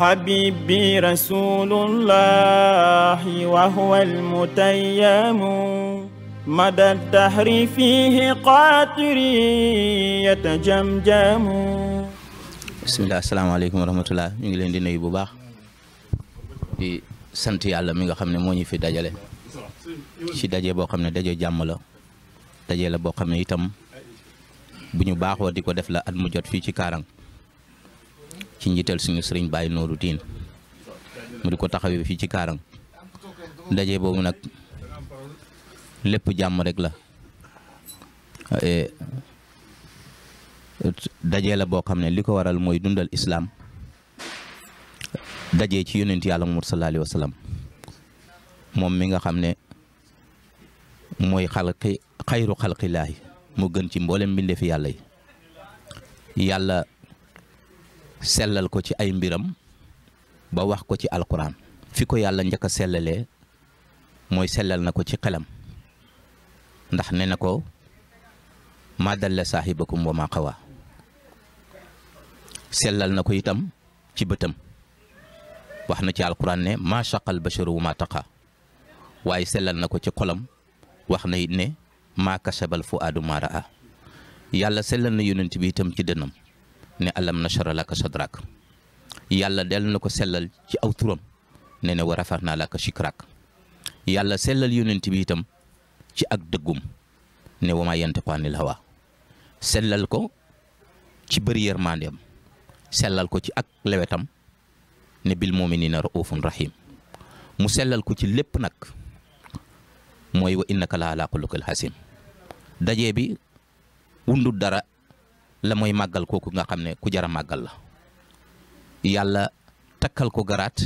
حبيبي رسول الله وهو المتيم مدى الدهر فيه قاطري يتجمجم بسم الله السلام عليكم ورحمة الله ñu ngi leen di nuyu bu baax di sant yàlla mi nga xam ne moo ñu fi dajale ci daje boo xam ne daje jàmm la la boo xam ne itam bu ñu baaxoo di ko def la at mu jot fii ci Kaarang ci njiital suñu sëriñ Baye Nooru Tiin mu di ko taxawee fii ci Kaarang daje boobu nag lépp jàmm rek la e, daje la boo xam ne li ko waral mooy dundal islaam daje ci yonent yàlla Muhammad sallallahu alayhi wa moom mi nga xam ne mooy xalqi xayru xalqilaahi mu gën ci mboolem mbindeefi yàlla yi yàlla sellal ko ci ay mbiram ba wax ko ci alquran fi ko yàlla njëkka a sellalee mooy sellal na ko ci xelam ndax ne na ko ma dalla saahibakum wa ma xawa sellal na ko itam ci bëtam wax na ci alquran ne ma shaqal basharu wa ma taqa waaye sellal na ko ci xolam wax na it ne maa kasabal fu aadu ma yàlla sellal na yonent bi itam ci dënam ne alam nashara laka sadrak yàlla del na ko sellal ci aw turam ne ne wa rafarna laka shikrak yàlla sellal yonent bi ci ak dëggum ne wa ma yantiqu anil hawa sellal ko ci bëri yërmandeem sellal ko ci ak lewetam ne bil muminina raufun rahim mu sellal ko ci lépp nag mooy wa innaka la ala xuluqil hasim daje bi dara la mooy màggal kooku nga xam ne ku jara màggal la yàlla takkal ko garaat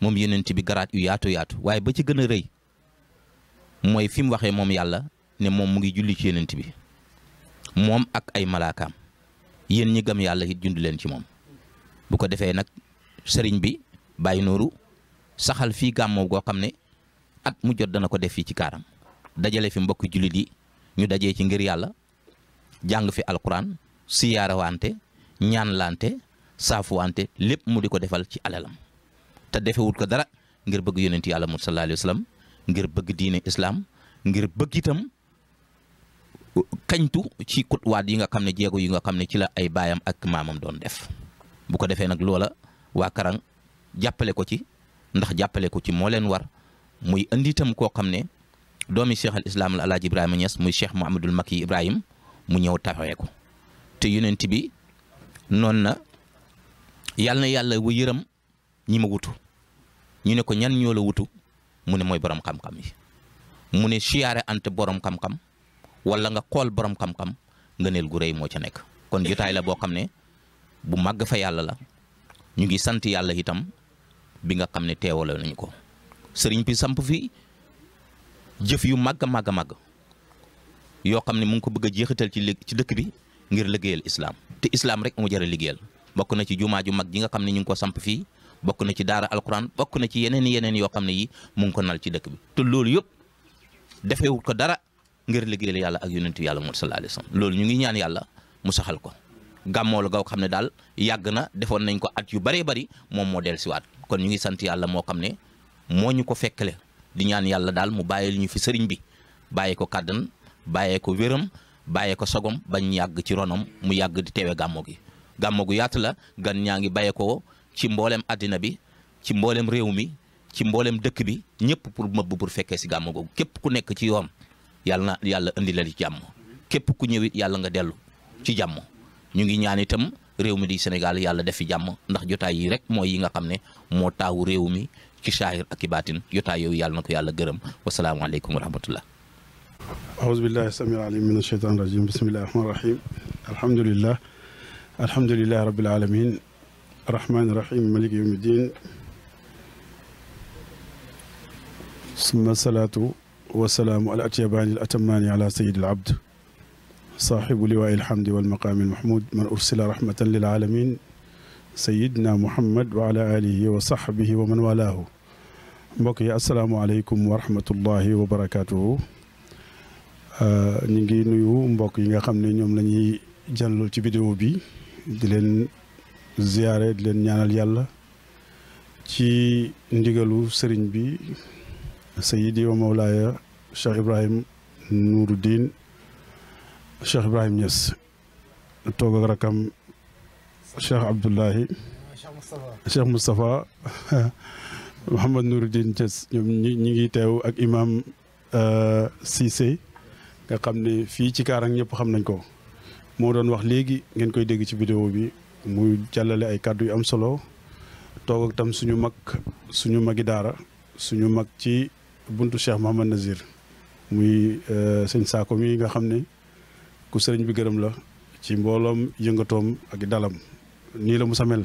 moom yonent bi garaat yu yaatu yaatu waaye ba ci gën a rëy mooy fi mu waxee moom yàlla ne moom mu ngi julli ci yonent bi moom ak ay malaakaam yéen ñi gëm yàlla it jundu leen ci moom bu ko defee nag sëriñ bi bàyyi nooru saxal fii gàmmoo goo xam ne at mu jot dana ko def fii ci kaaram dajale fi mbokk jullit yi ñu dajee ci ngir yàlla jàng fi alquran siyaara wante ñaan lante wante lépp mu di ko defal ci alalam te defewut ko dara ngir bëgg yonent yàlla mu sallallahu alayhi wa sallam ngir bëgg diine islaam ngir bëgg itam kañtu ci kutwaat yi nga xam ne jéego yi nga xam ne ci la ay baayam ak maamam doon def bu ko defee nag loola waa Karang jàppale ko ci ndax jàppale ko ci moo leen war muy indi itam koo xam ne doomi cheikh al islam la alaaji Ibrahima ñes muy cheikh Mouhamadul Makki Ibrahim mu ñëw taxawee ko te yonent bi noon na yàlla na yàlla wu yërëm ñi ma wutu ñu ne ko ñan ñoo la wutu mu ne mooy borom xam-xam yi mu ne siyaare ant boroom xam-xam wala nga xool boroom xam-xam ngëneel gu rëy moo ca nekk. kon jotaay la boo xam ne bu màgg fa yàlla la ñu ngi sant yàlla itam bi nga xam ne teewale nañu ko sëriñ bi samp fi jëf yu màgg a màgg màgg yoo xam ne mu ngi ko bëgg a jeexital ci ci dëkk bi ngir liggéeyal islaam te islaam rek mu jëra liggéeyal bokk na ci jumaa ju mag ji nga xam ne ñu ngi ko samp fii bokk na ci daara alquran bokk na ci yeneen yeneen yoo xam ne yi mu ngi ko nal ci dëkk bi te loolu yëpp defewut ko dara ngir liggéeyal yàlla ak yonentu yàlla Muhammad sallallahu alayhi loolu ñu ngi ñaan yàlla mu saxal ko gàmmoo la xam ne daal yàgg na defoon nañ ko at yu bëree bëri moom moo del siwaat kon ñu ngi sant yàlla moo xam ne moo ñu ko fekkale di ñaan yàlla daal mu lu ñu fi sëriñ bi bàyyi ko kàddan bàyyee ko wéram bàyyee ko sagom bañ yàgg ci ronom mu yàgg di teewe gàmmo gi gàmmo gu yaatu la gan ñaa ngi bàyyee ko ci mbooleem àddina bi ci mboolem réew mi ci mboolem dëkk bi ñëpp pour mëbb pour fekkee si gàmmo képp ku nekk ci yoon yàlla na yàlla indi la di jàmm képp ku ñëwit yàlla nga dellu ci jàmm ñu ngi ñaan itam réew mi di Sénégal yàlla def fi jàmm ndax jotaay yi rek mooy yi nga xam ne moo taawu réew mi ci saahir ak i baatin jotaay yooyu yàlla na ko yàlla gërëm wasalaamaaleykum wa rahmatullah ahousubillahi samil alim min asheytan rajim bismillahi rahmani rahim alhamdulilah alhamdulilahi rabbil alamin rahmani rahim malik yawmi din summa salaatu wasalaamu al atyabaani al atamaani ala sayid al abd saaxibu liwaai alhamdi walmaqaami almahmud man ursila rahmatan lil alamin sayidna muhammad wa ala alihi wa sahbihi wa man walaahu mbokk yi asalaamualeykum wa rahmatullahi wa barakatuhu Euh, ñu ngi nuyu mbokk yi nga xam ne ñoom lañuy ñuy ci vidéo bi di leen ziyaare di leen ñaanal yàlla ci ndigalu sëriñ bi sayidi wa mawlaaya Cheikh Ibrahim Nuruddin Cheikh Ibrahim Niass toog ak rakam Cheikh Abdullahi Cheikh Moustapha Mouhamad Nuruddin Niass ñoom ñi ngi teew ak imaam euh, Cissé nga xam ne fii ci Kaarang ñëpp xam nañ ko moo doon wax léegi ngeen koy dégg ci vidéo bi muy jàllale ay kàddu yu am solo toog ak tam suñu mag suñu magi daara suñu mag ci buntu Cheikh Mouhamad Nazir muy euh, sëñ saako mi nga xam ni ku sëriñ bi gërëm la ci mbooloom yëngatoom ak dalam nii la mu samel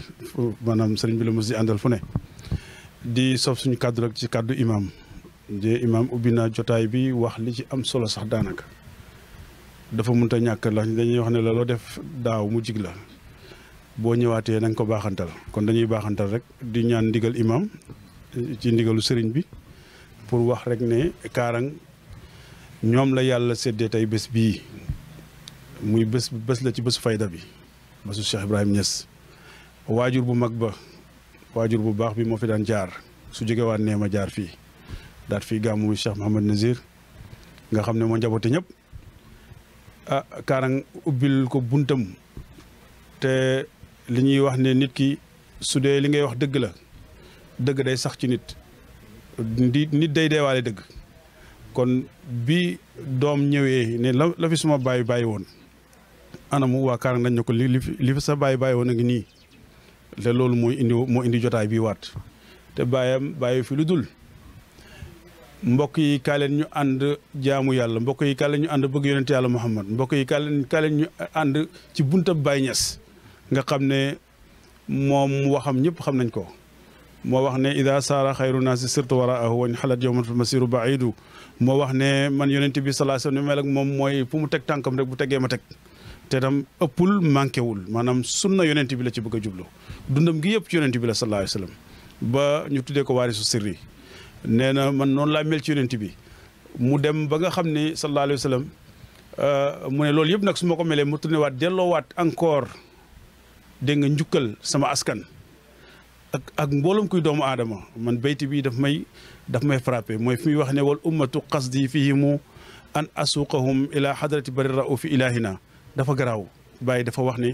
maanaam sëriñ bi la mu di àndal fu ne di sof suñu kàddu rek ci kàddu imaam de imaam ubbi naa jotaay bi wax li ci am solo sax daanaka dafa mënut a ñàkk la dañuy wax ne la loo def daaw mu jig la boo ñëwaatee nañ ko baaxantal kon dañuy baaxantal rek di ñaan ndigal imaam ci ndigalu sëriñ bi pour wax rek ne kaarang ñoom la yàlla séddee tey bés bii muy bés bés la ci bésu fayda bi bésu Cheikh Ibrahim Niass waajur bu mag ba waajur bu baax bi moo fi daan jaar su jógewaat nee ma jaar fii daat fii gàmmu Cheikh Mouhamad Nazir nga xam ne moo njaboote ñëpp ah Kaarang ubbil ko buntam te li ñuy wax ne nit ki su dee li ngay wax dëgg la dëgg day sax ci nit di nit day deewaale dëgg kon bi doom ñëwee ne la la fi suma bàyyi bàyyi woon anamu waa Kaarang dañ ne ko li li fi sa bàyyi bàyyi woon a ngi nii te loolu mooy indi moo indi jotaay bii waat te bàyyam bàyyi fi lu dul mbokk yi kaaleen ñu ànd jaamu yàlla mbokk yi kaaleen ñu ànd bëgg yonent yàlla Muhammad mbokk yi kaaleen kaaleen ñu ànd ci bunta Baay Ñas nga xam ne moom waxam ñëpp xam nañ ko moo wax ne ida saara xayru naasi sirtu waraahu wañ xalat yow man fa masiru baidu moo wax ne man yonent bi salaa sallam ni mel ak moom mooy fu mu teg tànkam rek bu tegee ma teg te tam ëppul manqué wul maanaam sunna yonent bi la ci bëgg a jublu dundam gi yëpp ci bi la salaa sallam ba ñu tuddee ko waarisu sirri nee na man noonu laa mel ci yonent bi mu dem ba nga xam ne sallallahu alayhi wa euh, mu ne loolu yëpp nag su ma ko melee mu tourné waat delloowaat encore dégg nga njukkal sama askan ak ak mbooloom kuy doomu aadama man bayti bi daf may daf may frappé mooy fi muy wax ne wal ummatu fii mu an asuqahum ila hadrati bari raufi ilahina dafa garaaw bàyyi dafa wax ni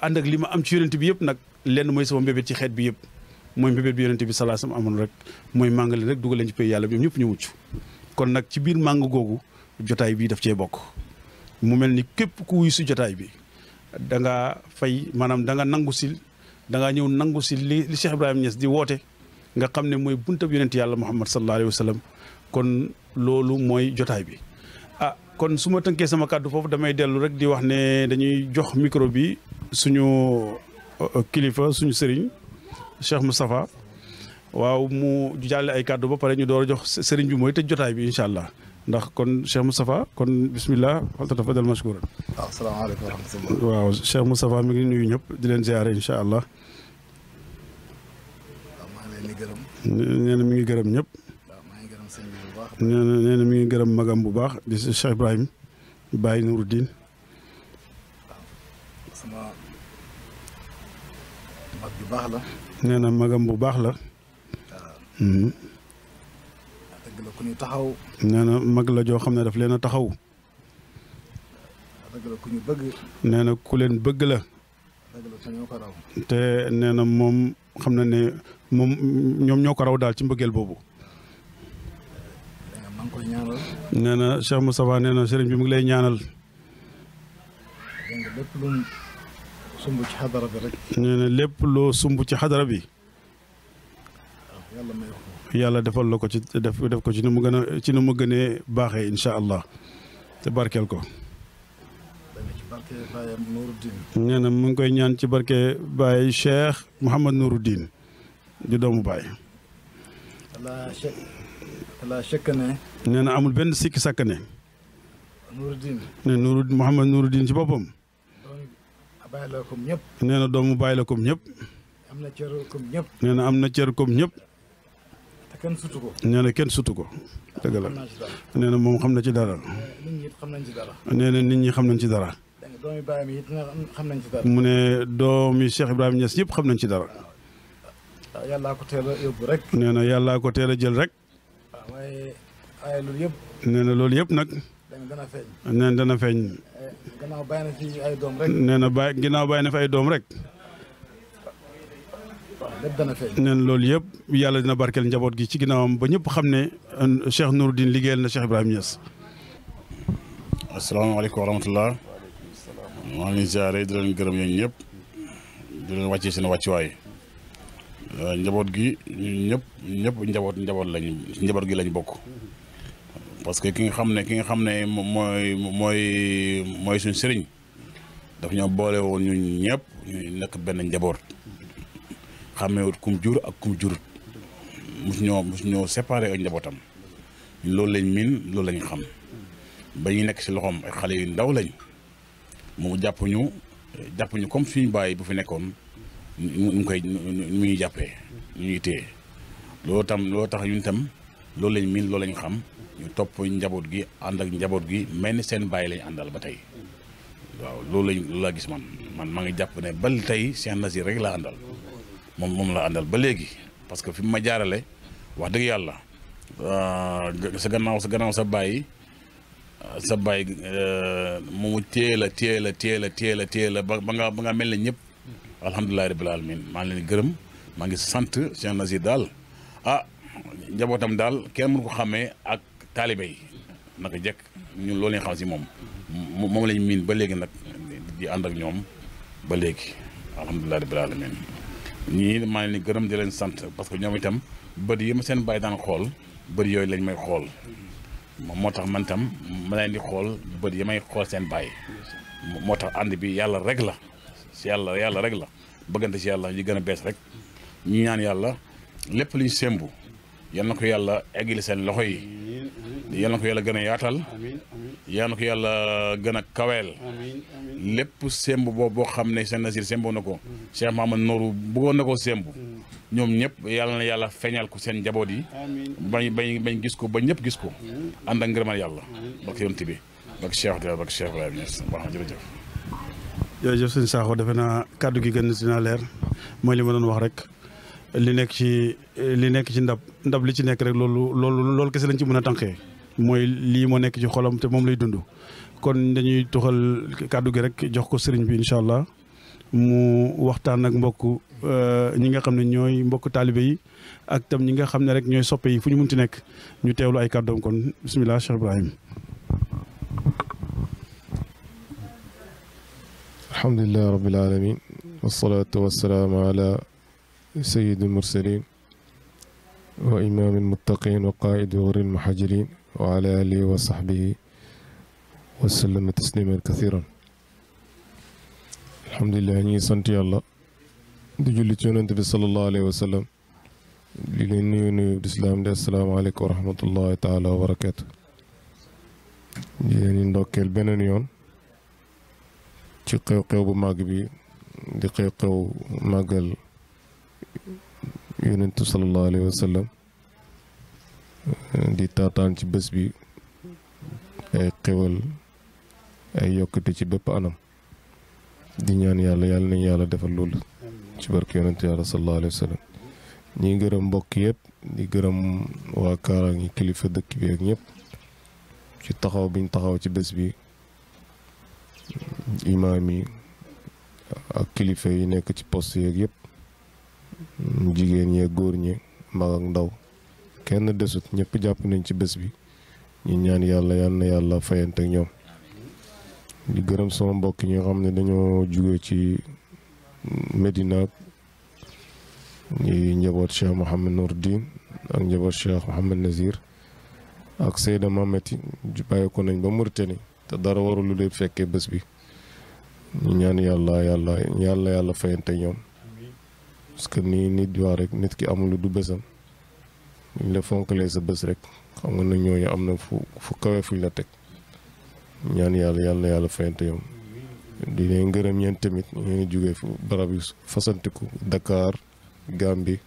ànd ak li ma am ci yonent bi yëpp nag lenn mooy sama mbébét ci xeet bi yëpp mooy mbébét bi yonente bi salaa sam amoon rek mooy màngale rek dugal leen ci pays yàlla bi ñoom ñëpp ñu mucc kon nag ci biir màng googu jotaay bii daf cee bokk mu mel ni képp ku wuy si jotaay bi da nga fay maanaam da nangu si danga ñëw nangu si li li Cheikh Ibrahima Niass di woote nga xam ne mooy buntab yonent yàlla Muhammad sallallahu alayhi wa sallam kon loolu mooy jotaay bi ah kon su ma tënkee sama kàddu foofu damay dellu rek di wax ne dañuy jox micro bi suñu euh, kilifa suñu sëriñ Cheikh Moustapha waaw mu jàlle ay kàddu ba pare ñu door a jox sëriñ bi mooy te jotaay bi incha allah ndax kon Cheikh Moustapha kon bismillah fal tafadal mashkuran waaw salaamaaleykum wa rahmatullah mi ngi nuyu ñëpp di leen ziare incha allah. nee na mi ngi gërëm ñépp nee na mi ngi gërëm magam bu baax di Cheikh Ibrahim Baye Nouruddin sama mag bu baax la. nee na magam bu baax la. Hmm. nee na mag la joo xam ne daf leen a taxaw. nee na ku leen bëgg la. te nee na moom xam na ne moom ñoom ñoo ko raw daal ci mbëggeel boobu. nee na Cheikh Moustapha nee na sëriñ bi mu ngi lay ñaanal. sumb bi rek. nee lépp loo sumb ci xadara bi. Ah, yàlla defal la ko ci def ko ci nu mu gën a ci nu mu gënee baaxee incha allah te barkeel ko. nee na mu ngi koy ñaan ci barke Baye Cheikh Mouhamad Nouruddin di doomu Baye. nee na amul benn sikki sàkk ne. nee na Nourou Mouhamad Nouruddin ci boppam. bàyyi la ñëpp. nee na doomu bàyyi la comme ñëpp. am na cër comme ñëpp. nee na am na cër comme ñëpp. kenn sutu ko. nee na kenn sutu ko. dëgg la nee na moom xam na ci dara. Eh, nit xam nañ ci dara. nee na nit ñi xam nañ ci dara. doomi Baye mi xam nañ mu ne doomi Cheikh Ibrahima Niass yëpp xam nañ ci dara. waaw ah, yàllaa ko teel a yóbbu rek. nee na yàllaa ko teel a jël rek. waaw ah, waaye waaye loolu yëpp. loolu yëpp nag. nee dana feeñ. gannaaw bàyyi na fi doom nee na bàyyi ginnaaw bàyyi na fi ay doom rek. lépp dana feeñ. yëpp yàlla dina barkeel njaboot gi ci ginnaawam ba ñëpp xam ne euh, Cheikh Nourouddine liggéeyal na Cheikh Ibrahima Niass. asalaamaaleykum wa rahmatulah. maa ngi leen ziare di leen gërëm yéen ñëpp. di leen wàccee seen wàccuwaay. Euh, njaboot gi ñun ñëpp ñëpp njaboot njaboot lañu njaboot gi lañ bokk. parce que ki nga xam ne ki nga xam ne mooy mooy mooy suñ sëriñ daf ñoo boole woon ñu ñëpp ñu nekk benn njaboot xàmmeewut comme jur ak kum jur mus ñoo mus ñoo séparé ak njabootam loolu lañ miin loolu lañ xam ba ñu nekk si loxoom ay xale yu ndaw lañ mu jàpp ñu jàpp ñu comme suñu bàyyi bu fi nekkoon ñu koy mu ñu jàppee ñu ñuy téye loolu tam loolu tax ñun tam loolu lañ miin loolu lañ xam ñu topp njaboot gi ànd ak njaboot gi mel ni seen bàyyi lañ àndal ba tey waaw loolu lañ loolu laa gis man man maa ngi jàpp ne ba tey Cheikh Nazir rek la àndal moom moom la àndal ba léegi parce que fi mu ma jaarale wax dëgg yàlla euh, sa gannaaw sa gannaaw sa bàyyi sa bàyyi euh, moomu téye la téye la téye la téye la téye la ba nga ba nga mel ne ñëpp alhamdulilah rabbil alamin maa ngi leen gërëm maa ngi sant Cheikh Nazir daal ah, njabootam daal kenn mënu ko xamee ak taalibe yi naka jekk ñun loolu lañ xam si moom moom lañ miin ba léegi nag di ànd ak ñoom ba léegi alhamdulilah rabbil alamin ñii maa ngi leen gërëm di leen sant parce que ñoom itam bët yi ma seen bàyyi daan xool bët yooyu lañ may xool moo tax man itam ma leen di xool bët yi may xool seen bàyyi moo tax ànd bi yàlla rek la si yàlla yàlla rek la bëggante si yàlla yi gën a bees rek ñu ñaan yàlla lépp luñ sémbu yal na ko yàlla eggil seen loxo yi yal na ko yàlla gën a yaatal yal na ko yàlla gën a kaweel lépp semb boobu boo xam ne seen nasir sembo na ko Cheikh Mahamad Nooru bëggoon na ko semb mm. ñoom ñëpp yàlla na yàlla feeñal ko seen njaboot yi ba bañ bañ gis ko ba ñëpp gis ko mm. ànd ak ngërëmal yàlla barke yonent bi barke Cheikh Abdoulaye barke Cheikh na defe naa kàddu gi gën dina leer mooy li ma doon wax rek li nekk ci li nekk ci ndab ndab li ci nekk rek loolu loolu loolu kese lañ ci mën a tànqee mooy lii moo nekk ci xolam te moom lay dund kon dañuy toxal kàddu gi rek jox ko sëriñ bi incha allah mu waxtaan ak mbokk euh, ñi nga xam ne ñooy mbokk taalibe yi ak tam ñi nga xam ne rek ñooy soppe yi fu ñu munti nekk ñu teewlu ay kàddoom kon bisimilah Cheikh Ibrahim alhamdulilah rabbil alamin wasalaatu wasalaamu ala sayyidil mursalin wa imaamil muttaqin wa qaa'idi ghurril muhajirin wa ala alihi wa sahbihi wa sallama tasliman kathiran alhamdulilah ñuy sant yàlla di julli ci yonent bi salallahu alayhi wa sallam di leen nuyu nuyu di islaam di asalaamaaleykum wa rahmatullahi taala wa barakaatu di leen ndokkeel beneen yoon ci xew-xew bu màgg bi di xew-xew màggal yonentu salallahu alayhi wa sallam di taataan ci bés bi ay xewal ay yokkute ci bépp anam di ñaan yàlla yàlla nañu yàlla defal loolu ci barke yonent yàlla sallallahu wa sallam ñi gërëm mbokk yëpp di gërëm waa Kaarang yi kilifa dëkk bi ak ñëpp ci taxaw biñ taxaw ci bés bi imaam yi ak kilifa yi nekk ci poste yeeg yëpp jigéen ñee góor ñi mag ak ndaw kenn desut ñëpp jàpp nañ ci bés bi ñu ñaan yàlla yal na yàlla fayante ñoom di gërëm sama mbokk ñi xam ne dañoo jóge ci Medina ñi njaboot Cheikh Mouhamed Nourdin ak njaboot Cheikh Mouhamed Nazir ak Seyda Mamet yi bàyyi ko nañ ba te dara warul lu dee fekkee bés bi ñu ñaan yàlla yàlla yàlla yàlla fayante ñoom parce que nii nit waa rek nit ki amul du bésam ñu la sa bés rek xam nga am na fu fu kawe fuñ la teg ñaan yàlla yàlla na yàlla fayante yow di leen gërëm ñeen tamit ñeen jógee fu barab fasantiku Dakar Gambie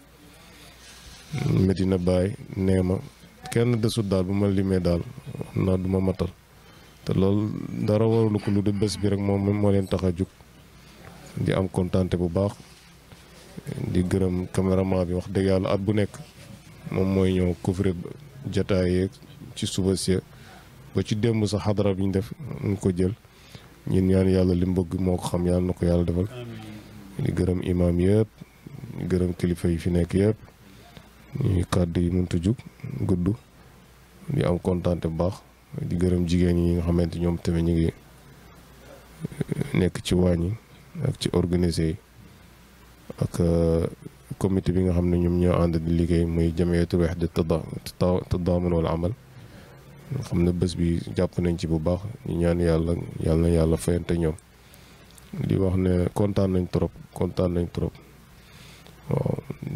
Medina Baye Neema kenn desut daal bi ma limee daal naa du ma matal te lool dara warulu ko lu du bés bi rek moom moo leen tax a jóg di am kontaante bu baax di gërëm caméraman bi wax dëgg yàlla at bu nekk moom mooy ñëw couvrir jataay yeeg ci suba si ba ci démb sa xadara bi ñu def mu ko jël ñun ñaan yàlla li mu moo ko xam yàlla na ko yàlla defal di gërëm imaam yëpp di gërëm kilifa yi fi nekk yëpp ñuy kàdd yi mënta jug gudd di am kontaan bu baax di gërëm jigéen ñi nga xamante ñoom tamit ñu ngi eh, nekk ci wàññi ak ci organisé yi ak eh, comité bi nga xam ne ñoom ñoo ànd di liggéey muy jamiyatul wahda tadaamun wal amal xam ne bés bi jàpp nañ ci bu baax ñu ñaan yàlla yàlla na yàlla fayante ñoom di wax ne kontaan nañ trop kontaan nañ trop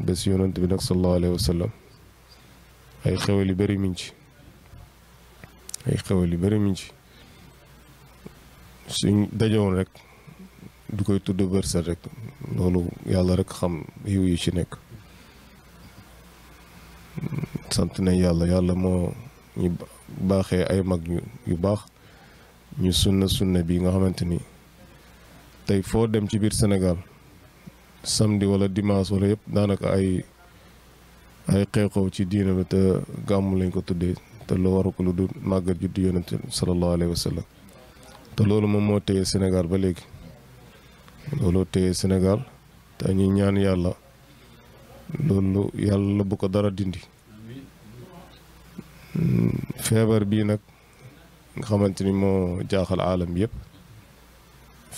bés yonent bi nag sallallahu alayhi ay xewal yu bari miñ ci ay xewal yu bari miñ ci suñ dajewoon rek du koy tudd wërsëg rek loolu yàlla rek xam yiw yi ci nekk sant nañ yàlla yàlla moo ñu baaxee ay mag yu baax ñu sunna sunna bi nga xamante ni tey foo dem ci biir Sénégal samedi wala dimanche wala yëpp daanaka ay ay xeexoo ci diina la te gàmmu lañ ko tuddee te lu waru ko lu du màggat juddu yonente sallallahu alayhi wa te loolu moom moo téye Sénégal ba léegi looloo téye Sénégal te ñu ñaan yàlla loolu yàlla bu ko dara dindi feebar bii nag nga xamante ni moo jaaxal aalam yépp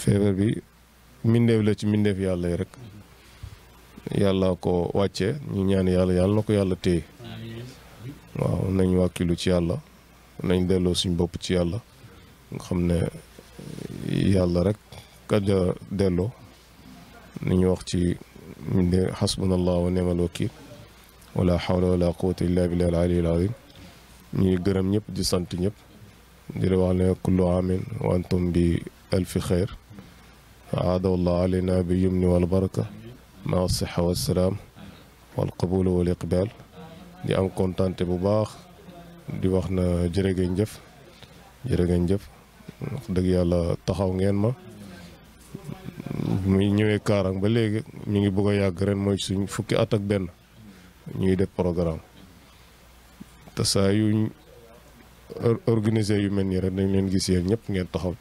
feebar bi mbindeef la ci mbindeef yàlla yi rek yàlla ko wàcce ñu ñaan yàlla yàlla na ko yàlla téye waaw nañ wàkkilu ci yàlla nañ delloo suñ bopp ci yàlla nga xam ne yàlla rek kaja delloo ni ñu wax ci min de xasbunallah wa ni'mal wakil wala xawla wala quwata illa billahi al ali al azim ñuy gërëm ñëpp di sant ñëpp di la wax ne kullu amin wa antum bi alfi xeyr aadawallah alayna bi yumni wal baraka ma sixa wassalaam wal qabul wal iqbal di am kontante bu baax di wax na jërë ngeen jëf jërë ngeen jëf wax dëgg yàlla taxaw ngeen ma muy ñëwee Kaarang ba léegi ñu ngi bugg a yàgg ren mooy suñ fukki at ak benn ñu ngi def programme te saa yu organisé yu mel nii rek dañ leen gis yéen ñëpp ngeen taxaw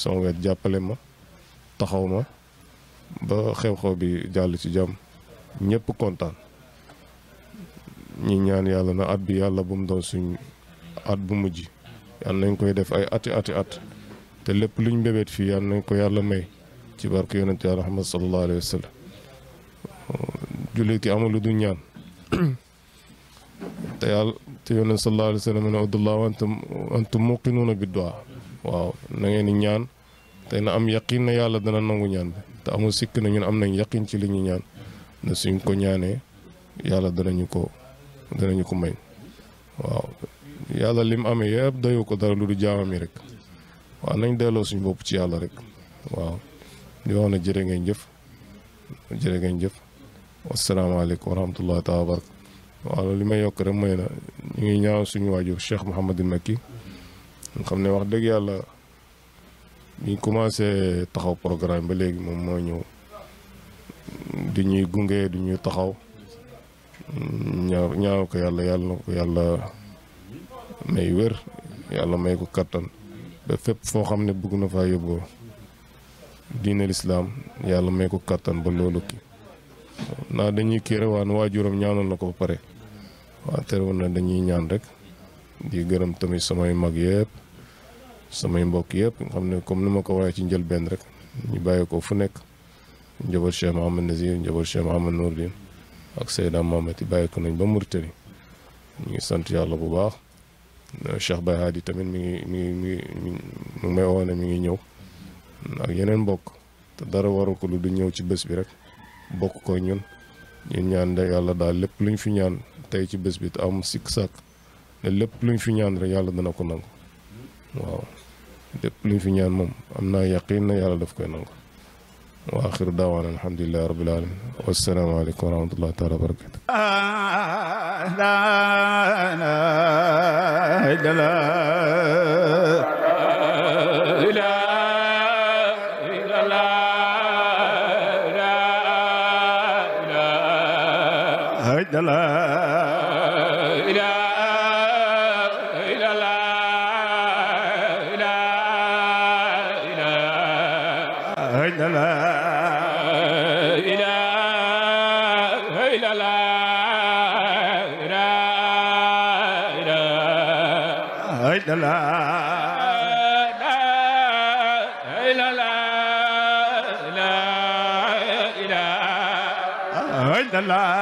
sama wet jàppale ma taxaw ma ba xew-xew bi jàll ci jàmm ñëpp kontaan ñi ñaan yàlla na at bi yàlla bu mu doon suñ at bu mujj yàlla nañ koy def ay ati ati at te lépp luñ mbébét fii yàlla nañ ko yàlla may. ci barke yonent yàlla Muhammad sallallahu alayhi wa sallam jullit yi amul lu du ñaan te yàlla te yonent sallallahu alayhi wa sallam ne ud'ullaaha wa antum antum muuqinuuna bid-du'aa waaw na ñaan te na am yaqin na yàlla dana nangu ñaan bi amul sikk na ñun am nañ yaqin ci li ñaan ne suñ ko ñaanee yàlla danañu ko danañu ko may waaw yàlla lim ame yëpp dayu ko dara lu du jaamam yi rek waaw nañ delloo suñ bopp ci yàlla rek waaw di wax na jërë ngeen jëf jërë ngeen jëf wasalaamaaleykum wa rahmatullahi taala li may yokk rek mooy na ñu ngi ñaaw suñu waajur Cheikh Mouhamadul Makki nga xam ne wax dëgg yàlla ñu commencé taxaw programme ba léegi moom moo ñëw di ñuy gunge di ñuy taxaw ñaaw ñaaw ko yàlla yàlla na ko yàlla may wér yàlla may ko kattan ba fépp foo xam ne bëgg na faa diine lislaam yàlla may ko kàttan ba loolu ki naa dañuy kéréwaan waajuram ñaanal na ko ba pare tere terewoon na dañuy ñaan rek di gërëm tamit samay mag yëpp samay mbokk yëpp nga xam ne comme ni ma ko waxee ci njëlbeen rek ñu bàyyi ko fu nekk njaboot Cheikh Mouhamad Nazir njaboot Cheikh Mouhamad Nourdin ak Seyda Mohamed yi bàyyi ko nañ ba Mauritanie ñu ngi sant yàlla bu baax Cheikh Baye Hadi tamit mi ngi mi ngi mi may woo ne mi ngi ñëw ak yeneen mbokk te dara waru ko du ñëw ci bés bi rek bokk ko ñun ñu ñaan de yàlla daal lépp luñ fi ñaan tey ci bés bi te am sikk sàkk ne luñ fi ñaan rek yàlla dana ko nangu waaw luñ fi ñaan moom am naa yaqiin na yàlla daf koy nangu wa axiru daawaana alhamdulilahi rabbil alamin wasalaamaaleykum wa rahmatullahi taala wa la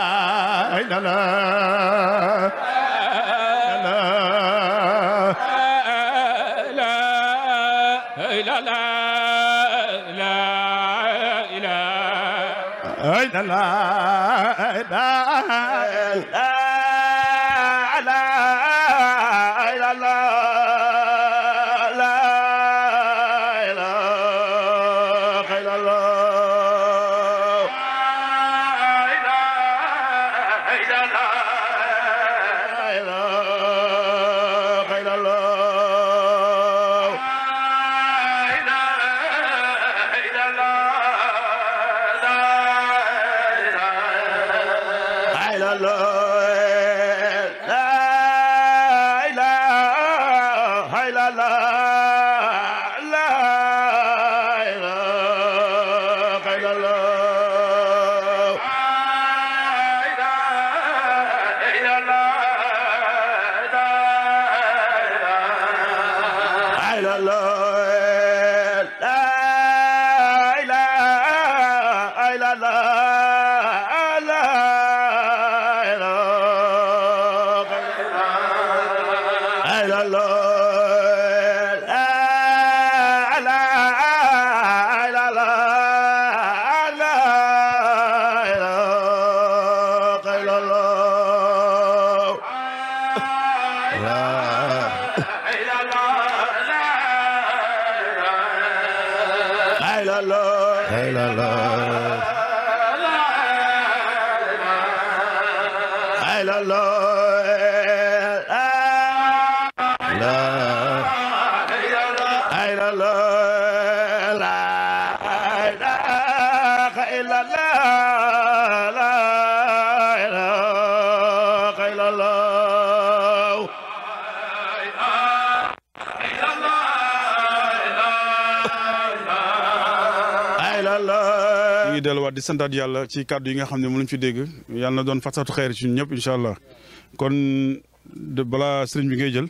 la la la la di santaat yàlla ci kàddu yi nga xam ne moom lañ fi dégg yàlla na doon fasatu xeer ci ñëpp incha allah kon balaa sëriñ bi ngay jël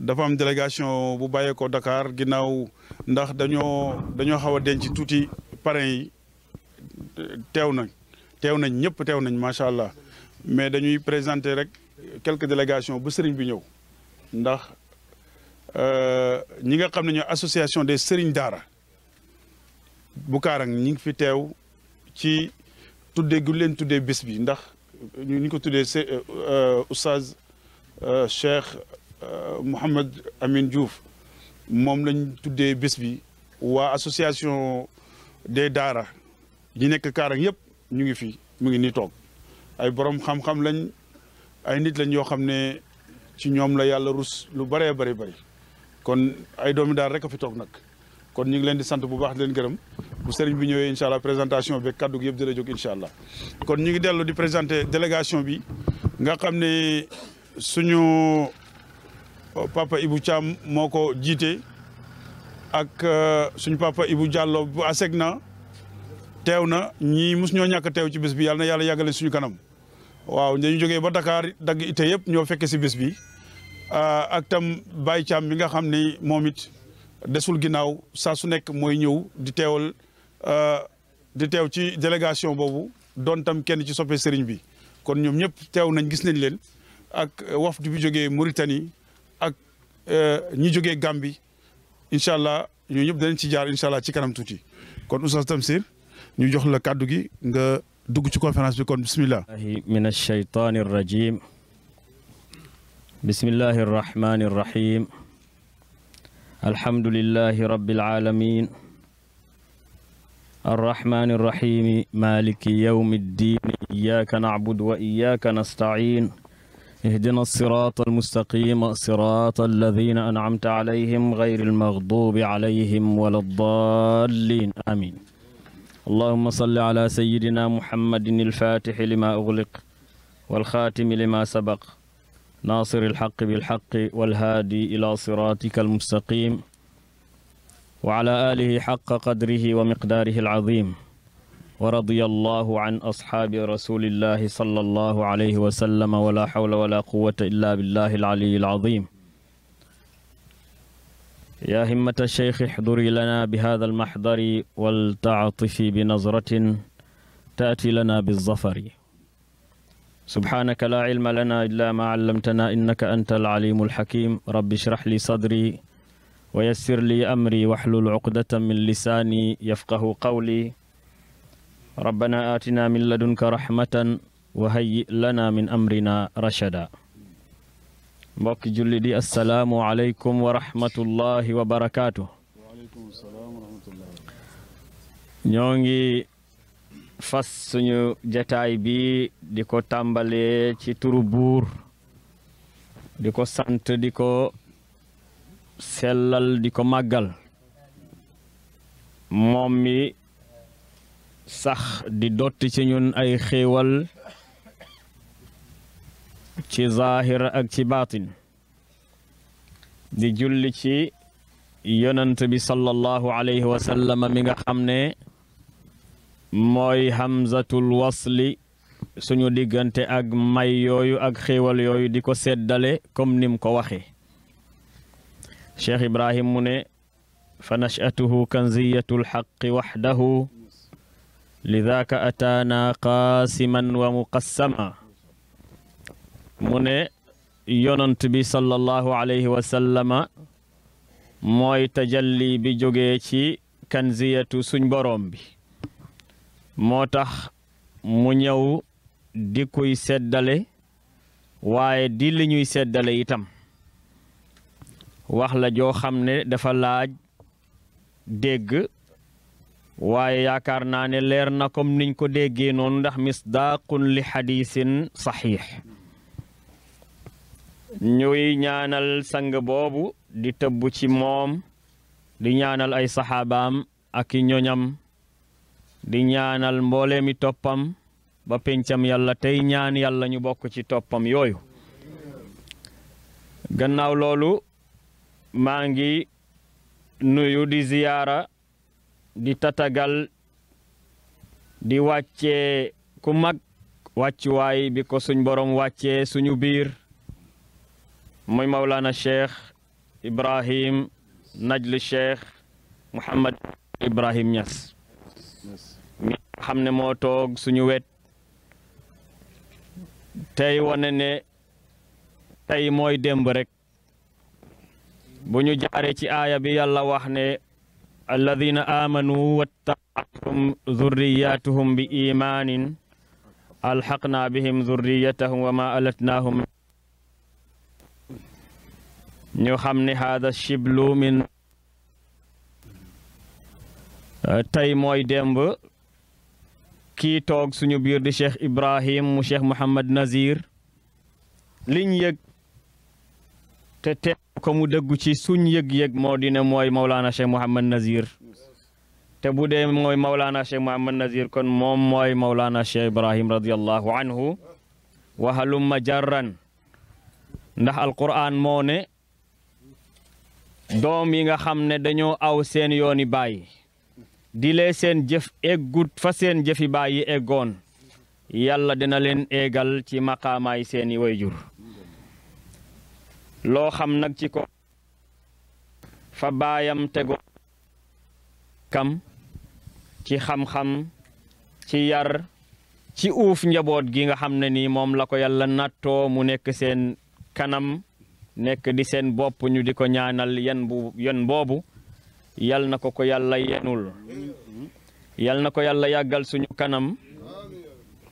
dafa am délégation bu bàyyeekoo dakaar ginnaaw ndax dañoo dañoo xaw a denc tuuti parrain yi teew nañ teew nañ ñëpp teew nañ macha allah mais dañuy présenter rek quelques délégations bu sëriñ bi ñëw ndax euh, ñi nga xam ne ñoo association des sëriñ daara bu Kaarang ñi ngi fi teew ci tuddee gu leen tuddee bés bi ndax ñu ñu ko tuddee se euh, oustaz euh, Cheikh euh, Mouhamed amin Diouf moom lañ tuddee bis bi waa association de daara ñi nekk Kaarang yëpp ñu ngi fi mu ngi nii toog ay borom xam-xam lañ ay nit lañ yoo xam ne ci ñoom la yàlla rus lu bëree bëri bëri kon ay doomi daara rek a fi toog nag kon ñu ngi leen di sant bu baax di leen gërëm bu sëriñ bi ñëwee incha allah présentation bi kaddu gi yëpp dina jóg incha allah kon ñu ngi dellu di présenter délégation bi nga xam ne suñu euh, papa Ibou Thiam moo ko jiite ak euh, suñu papa Ibou Diallo bu na teew na ñii mos ñoo ñàkk teew ci bés bi yàlla na yàlla yàggale suñu kanam waaw dañu jogee ba Dakar dagg ite yëpp ñoo fekke si bés bi euh, ak tam Baye Thiam mi nga xam ni moom it desul ginnaaw saa su nekk mooy ñëw di teewal. di teew ci délégation boobu doon tam kenn ci soppe sëriñ bi kon ñoom ñëpp teew nañ gis nañ leen ak wafdu bi jógee Mauritanie ak euh, ñi jógee Gambie incha allah ñoo ñëpp danañ ci jaar incha allah ci kanam tuuti kon Oustaz Tamsir ñu jox la kàddu gi nga dugg ci conférence bi kon bismillah min alsheytani arrajim bismillahi arrahmani arrahim alhamdulillahi arrahmaani irrahimi maliki yawmi ddiini iyaaka nacbudu wa iyaaka nastaciin ihdina siraata almustaqima siraata alladina ancamta calayhim gayri almaghdubi calayhim wala ddaalliin amin allahuma salli ala sayidina muhammadin alfatixi lima ugliq walxaatimi lima sabaq naasiri alxaqi bilxaqi walhaadi ila siraatika almustaqim wa ala alihi xaqa qadrihi wa miqdaarihi alazim wa radiya allahu an asxaabi rasulillahi sallallahu alayhi wa sallam wa la xawla wa la quwwata illa billahi alaliyi alazim yaa himmata alcheikh ixduri lana bi hada almaxdari waltaatifi binazratin taati lana bizafari subhaanaka laa cilma lana illa ma allamtana innaka anta alalimu alxakim rabbi ishrah li sadri wa yassir li amri wahlul uqdatan min lisaani yafqahu qawli rabbana aatina min ladunka rahmatan wa hayyi min amrina rachada mbokki julli di assalaamu aleykum wa rahmatullahi wa ñoo ngi fas suñu jataay bi di ko tàmbalee ci buur di ko sant di ko sellal di ko màggal moom mi sax di dotti ci ñun ay xéewal ci zaahir ak ci baatin di julli ci yonant bi sallallahu alayhi wa mi nga xam ne mooy hamzatul wasli suñu diggante ak may yooyu ak xéewal yooyu di ko seddale comme nim ko waxe cheikh ibrahim mu ne fa nachatuhu kanziyatu lxaqi waxdahu lidaaka ataana qaasiman wa muqassama mu ne yonant bi sallallahu alayhi wa sallama mooy bi jógee ci kanziyatu suñ boroom bi moo tax mu ñëw di kuy seddale waaye di li seddale itam wax la joo xam ne dafa laaj dégg waaye yaakaar naa ne leer na comme niñ ko déggee noonu ndax misdaaqun li xadiisin saxiix ñuy ñaanal sang boobu di tëbb ci moom di ñaanal ay saxaabaam ak i ñoñam di ñaanal mbooleemi toppam ba pencam yàlla tey ñaan yàlla ñu bokk ci toppam yooyu gannaaw loolu maa ngi nuyu di ziyaara di tatagal di wàccee ku mag wàccuwaay bi ko suñ borom wàccee suñu biir mooy Mawlana Cheikh Ibrahim Najli Cheikh Mouhamed Ibrahim ñas mi xam ne moo toog suñu wet tey wane ne tey mooy démb rek bu ñu jaaree ci aaya bi yàlla wax ne alladina aamanu wattabaatuhum zurriyatuhum bi imaanin alxaqnaa bihim zurriyatahum wa ma alatnaahum ñu xam ne haada shiblu min tey mooy démb kii toog suñu biir di cheikh ibrahim mu cheikh muhammad nazir te teew ko mu dëggu ci suñ yëg-yëg moo dina mooy Maulana Cheikh Mouhamad Nazir te bu dee mooy Maulana Cheikh Mouhamad Nazir kon moom mooy Maulana Cheikh Ibrahim radiallahu anhu wa halumma jarran ndax alquran moo ne doom yi nga xam ne dañoo aw seen yooni baay di lee seen jëf eggut fa seen jëfi baay yi eggoon yàlla dina leen eegal ci maqaamaay seeni wayjur loo xam nag ci ko fa baayam tegoo kam ci xam-xam ci yar ci uuf njaboot gi nga xam ne nii moom la ko yàlla nattoo mu nekk seen kanam nekk di seen bopp ñu di ko ñaanal yan yan boobu yal na ko ko yàlla yenul yal na ko yàlla yàggal suñu kanam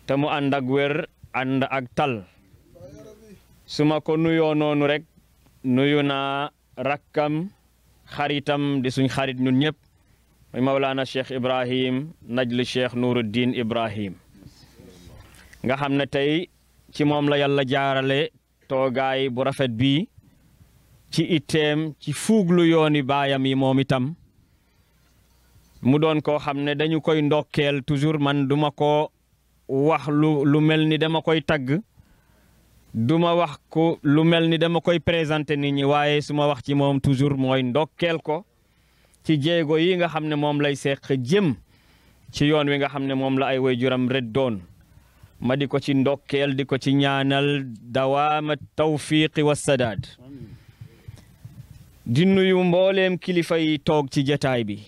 te mu ànd ak wér ànd ak tal su ma ko nuyoo noonu rek nuyu naa rakkam xaritam di suñ xarit ñun ñëpp muy Mawlana Cheikh Ibrahim Najlu Cheikh Nuruddin Ibrahim nga xam ne tey ci moom la yàlla jaarale toogaay bu rafet bii ci itteem ci fuuglu yooni baayam yi moom itam mu doon ko xam ne dañu koy ndokkeel toujours man duma ko wax lu mel ni dama koy tagg du ma wax ko lu mel ni dama koy présenter nit ñi waaye su ma wax ci moom toujours mooy ndokkeel ko ci jéego yi nga xam ne moom lay seq jëm ci yoon wi nga xam ne moom la ay waajuram rëddoon ma di ko ci ndokkeel di ko ci ñaanal dawaama tawfiqi wa sadaad di nuyu mbooleem kilifa yi toog ci jataay bi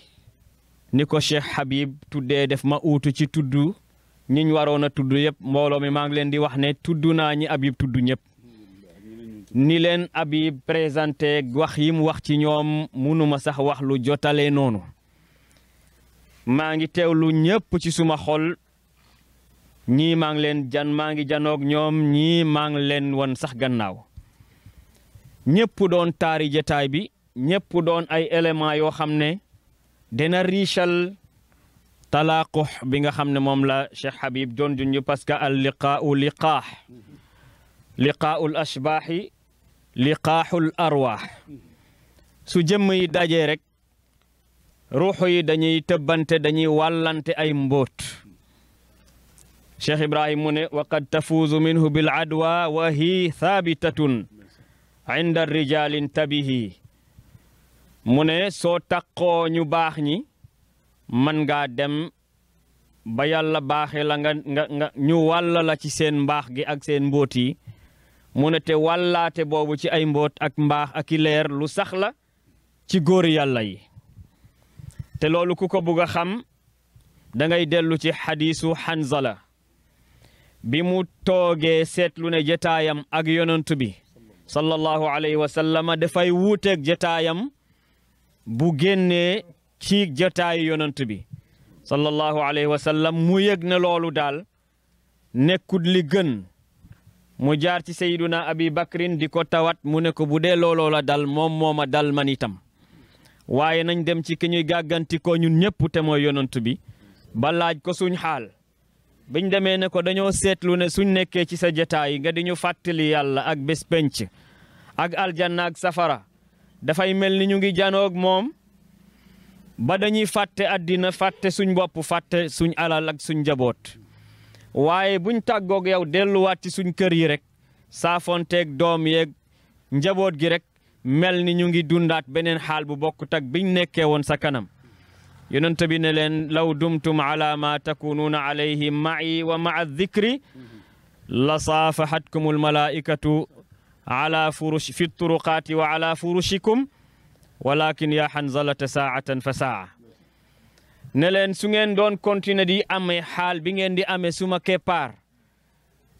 ni ko Cheikh Habib tuddee def ma uutu ci tuddu ñiñ waroon a tudd yëpp mbooloo mi maa ngi leen di wax ne tudd naa ñi Habib tudd ñëpp ni leen Habib présenté wax yi mu wax ci ñoom munuma sax wax lu jotale noonu maa ngi teewlu ñëpp ci suma xol ñii maa ngi leen jan maa ngi janoog ñoom ñii maa ngi leen won sax gannaaw ñëpp doon taari jataay bi ñëpp doon ay éléments yoo xam ne dina riichal talaaqux bi nga xam ne moom la Cheikh Habib doon junj parce que al liqaau liqaax liqaaul arwaax su jëmm yi dajee rek ruux yi dañuy tëbbante dañuy wàllante ay mbóot Cheikh Ibrahim mu ne wa qad tafuuzu minhu bil adwa wa hi thaabitatun inda mu ne soo taqoo ñu baax ñi man ngaa dem ba yàlla baaxee la nga nga nga ñu wàll la ci seen mbaax gi ak seen mbóot yi mu ne te wàllaate boobu ci ay mboot ak mbaax ak i leer lu sax la ci góori yàlla yi te loolu ku ko bugg a xam dangay dellu ci xadiisu Hanzala bi mu tooge seetlu ne jataayam ak yonent bi sallallahu alayhi wa sallam dafay wuuteeg jataayam bu génnee ci jotaayu yonant bi sallallahu alayhi wa mu yëg ne loolu daal nekkut li gën mu jaar ci sayduna abi bakrin di ko tawat mu ne ko bu dee looloo dal moom mooma dal man itam waaye nañ dem ci ki ñuy gàgganti ko ñun ñëpp te mooy yonant bi ba laaj ko suñ xaal biñ demee ne ko dañoo seetlu ne suñ nekkee ci sa jataay nga di ñu fàttali yàlla ak bés ak aljanna ak safara dafay mel ni ñu ngi janoog moom ba dañuy fàtte àddina fàtte suñ boppu fàtte suñ alal ak suñ njaboot waaye buñ tàggoog yow delluwaat ci suñ kër yi rek saafonteeg doom yeeg njaboot gi rek mel ni ñu ngi dundaat beneen xaal bu bokkut ak biñ nekkee woon sa kanam yonent bi ne leen law dumtum ala ma takunuuna alayhi ma'i wa ma'a dikri la saafahatkum almalaikatu ala furush fi turuqaati wa ala furushikum walakin yaa xanzalata saatan fa saa ne leen su ngeen doon continuer di amee xaal bi ngeen di amee suma keppaar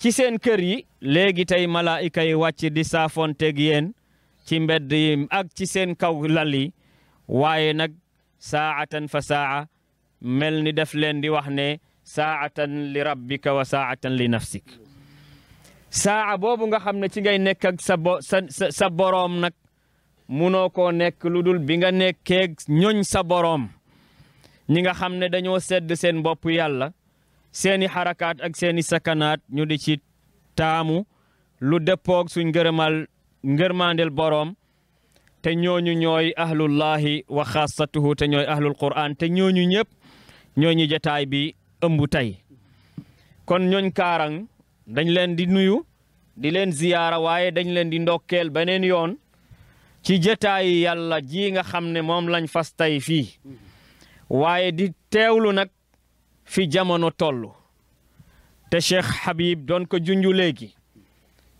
ci seen kër yi léegi tey malaayika yi wàcc di saafonteeg yéen ci mbedd yi ak ci seen kaw lali yi waaye nag saatan fa saa mel ni def leen di wax ne saatan li rabbika wa saatan li nafsik saa boobu nga xam ne ci ngay nekk ak sa sa sa boroom nag munoo ko nekk lu dul bi nga nekkee ñoñ sa boroom ñi nga xam ne dañoo sedd seen bopp yàlla seeni xarakaat ak seeni sakanaat ñu di ci taamu lu dëppoog suñ ngërëmal ngërmandel boroom te ñooñu ñooy ahlullahi wa xaasatuhu te ñooy ahlul quran te ñooñu ñëpp ñooñu jataay bi ëmb tey kon ñooñ kaarang dañ leen di nuyu di leen ziyaara waaye dañ leen di ndokkeel beneen yoon ci jotaayi yàlla ji nga xam ne moom lañ fas tey fii waaye di teewlu nag fi jamono toll te Cheikh Habib doon ko junju léegi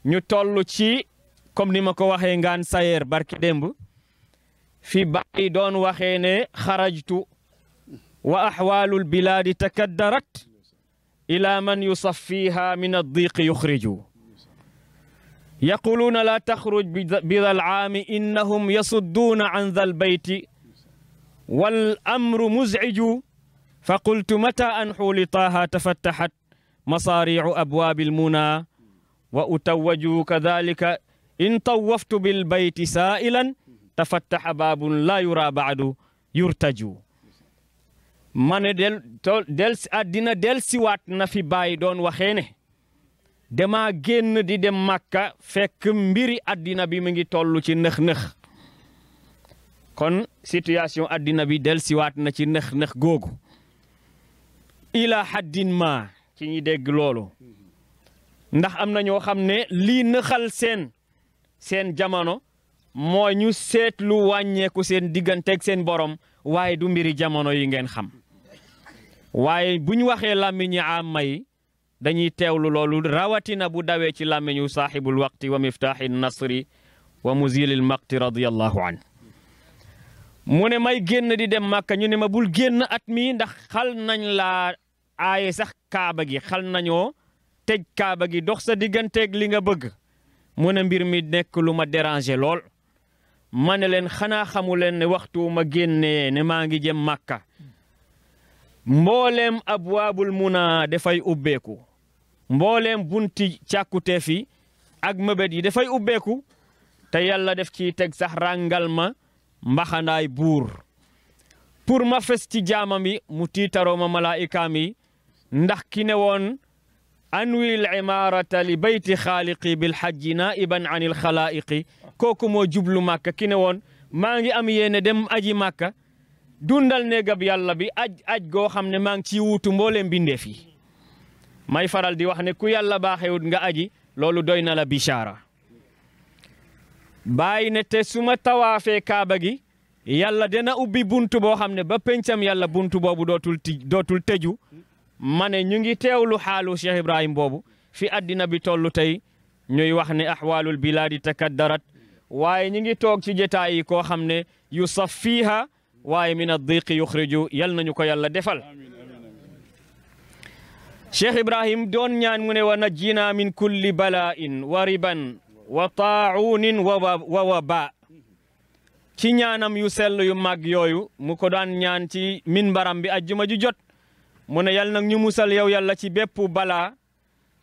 ñu toll ci comme ni ma ko waxee ngaan sayer barki demb fi bàyyi doon waxee ne xarajtu wa axwaalul bilaadi takaddarat ila man yusaffiha min addiqi yuxriju yaquluuna laa taxruj bi dal aami innahum yasudduuna an dal bayti wal amru muzciju fa qultu mata anxuu li taaha tafattaxat masaaricu abwaabi almunaa wa utawaju kadalika in tawaftu bilbayti saa'ilan tafattaxa baabun laa yuraa bacdu yurtaju ma ne del del àddina del siwaat na fi bàyyi doon waxee ne dama génn di dem màkka fekk mbiri àddina bi mu ngi tollu ci nëx-nëx kon situation àddina bi del siwaat na ci nëx-nëx googu ila haddin ma ci ñi dégg loolu ndax am na ñoo xam ne lii nëxal seen seen jamono moo ñu seetlu wàññeeku seen digganteeg seen borom waaye du mbiri jamono yi ngeen xam waaye bu ñu waxee làmmiñi am may dañuy teewlu loolu rawatina bu dawee ci làmmiñu saaxibul waqti wa miftaaxi nasri wa muzilil maqti radiyallahu an mu ne may génn di dem makka ñu ne ma bul génn at mi ndax xal nañ laa aaye sax kaaba gi xal nañoo tëj kaaba gi dox sa digganteeg li nga bëgg mu ne mbir mi nekk lu ma déranger lool ma ne leen xanaa xamu leen ne waxtu ma génne ne maa ngi jem màkka mbooleem abwaabul muna defay ubbeeku mbooleem bunti càkkuteef yi ak mëbét yi dafay ubbeeku te yàlla def ciy teg sax ràngal mbaxanaay buur pour ma fes ci jaamam yi mu tiitaroo ma malaayikaam yi ndax ki ne woon anwil imaarata li bayti xaaliqi bilxajji naiban an il xalaayiqi kooku moo jublu màkka ki ne woon maa ngi am yéene dem aji màkka dundal néegab yàlla bi aj aj goo xam ne maa ngi ciy wuutu mbooleem mbindeef may faral di wax ne ku yàlla baaxewut nga aji loolu doy nala la bichaara bàyyi ne te su ma tawaafee kaaba gi yàlla dana ubbi buntu boo xam ne ba pencam yàlla buntu boobu dootul ti dootul tëju ma ne ñu ngi teewlu xaalu Cheikh Ibrahim boobu fi addina bi toll tey ñuy wax ne ahwaalul bilaadi takaddarat waaye ñu ngi toog ci jotaay yi koo xam ne yu saf fiiha waaye min addiqi yuxriju yal nañu ko yàlla defal cheikh ibrahim doon ñaan mu ne wa najjina min kulli bala'in wa riban wa taacuunin wa wa waba ci ñaanam yu sell yu mag yooyu mu ko daan ñaan ci minbaram bi ajjuma ju jot mu ne yal nag ñu musal yow yàlla ci bépp balaa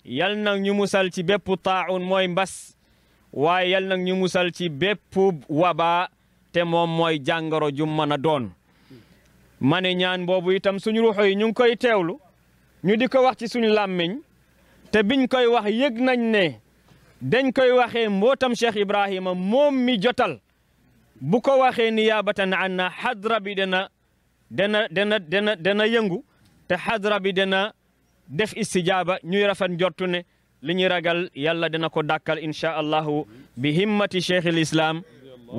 yal na ñu musal ci bépp taacuun mooy mbas waaye yal nag ñu musal ci bépp waba te moom mooy jàngoro ju mën a doon ma ne ñaan boobu itam suñu ruux yi ñu ngi koy teewlu ñu di ko wax ci suñu làmmiñ te biñ koy wax yëg nañ ne dañ koy waxee mbootam Cheikh Ibrahima moom mi jotal bu ko waxee niyaabatan an na xadra bi dana dana dana dana yëngu te xadra bi dana def istijaaba ñuy rafet njortu ne li ñuy ragal yàlla dina ko dàkkal inchaa allahu bi himmati cheikh al islam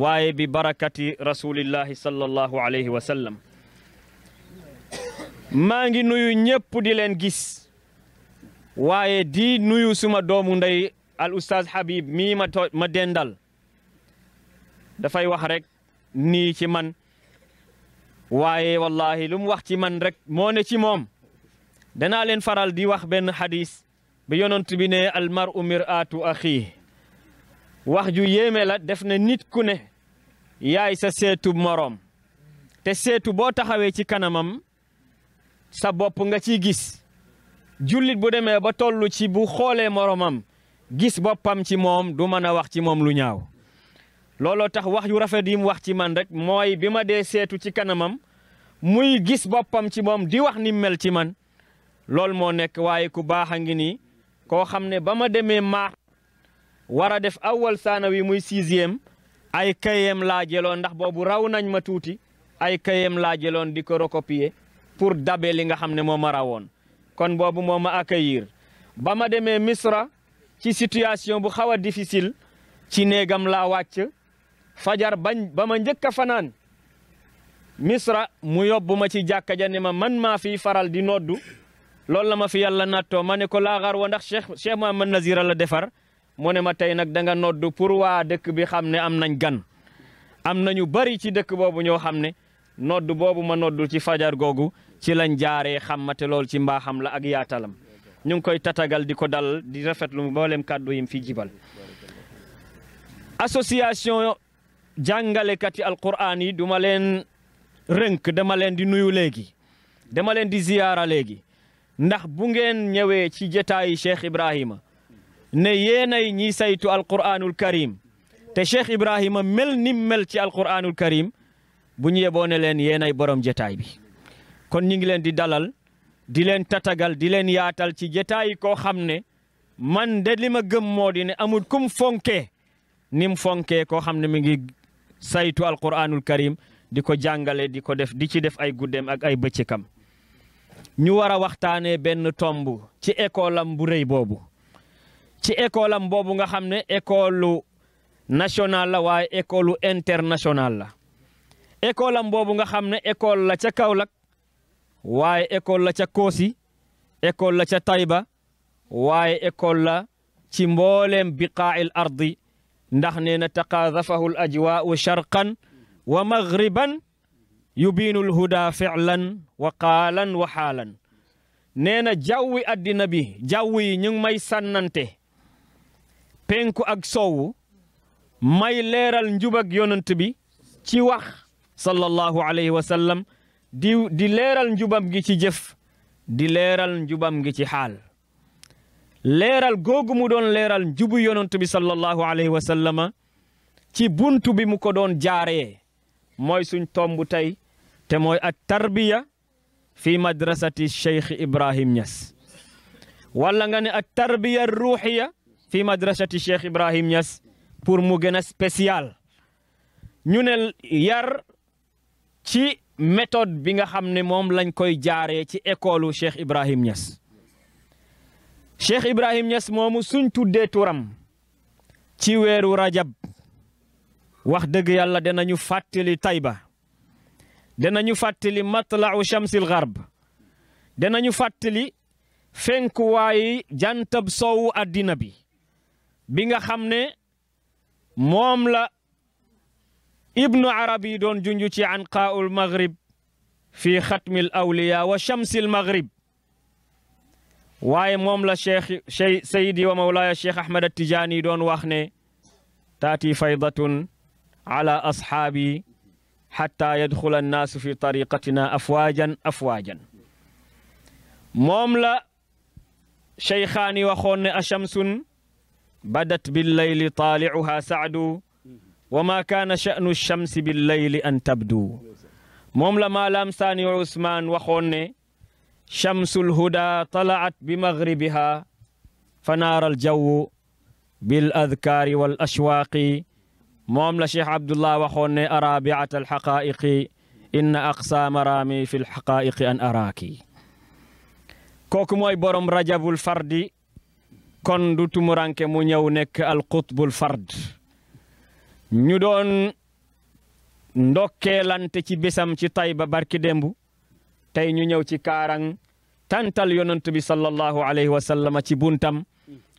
waaye bi barakati rasulillahi sallallahu alayhi wa sallam maa ngi nuyu ñëpp di leen gis waaye di nuyu suma doomu ndey al oustaz Habib mii ma dendal dafay wax rek nii ci man waaye wallahi lu wax ci man rekk moo ne ci moom danaa leen faral di wax benn xadis bi yonent bi ne al mar'u mir'atu axii wax ju yéeme la def na nit ku ne yaay sa seetu moroom te seetu boo taxawee ci kanamam sa bopp nga ci gis jullit bu demee ba toll ci bu xoolee moromam gis boppam ci moom du mën a wax ci moom lu ñaaw looloo tax wax yu rafet yi mu wax ci man rek mooy bi ma dee seetu ci kanamam muy gis boppam ci moom di wax ni mel ci man loolu moo nekk waaye ku baax a ngi nii koo xam ne ba ma demee maax war a def awal saana wi muy sixième ay kayem laa ndax boobu raw nañ ma tuuti ay kayem laa di ko recopier pour dabe li nga xam ne moo marawoon kon boobu moo ma accueillir ba ma demee Misra ci situation bu xaw a difficile ci néegam laa wàcc fajar ba ma njëkk a fanaan Misra mu yóbbu ma ci jàkka ja ma man maa fiy faral di noddu loolu la ma fi yàlla nattoo ma ne ko laaxar wa ndax Cheikh Cheikh Mouhamad Nazira la defar moo ne ma tey nag danga noddu pour waa dëkk bi xam ne am nañ gan am nañu bari ci dëkk boobu ñoo xam ne noddu boobu ma noddu ci fajar googu ci lañ jaaree xammate lool ci mbaaxam la ak yaatalam ñu ngi koy tatagal di ko dal di rafetlu mboolem kàddu yim fii jibal association jàngalekati alquraan yi duma leen rënk dama leen di nuyu léegi dama leen di ziyaara léegi ndax bu ngeen ñëwee ci jotaayi Cheikh Ibrahima ne yéenay ñiy saytu alquraanul karim te Cheikh Ibrahima mel ni mel ci alquraanul karim bu ñu yeboo ne leen yéenay borom jotaay bi kon ñu ngi leen di dalal di leen tatagal di leen yaatal ci jotaayi koo xam ne man de li ma gëm moo di ne amul kum fonkee ni mu fonkee koo xam ne mi ngi saytu alquranul karim di ko jàngale di ko def di ci def ay guddeem ak ay bëccëg bëccëkam ñu war a waxtaanee benn tomb ci école am bu rëy boobu ci école am boobu nga xam ne école nationale la waaye école internationale la école am boobu nga xam ne école la ca Kaolack waaye école la ca Koosi école la ca Tayba waaye école la ci mboolem biqaa'il ardi ndax nee na taqaadafahu l ajwaau sharqan wa maghriban yubiinu l huda ficlan wa qaalan wa xaalan nee na jawwi addina bi jaww yi ñu may sànnante penku ak soowu may leeral njub ak bi ci wax sallallahu alayhi wa di leeral njubam gi ci jëf di leeral njubam gi ci xaal leeral googu mu doon leeral njubu yonent bi sallallahu alayhi wa ci buntu bi mu ko doon jaaree mooy suñ tomb tey te mooy at tarbiya fi madrasati cheikh Ibrahim Niass wala nga ne at tarbiya ruuxiya fi madrasati cheikh Ibrahim Niass pour mu gën a spécial yar ci méthode bi nga xam ne moom lañ koy jaaree ci école Cheikh Ibrahim Niass Cheikh Ibrahim Niass moomu suñ tuddee turam ci weeru rajab wax dëgg yàlla danañu fàttali Tayba danañu fàttali matlau shamsil garb danañu fàttali fenkuwaay jantab soowu àddina bi bi nga xam ne moom la ibnu arabi doon junju ci anqaaul maghrib fi xatmil awliya wa shamsil maghrib waaye moom la cheikh sayidi wa mawlaaya cheikh ahmad attijaani doon wax ne taati faydatun ala ashaabi xatta yadxula annaasu fi tariqatina afwaajan afwaajan moom la cheykhaani waxoon ne ashamsun badat billayli taalicuha sacdu wa ma kaana sha'nu shamsi bil layli an tabdu moom la maalaam saani usmaan waxoon ne shamsul huda talaat bi maghribiha fanaaral jaww bil adkaari wal ashwaaqi moom la cheikh abdullah waxoon ne araabiat alxaqaa'iqi inna aqsa maraami fi lxaqaa'iqi an araaki kooku mooy borom rajabul fardi kon du tumuranke mu ñëw nekk alqutbul fard ñu doon ndokkeelante ci bisam ci Tayba barki démb tey ñu ñëw ci Kaarang tantal yonent bi sallallahu alayhi ci buntam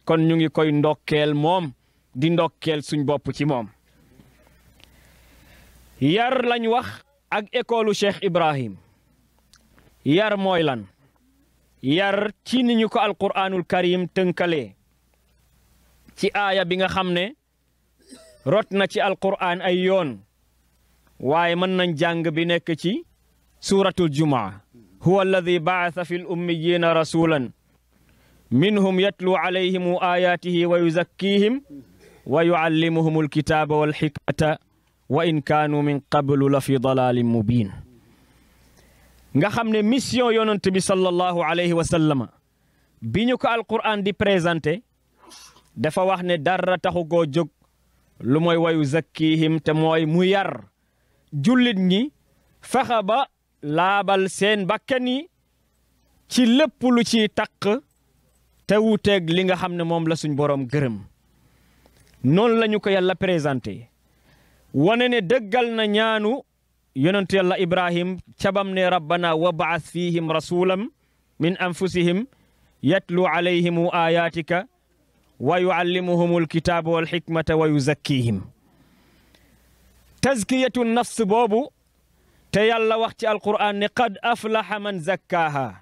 kon ñu ngi koy ndokkeel moom di ndokkeel suñ bopp ci moom yar lañ wax ak école Cheikh Ibrahim yar mooy lan yar ci ni ñu ko alquraanul karim tënkalee ci aaya bi nga xam ne rot na ci alqur'aan ay yoon waaye mën nañ jàng bi nekk ci suuratul jumaa huwa alladi baasa fi l ummiyina minhum yatlu alayhim ayaatihi wa yuzakkiihim wa yuallimuhum alkitaaba walxikmata wa in kaanu min qablu la fi dalaalin mubiin nga xam ne mission yonent bi sallallahu alayhi wa sallama bi ñu ko alqur'aan di présenté dafa wax ne dara taxu koo jóg lu mooy wayu zakkihim te mooy mu yar jullit ñi fexe ba laabal seen bakkan yi ci lépp lu ciy taq te wuuteeg li nga xam ne moom la suñ boroom gërëm noonu lañu ko yàlla présenté wane ne dëggal na ñaanu yonentu yàlla ibrahim cabam ne rabbana wabaas fihim rasulam min anfusihim yatlu alayhimu ayatika wa yuallimuhum alkitaaba wal xikmata wa yuzakkihim tazkiyatu nafs boobu te yàlla wax ci alqur'an ne qad aflaha man zakkaaha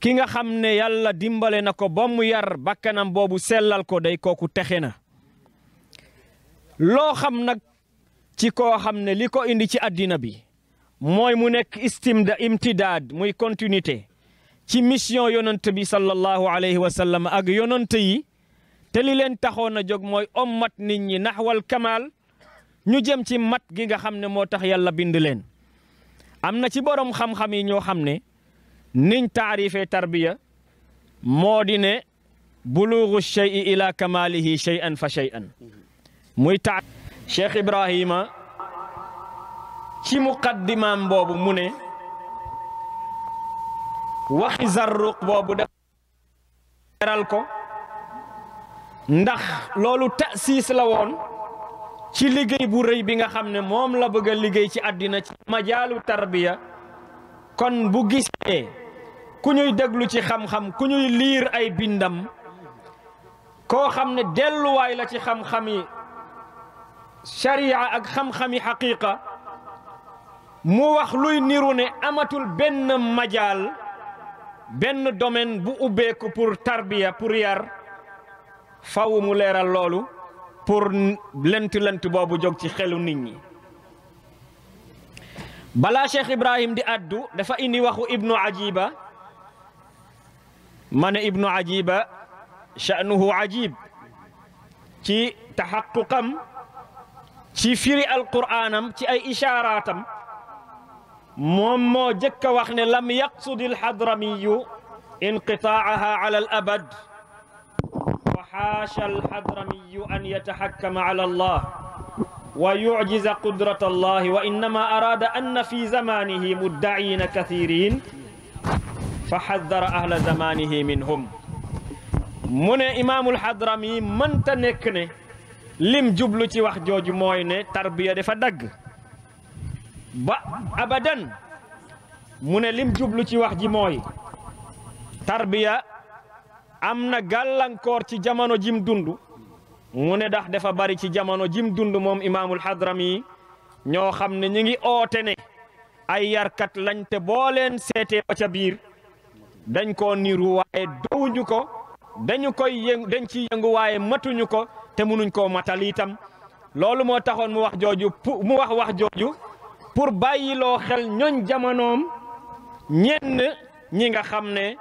ki nga xam ne yàlla dimbale na ko ba mu yar bakkanam boobu sellal ko day kooku texe na loo xam nag ci koo xam ne li ko indi ci àddina bi mooy mu nekk istimda imtidaad muy continuité ci mission yonent bi sallallahu alayhi wa sallam ak yonent te li leen taxoon a jóg mooy ommat nit ñi naxwal kamaal ñu jëm ci mat gi nga xam ne moo tax yàlla bind leen am na ci borom xam-xam yi ñoo xam ne niñ taarifee tarbiya moo di ne buluugu cheyi ila kamaalihi cheyan fa cheyan muy taa cheikh ibrahima ci muqaddimaam boobu mu ne waxi zarruq boobu def teral ko ndax loolu tasiis la woon ci liggéey bu rëy bi nga xam ne moom la bëgg liggéey ci àddina ci majaalu tarbiya kon bu gisee ku ñuy déglu ci xam-xam ku ñuy liir ay bindam koo xam ne delluwaay la ci xam-xami sharia ak xam-xami xaqiqa mu wax luy niru ne amatul benn majaal benn domaine bu ubbeeku pour tarbiya pour yar faw mu leeral loolu pour lënt lënt boobu jog ci xelu nit ñi balaa Cheikh Ibrahim di addu dafa indi waxu ibnu ajiba ma ne ibnu ajiba sha'nuhu ajib ci taxaquqam ci firi alquraanam ci ay ishaaraatam moom moo jëkk a wax ne lam yaqsudi alxadramiyu inqitaaha ala al abad xaasha alxadramiyu an yataxakkama ala allah wa yujiza qudrat allah wa innama araada anna fi zamanihi muddaciina kathirin fa xaddara ahla zamanihi minhum mu ne imaamul xadrami mënta nekk ne lim jublu ci wax jooju mooy ne tarbiya dafa dagg ba abadan mu ne lim jublu ci wax ji mooy tarbiya am na gàllankoor ci jamono jim dundu mu ne ndax dafa bari ci jamono jim dund moom imaamul hadrami ñoo xam ne ñu ngi oote ne ay yarkat lañ te boo leen seetee ca biir dañ koo niru waaye dowuñu ko dañu koy yëngu dañ ci yëngu matuñu ko te munuñ koo matal itam loolu moo taxoon mu wax wax wax jooju pour bàyyiloo xel ñooñ jamonoom ñenn ñi nga xam ne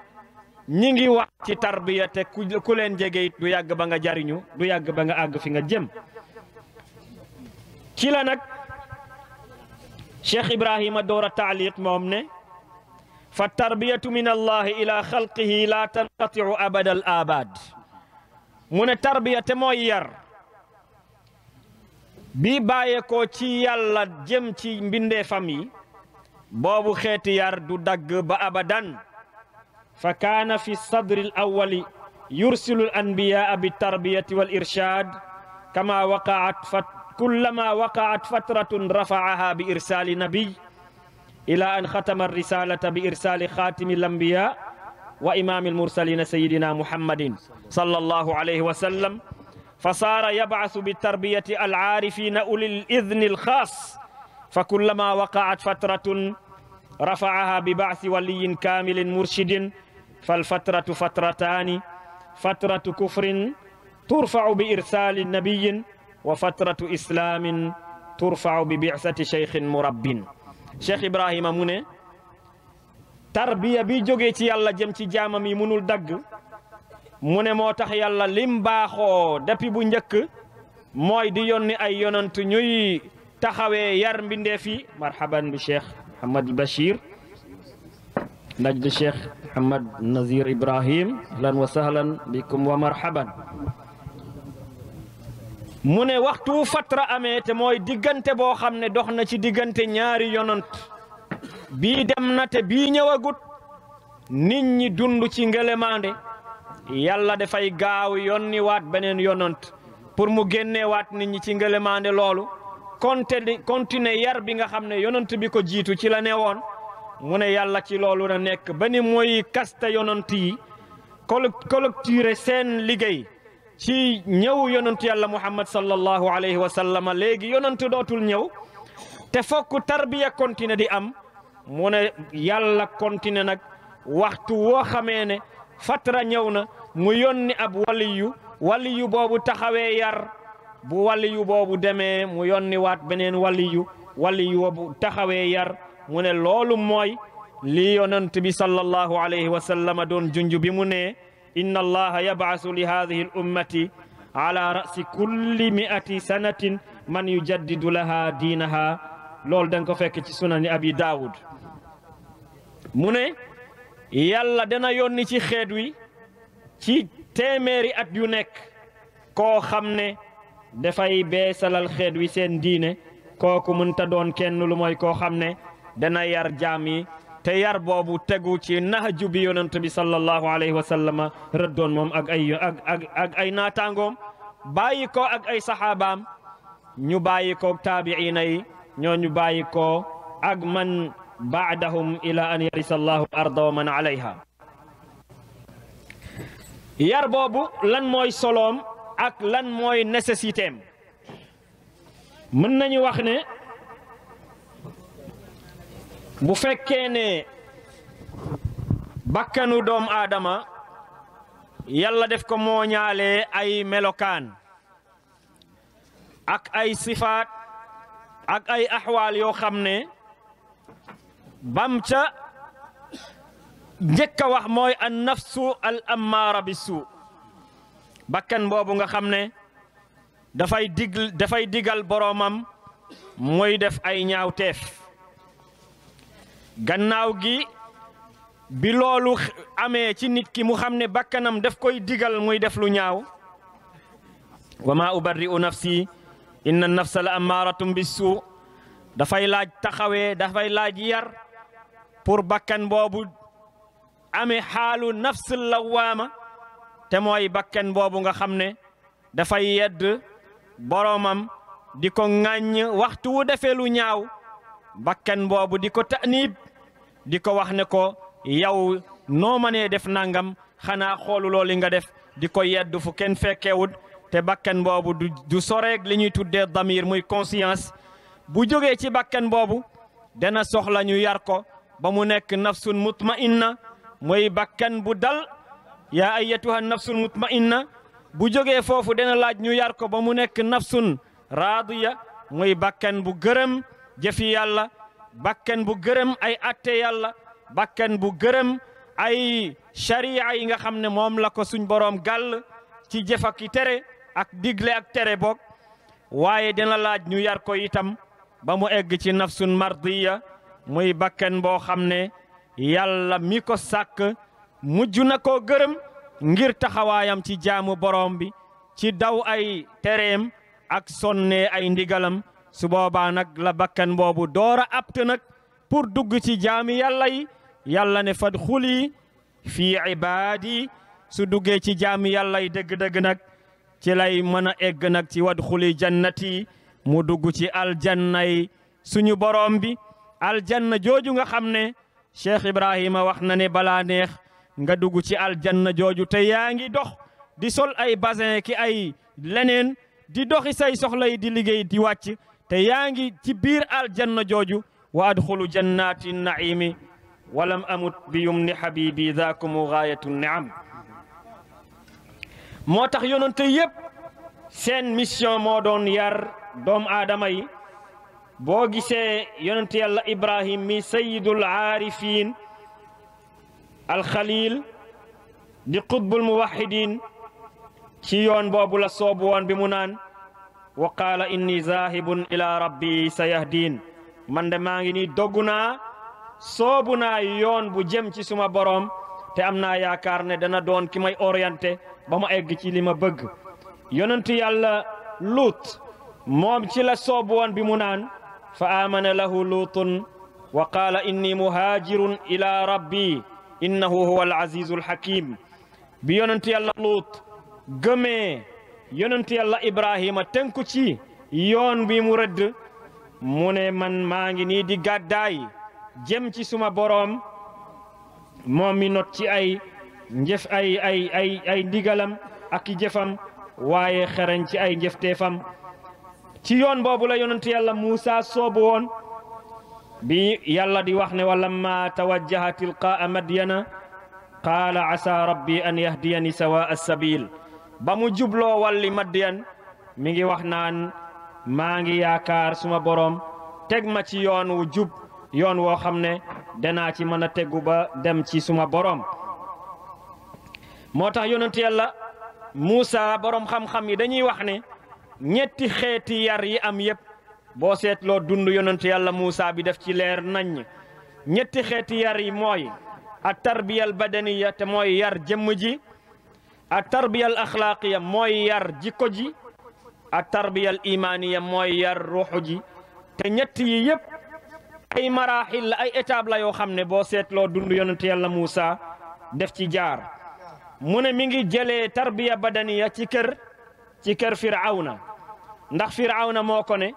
ñi ngi wax ci tarbiya te ku leen du yàgg ba nga jariñu du yàgg ba nga àgg fi nga jëm ci la nag cheikh ibrahima door a moom ne fa tarbiyatu min allahi xalqihi la tanqatiu abada al abad mu ne tarbiya mooy yar bi bàyyeekoo ci yàlla jëm ci mbindeefam yi boobu xeeti yar du dagg ba abadan fa kaana fi sadri al awali yursilu al anbiyaa bi tarbiyati wal irshaad kama waqaat fa kullama waqaat fatratun rafaaha bi irsaali nabiy ila an xatama risalata bi irsaali xaatimi al anbiyaa wa imaami al mursalina sayidina muhammadin sallallahu alayhi wa sallam fa saara yabcasu bi tarbiyati al aarifina ulil idni al xaas fa kullama waqaat fatratun rafaaha bi bacsi waliyin kaamilin murshidin فالفترة فترتان فترة كفر ترفع بإرسال نبي وفترة إسلام bi ببعثة شيخ مرب Cheikh Ibrahima mu ne tarbiya bi jógee ci yàlla jëm ci jaamam yi munul dagg mu ne moo tax yàlla lim baaxoo depuis bu njëkk mooy di yónni ay yonant ñuy taxawee yar mbindeef yi marhaban bi Cheikh Mouhamadul Bachir نجد الشيخ محمد نذير إبراهيم أهلا وسهلا بكم ومرحبا mu ne waxtu fatra ame te mooy diggante boo xam ne dox na ci diggante ñaari yonant bii dem na te bii ñëwagut nit ñi dund ci ngelemaande yàlla dafay gaaw yonni waat beneen yonant pour mu génnee waat nit ci ngelemaande loolu konte continuer yar bi nga xam ne yonant bi ko jiitu ci la ne woon mu ne yàlla ci loolu na nekk ba ni mooy kaste yonant yi collecture seen liggéey ci ñëw yonantu yàlla muhammad sallallahu alayhi wa sallam léegi yonantu dootul ñëw te fokk tarbiya continue di am mu ne yàlla continue nag waxtu woo xamee ne fatra ñëw na mu yónni ab waliyu waliyu boobu taxawee yar bu waliyu boobu demee mu yónni waat beneen waliyu waliyu boobu taxawee yar mu ne loolu mooy li yonent bi sallallahu alayhi wa sallama doon junj bi mu ne inna allaha yabaasu li hadihi ummati ala rasi kulli mi'ati sanatin man yujaddidu laha diinaha loolu danga ko fekk ci sunani abi daawud mu ne yàlla dana yónni ci xeet wi ci téeméeri at yu nekk koo xam ne dafay beesalal xeet wi seen diine kooku mënta doon kenn lu mooy koo xam ne dana yar jaam yi te yar boobu tegu ci naxaju bi yonent bi sallallahu alayhi wa sallam moom ak ay ak ak ak ay naataangoom bàyyi ko ak ay saxaabaam ñu bàyyi ko taabiina yi ñooñu bàyyi ko ak man baadahum ila an yarisa allahu arda wa man alayha yar boobu lan mooy soloom ak lan mooy nécessité am nañu wax ne bu fekkee ne bakkanu doom aadama yàlla def ko mooñaale ay melokaan ak ay sifaat ak ay axwaal yoo xam ne bam ca njëkk a wax mooy an nafsu al ammaara bi suu bakkan boobu nga xam ne dafay dig dafay digal boroomam moy def ay ñaawteef gannaaw gi bi loolu amee ci nit ki mu xam ne bakkanam daf koy digal muy def lu ñaaw wa maa ubarri'u nafsi inna nafsa la ammaaratum bissu dafay laaj taxawe dafay laaj yar pour bakkan boobu ame xaalu nafsul lawaama te mooy bakkan boobu nga xam ne dafay yedd boroomam di ko ŋàññ waxtu wu lu ñaaw bakkan boobu di ko ta'niib di ko wax ne ko yow noo mënee def nangam xanaa xooluloo li nga def di ko yeddu fu kenn fekkewut te bakkan boobu du du soreeg li ñuy tuddee damir muy conscience bu jógee ci bakkan boobu dana soxla ñu yar ko ba mu nekk nafsun mutma'inna mooy bakkan bu dal yaa ayyatuha nafsul mutma'inna bu jógee foofu dana laaj ñu yar ko ba mu nekk nafsun raadiya mooy bakkan bu gërëm jëfi yàlla bakken bu gërëm ay atte yàlla bakken bu gërëm ay sharia yi nga xam ne moom la ko suñ borom gàll ci jëf ak tere ak digle ak tere boog waaye dina laaj ñu yar ko itam ba mu egg ci nafsun mardiya muy bakken boo xam ne yàlla mi ko sàkk mujj na koo gërëm ngir taxawaayam ci jaamu borom bi ci daw ay tereem ak sonne ay ndigalam su boobaa nag la bakkan boobu door a apt nag pour dugg ci jaami yàlla yi yàlla ne fad xuli fii ibaadi su duggee ci jaami yàlla yi dëgg-dëgg nag ci lay mën a egg nag ci wad xuli jannati mu dugg ci aljanna yi suñu boroom bi aljanna jooju nga xam ne cheikh ibrahima wax na ne balaa neex nga dugg ci aljanna jooju te yaa ngi dox di sol ay basin ki ay leneen di doxi say soxla yi di liggéey di wàcc te yaa ngi ci biir aljanna jooju wa adxulu jannati naimi walam amut bi yumni habibi daakumu gaayatu niam moo tax yonente yépp seen mission moo doon yar doom aadama yi boo gisee yonente yàlla ibrahim mi sayidul aarifin alxalil di qutbul muwahidin ci yoon boobu la soobu bi mu naan wa qaala inni zaahibun ila rabbi sa yahdiin man de maa ngi nii doggu naa soobu naa yoon bu jëm ci suma borom te am naa yaakaar ne dana doon ki may orienté ba ma egg ci li ma bëgg yonentu yàlla luut moom ci la soobu woon bi mu naan fa aamana lahu luutun wa qaala inni muhaajirun ila rabbi innahu huwa al azizu al bi yonentu yàlla luut gëmee yonent yàlla Ibrahima tënku ci yoon bi mu rëdd mu man maa ngi nii di gàddaay jëm ci suma boroom moom mi not ci ay njëf ay ay ay ndigalam ak i waaye xereñ ci ay njëfteefam ci yoon boobu la yonent yàlla Muusa soobu woon bi yàlla di wax ne wa lamma tawajjaha tilqaa madyana qaala asa rabbi an yahdiyani sawa as sabil ba mu jubloo walli madiyan mi ngi wax naan maa ngi yaakaar suma boroom teg ma ci yoon wu jub yoon woo xam ne danaa ci mën a tegu ba dem ci suma boroom moo tax yonent yàlla Muusa boroom xam-xam yi dañuy wax ne ñetti xeeti yar yi am yépp boo seetloo dund yonent yàlla Muusa bi def ci leer naññ ñetti xeeti yar yi mooy at tarbiyal badaniya te mooy yar jëmm ji a tarbiyal axlaaqiya mooy yar jikko ji a tarbiyal imaaniya mooy yar ruuxu ji te ñett yi ay maraaxil la ay étape yoo xam ne boo seetloo dund yonent yàlla Muusa def ci jaar mu ne mi ngi jëlee tarbiya badaniya ci kër ci kër firawna ndax firawna moo ko ne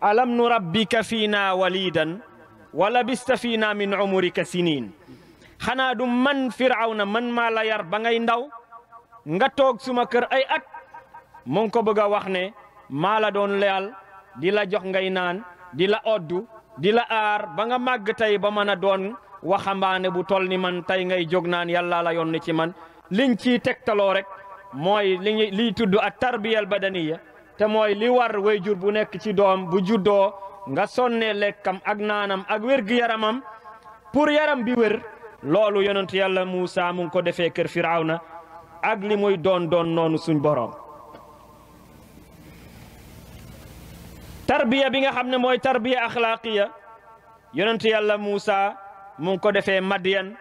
alam nu rabbika fiina walidan wa labista fiina min umurika sinin xanaa du man firawna man maa la yar ba ngay ndaw nga toog suma kër ay at mu ngi ko bëgg a wax ne maa la doon leyal di la jox ngay naan di la oddu di la aar ba nga màgg tey ba mën a doon waxambaane bu tol ni man tey ngay jóg naan yàlla la yonni ci man liñ ciy tegtaloo rek mooy li liy tudd ak tarbiyal badaniya te mooy li war wayjur bu nekk ci doom bu juddoo nga sonne lekkam ak naanam ak wér yaramam pour yaram bi wér loolu yonentu yàlla Muusa mu ngi ko defee kër Firawna ak li muy doon doon noonu suñ boroom tarbiya bi nga xam ne mooy tarbiya ya yonent yàlla Muusa mu ko defee Madiyan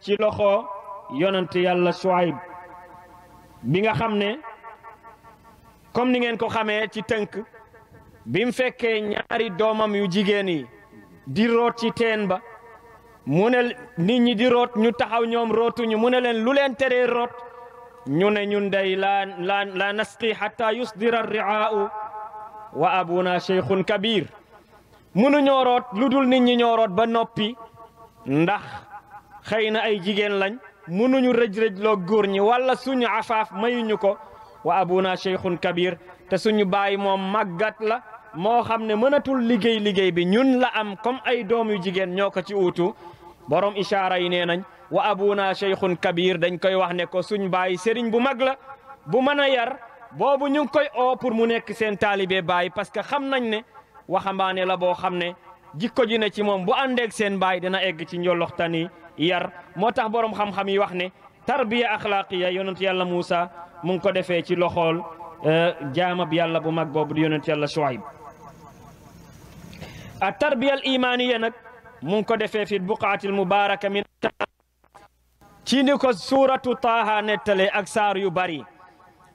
ci loxo yonent yàlla Shuayb bi nga xam ne comme ni ngeen ko xamee ci tënk bi mu fekkee ñaari doomam yu jigéen yi di root ci teen ba mu ne nit di root ñu taxaw ñoom rootuñu mu ne leen lu leen teree root ñu ne ñun day la la la nasqi xata yusdira wa abuna cheikhun kabir munu ñooroot lu dul nit ñi ñooroot ba noppi ndax xëy na ay jigéen lañ munuñu rëj-rëj loo góor ñi wala suñu afaaf mayuñu ko wa abuna cheikhun kabir te suñu baay moom màggat la moo xam ne mënatul liggéey liggéey bi ñun la am comme ay doom yu jigéen ñoo ko ci uutu borom ishaara yi nee nañ wa abuna cheikhun kabir dañ koy wax ne ko suñ baay sëriñ bu mag la bu man a yar boobu ñu ngi koy oo pour mu nekk seen taalibe baay parce que xam nañ ne waxambaane la boo xam ne jikko ji ne ci moom bu àndeeg seen baay dana egg ci njolloxtani yar moo tax boroom xam-xam yi wax ne tarbiya axlaaqiya yonent yàlla Muusa mu ngi ko defee ci loxool euh, bu yàlla bu mag boobu di yonent yàlla Shuayb a tarbiya al nag mu ko defee fi buqaatil mubaaraka ci ni ko suuratu taaha nettale ak saar yu bari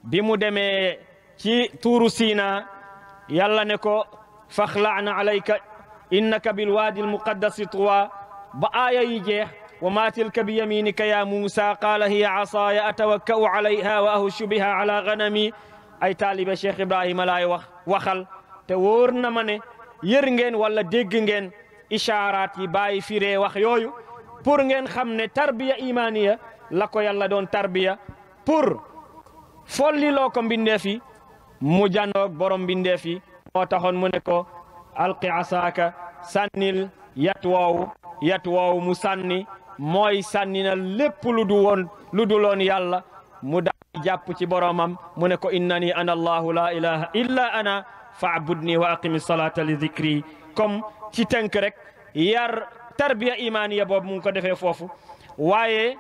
bi mu demee ci tuuru siina yàlla ne ko faxlana alayka innaka bilwaadi almuqaddasi tuwa ba aaya yi jeex wa ma tilka bi yaminika ya muusa qaala hiya asaaya atawakka'u alayha wa ahushu biha ala ganami wax waxal te wóor ma ne yër ngeen walla dégg ngeen ishaaraat yi bàyyi firee wax yooyu pour ngeen xam ne tarbiya imaaniya la ko yàlla doon tarbiya pour folliloo ko mbindeef mu jàndoog borom mbindeef yi moo taxoon mu ne ko alqi asaaka sànnil yat woowu yat woowu mu sànni mooy sànni na lépp lu du loon yàlla mu daal jàpp ci boromam mu ne ko innani ana allahu la ilaha illa ana faabudni wa aqimi salata li dikri comme ci tënk yar tarbiya imaaniya boobu mu ko defee foofu waaye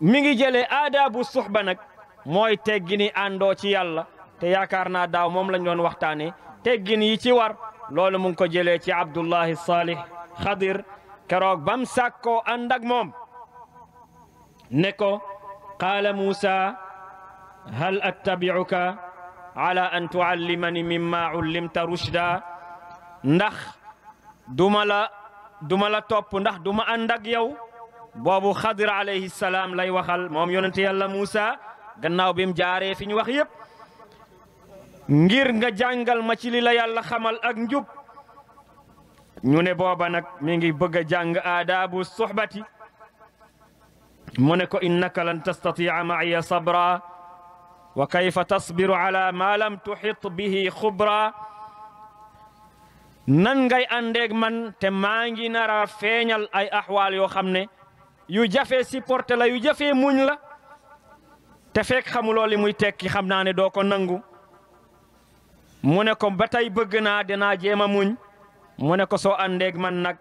mi ngi jëlee aadaabu suxba nag mooy teggini àndoo ci yàlla te yaakaar naa daaw moom lañ doon waxtaane teggin yi ci war loolu mu ngi ko jëlee ci Abdullahi Salih Xadir keroog bam sàkkoo ànd moom ne ko qaala Muusa hal attabi'uka ala an tuallimani mimma ullimta rushda ndax duma duma la topp ndax du ma ànd ak yow boobu xadir salaam lay waxal moom yonente yàlla Muusa gannaaw bi mu fi ñu wax yépp ngir nga jàngal ma ci li la yàlla xamal ak njug ñu ne booba nag mi ngi bëgg a jàng aadaabu suxbati mu ne ko innaka lan tastatia maaya sabra wa kayfa tasbiru ala ma lam tuxit bihi xubra nan ngay àndeeg man te maa ngi nar feeñal ay axwaal yoo xam ne yu jafe supporté la yu jafe muñ la te fekk xamuloo li muy tekki xam naa ne doo ko nangu mu ne ko ba tey bëgg naa dinaa jéem a muñ mu ne ko soo àndeeg man nag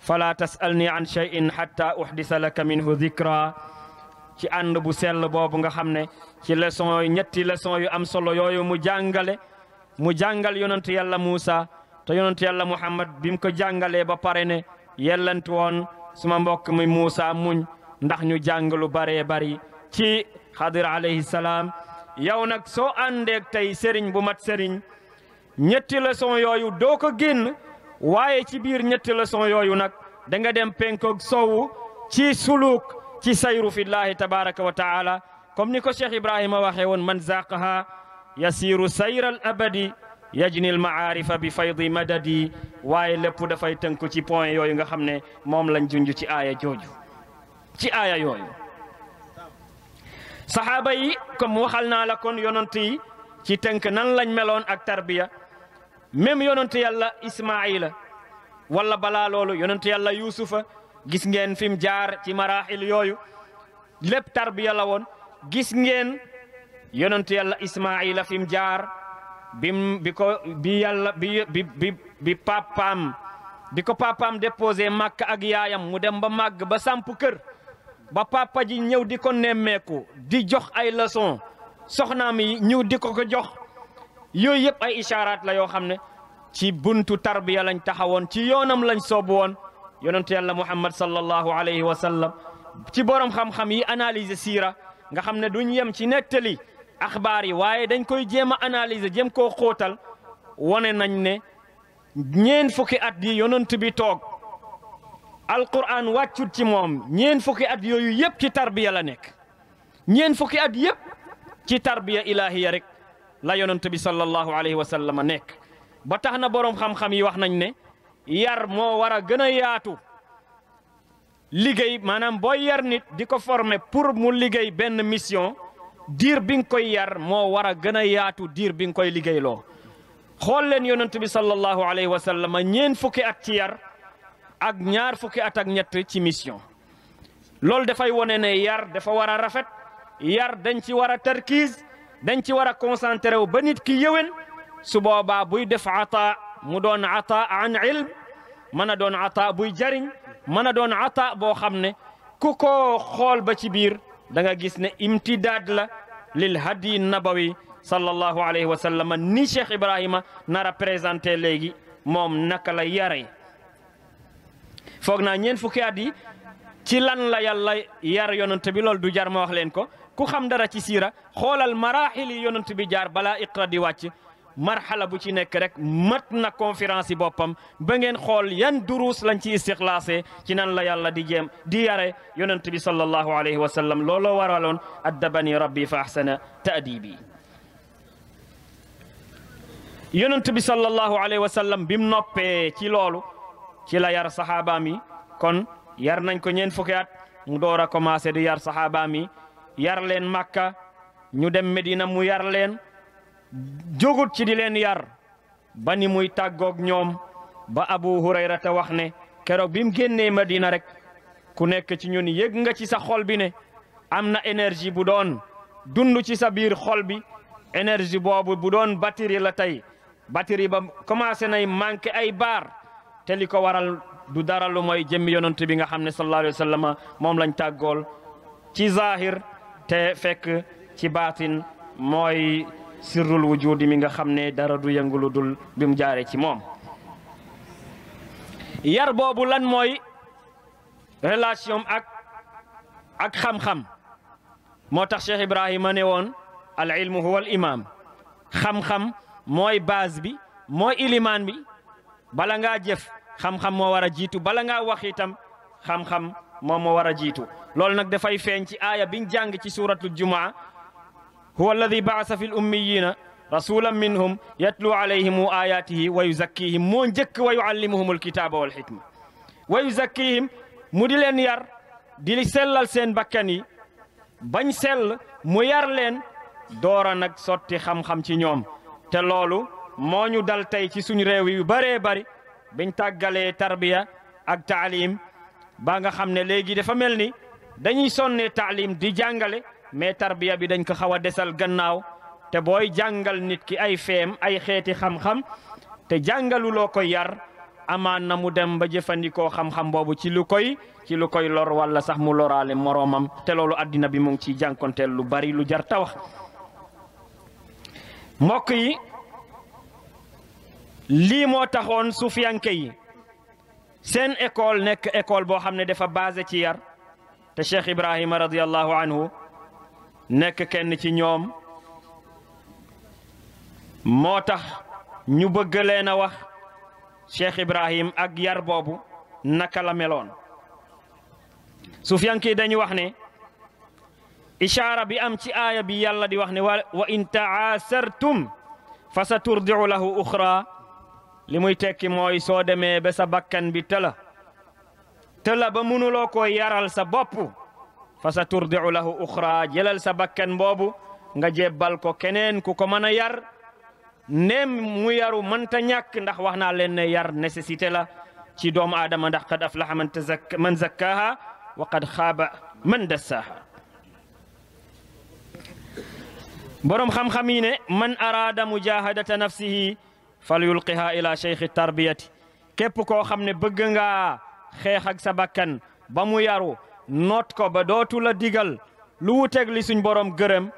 fala tasalni an cheyin xatta uhdisa laka minhu dikra ci ànd bu sell boobu nga xam ne ci leçon ñetti leçon yu am solo yooyu mu jàngale mu jàngal yonantu yàlla Muusa te yonent yàlla muhammad bi mu ko jàngalee ba pare ne yellant woon suma mbokk mi Muusa muñ ndax ñu jàng lu baree bari ci xadir alayhi salaam yow nag soo àndeeg tey sëriñ bu mat sëriñ ñetti leçon yooyu doo ko génn waaye ci biir ñetti leçon yooyu nag danga dem penkoog sowu ci suluk ci sayru fillahi tabaraka wa taala comme ni ko cheikh ibrahima waxee woon man zaqaha yasiru sayral abadi yajnil maarifa bi faydi madadi waaye lépp dafay tënku ci point yooyu nga xam ne moom lañ junj ci aaya jooju ci aaya yooyu saxaaba yi comme waxal naa la kon yonant ci tënk nan lañ meloon ak tarbiya même yonant yàlla ismaila walla balaa loolu yonant yàlla yuusufa gis ngeen fi mu jaar ci maraaxil yooyu lépp tarbiya la woon gis ngeen yonant yàlla ismaila fi mu jaar bim bi ko bi yàlla bi bi bi papaam bi ko papaam déposé màkk ak yaayam mu dem ba màgg ba samp kër ba papa ji ñëw di ko nemmeeku di jox ay leçon soxnaam yi ñëw di ko ko jox yooyu yëpp ay ishaaraat la yoo xam ne ci buntu tarbiya lañ taxawoon ci yoonam lañ soobu woon yonentu yàlla muhammad sallallahu alayhi wa ci borom xam-xam yi analyser siira nga xam ne duñ yem ci nettali axbaar yi waaye dañ koy jéem a analyser jéem koo xootal wane nañ ne ñeen fukki at yi yonent bi toog alquran wàccut ci moom ñeen fukki at yooyu yëpp ci tarbiya la nekk ñeen fukki at yëpp ci tarbiya ilaahiya rek la yonent bi sallallahu alayhi wa sallam nekk ba tax na boroom xam-xam yi wax nañ ne yar moo war a gën a yaatu liggéey maanaam booy yar nit di ko former pour mu liggéey benn mission diir bi nga koy yar moo war a gën a yaatu diir bi nga koy liggéeyloo xool leen yonent bi sallallahu alayhi wa sallam ñeen fukki at ci yar ak ñaar fukki at ak ñett ci mission loolu dafay wone ne yar dafa war a rafet yar dañ ci war a tarkiis dañ ci war a concentré wu ba nit ki yëwén su boobaa buy def ata mu doon ata an ilm mën a doon ata buy jariñ mën a doon ata boo xam ne ku ko xool ba ci biir da nga gis ne imtidaad la lil hadi nabawi sallallahu alayhi wa sallam ni Cheikh Ibrahima nara présenté léegi moom naka la yare foog naa ñeent fukki at yi ci lan la yàlla yar yonent bi loolu du jar ma wax leen ko ku xam dara ci siira xoolal maraaxil yi yonent bi jaar balaa iqra di wàcc marxala bu ci nekk rek mat na conférence yi boppam ba ngeen xool yan duruus lañ ci istixlaase ci nan la yàlla di jéem di yare yonent bi sallallahu alayhi wa sallam looloo waraloon addabani rabbi fa ahsana taadibi yonent bi sallallahu alayhi wasallam sallam bim noppee ci loolu ci la yar saxaabaam yi kon yar nañ ko ñeen fukki at mu door a commencé di yar saxaabaam yi yar leen Makka ñu dem Medina mu yar leen jógut ci di leen yar ba ni muy tàggook ñoom ba abu hurayrata wax ne keroog bi mu génnee diina rek ku nekk ci ñun yëg nga ci sa xol bi ne am na énergie bu doon dund ci sa biir xol bi énergie boobu bu doon batterie la tey batiri ba commencé nay manqué ay baar te li ko waral du dara lu mooy jëmmi yonent bi nga xam ne sallallahu alayhi wa moom lañ tàggool ci zahir te fekk ci baatin mooy sirrul wujudi mi nga xam ne dara du yëngulu dul bi mu jaare ci moom yar boobu lan mooy relation ak ak xam-xam moo tax Cheikh Ibrahima ne woon al ilmu huwa al imaam xam-xam mooy base bi mooy ilimaan bi bala ngaa jëf xam-xam moo war a jiitu bala ngaa wax itam xam-xam moom moo war a jiitu loolu nag dafay feeñ ci aaya biñ jàng ci suuratul jumaa huwa alladi baasa fi l ummiyina rasulan minhum yatlu alayhim ayatihi wa yuzakkihim moo njëkk wa yuallimuhum alkitaaba walxikma wa yuzakkihim mu di leen yar di sellal seen bakkan yi bañ sell mu yar leen doora nag sotti xam-xam ci ñoom te loolu moo ñu dal tey ci suñu réew yu bëree bëri biñ tàggalee tarbiya ak taalim ba nga xam ne léegi dafa mel ni dañuy sonne taalim di jàngale mais tarbiya bi dañ ko xaw a desal gannaaw te booy jàngal nit ki ay feem ay xeeti xam-xam te jàngaluloo ko yar amaan na mu dem ba jëfandikoo xam-xam boobu ci lu koy ci lu koy lor wala sax mu loraale moroomam te loolu addina bi mu ngi ciy jànkonteel lu bari lu jar tawax mbokk yi lii moo taxoon sufiyanke yi seen école nekk école boo xam ne dafa baase ci yar te Cheikh Ibrahima radiyallahu anhu nekk kenn ci ñoom moo tax ñu bëgg leen a wax Cheikh Ibrahim ak yarboobu boobu naka la meloon sufyanke yi wax ne ishaara bi am ci aaya bi yàlla di wax ne wa in taasartum fa sa turdiu lahu uxra li muy tekki mooy soo demee ba sa bakkan bi tëla tëla ba mënuloo ko yaral sa bopp fa sa turdiu lahu uxra jëlal sa bakken boobu nga jébbal ko keneen ku ko mën a yar ndéem mu yaru manta ñàkk ndax wax naa leen ne yar nécessité la ci doomu aadama ndax qad aflaha man man zakkaaha wa qad xaaba man dassaaha boroom xam-xam yi ne man araada mujahadata nafsihi fal yulqiha ila cheikhi tarbiyati képp koo xam ne bëgg ngaa xeex ak sa bakkan ba mu yaru noot ko ba dootu la digal lu wuteeg li suñ borom gërëm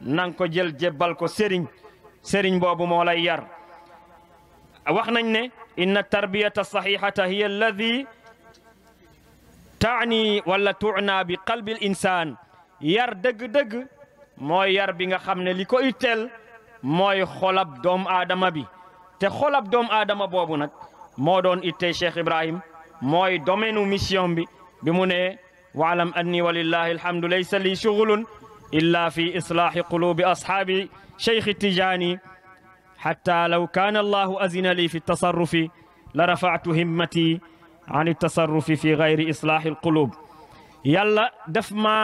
nang ko jël jébbal ko sëriñ sëriñ boobu moo lay yar wax nañ ne inna tarbiyata saxiixata hiya alladi taani walla tuuna bi qalbil insaan yar dëgg-dëgg mooy yar bi nga xam ne li ko itteel mooy xolab doom aadama bi te xolab doom adama boobu nag moo doon ittee Cheikh Ibrahim mooy domaine mission bi bi mu ne waalam anni walillahi alhamdu laysa li shughulun illa fi islaahi qulubi ashaabi cheikhi tijaani xatta law kaana allahu azina li fi tasarrufi la rafa'tu himmati an tasarrufi fi gayri islaahi alqulub yàlla daf ma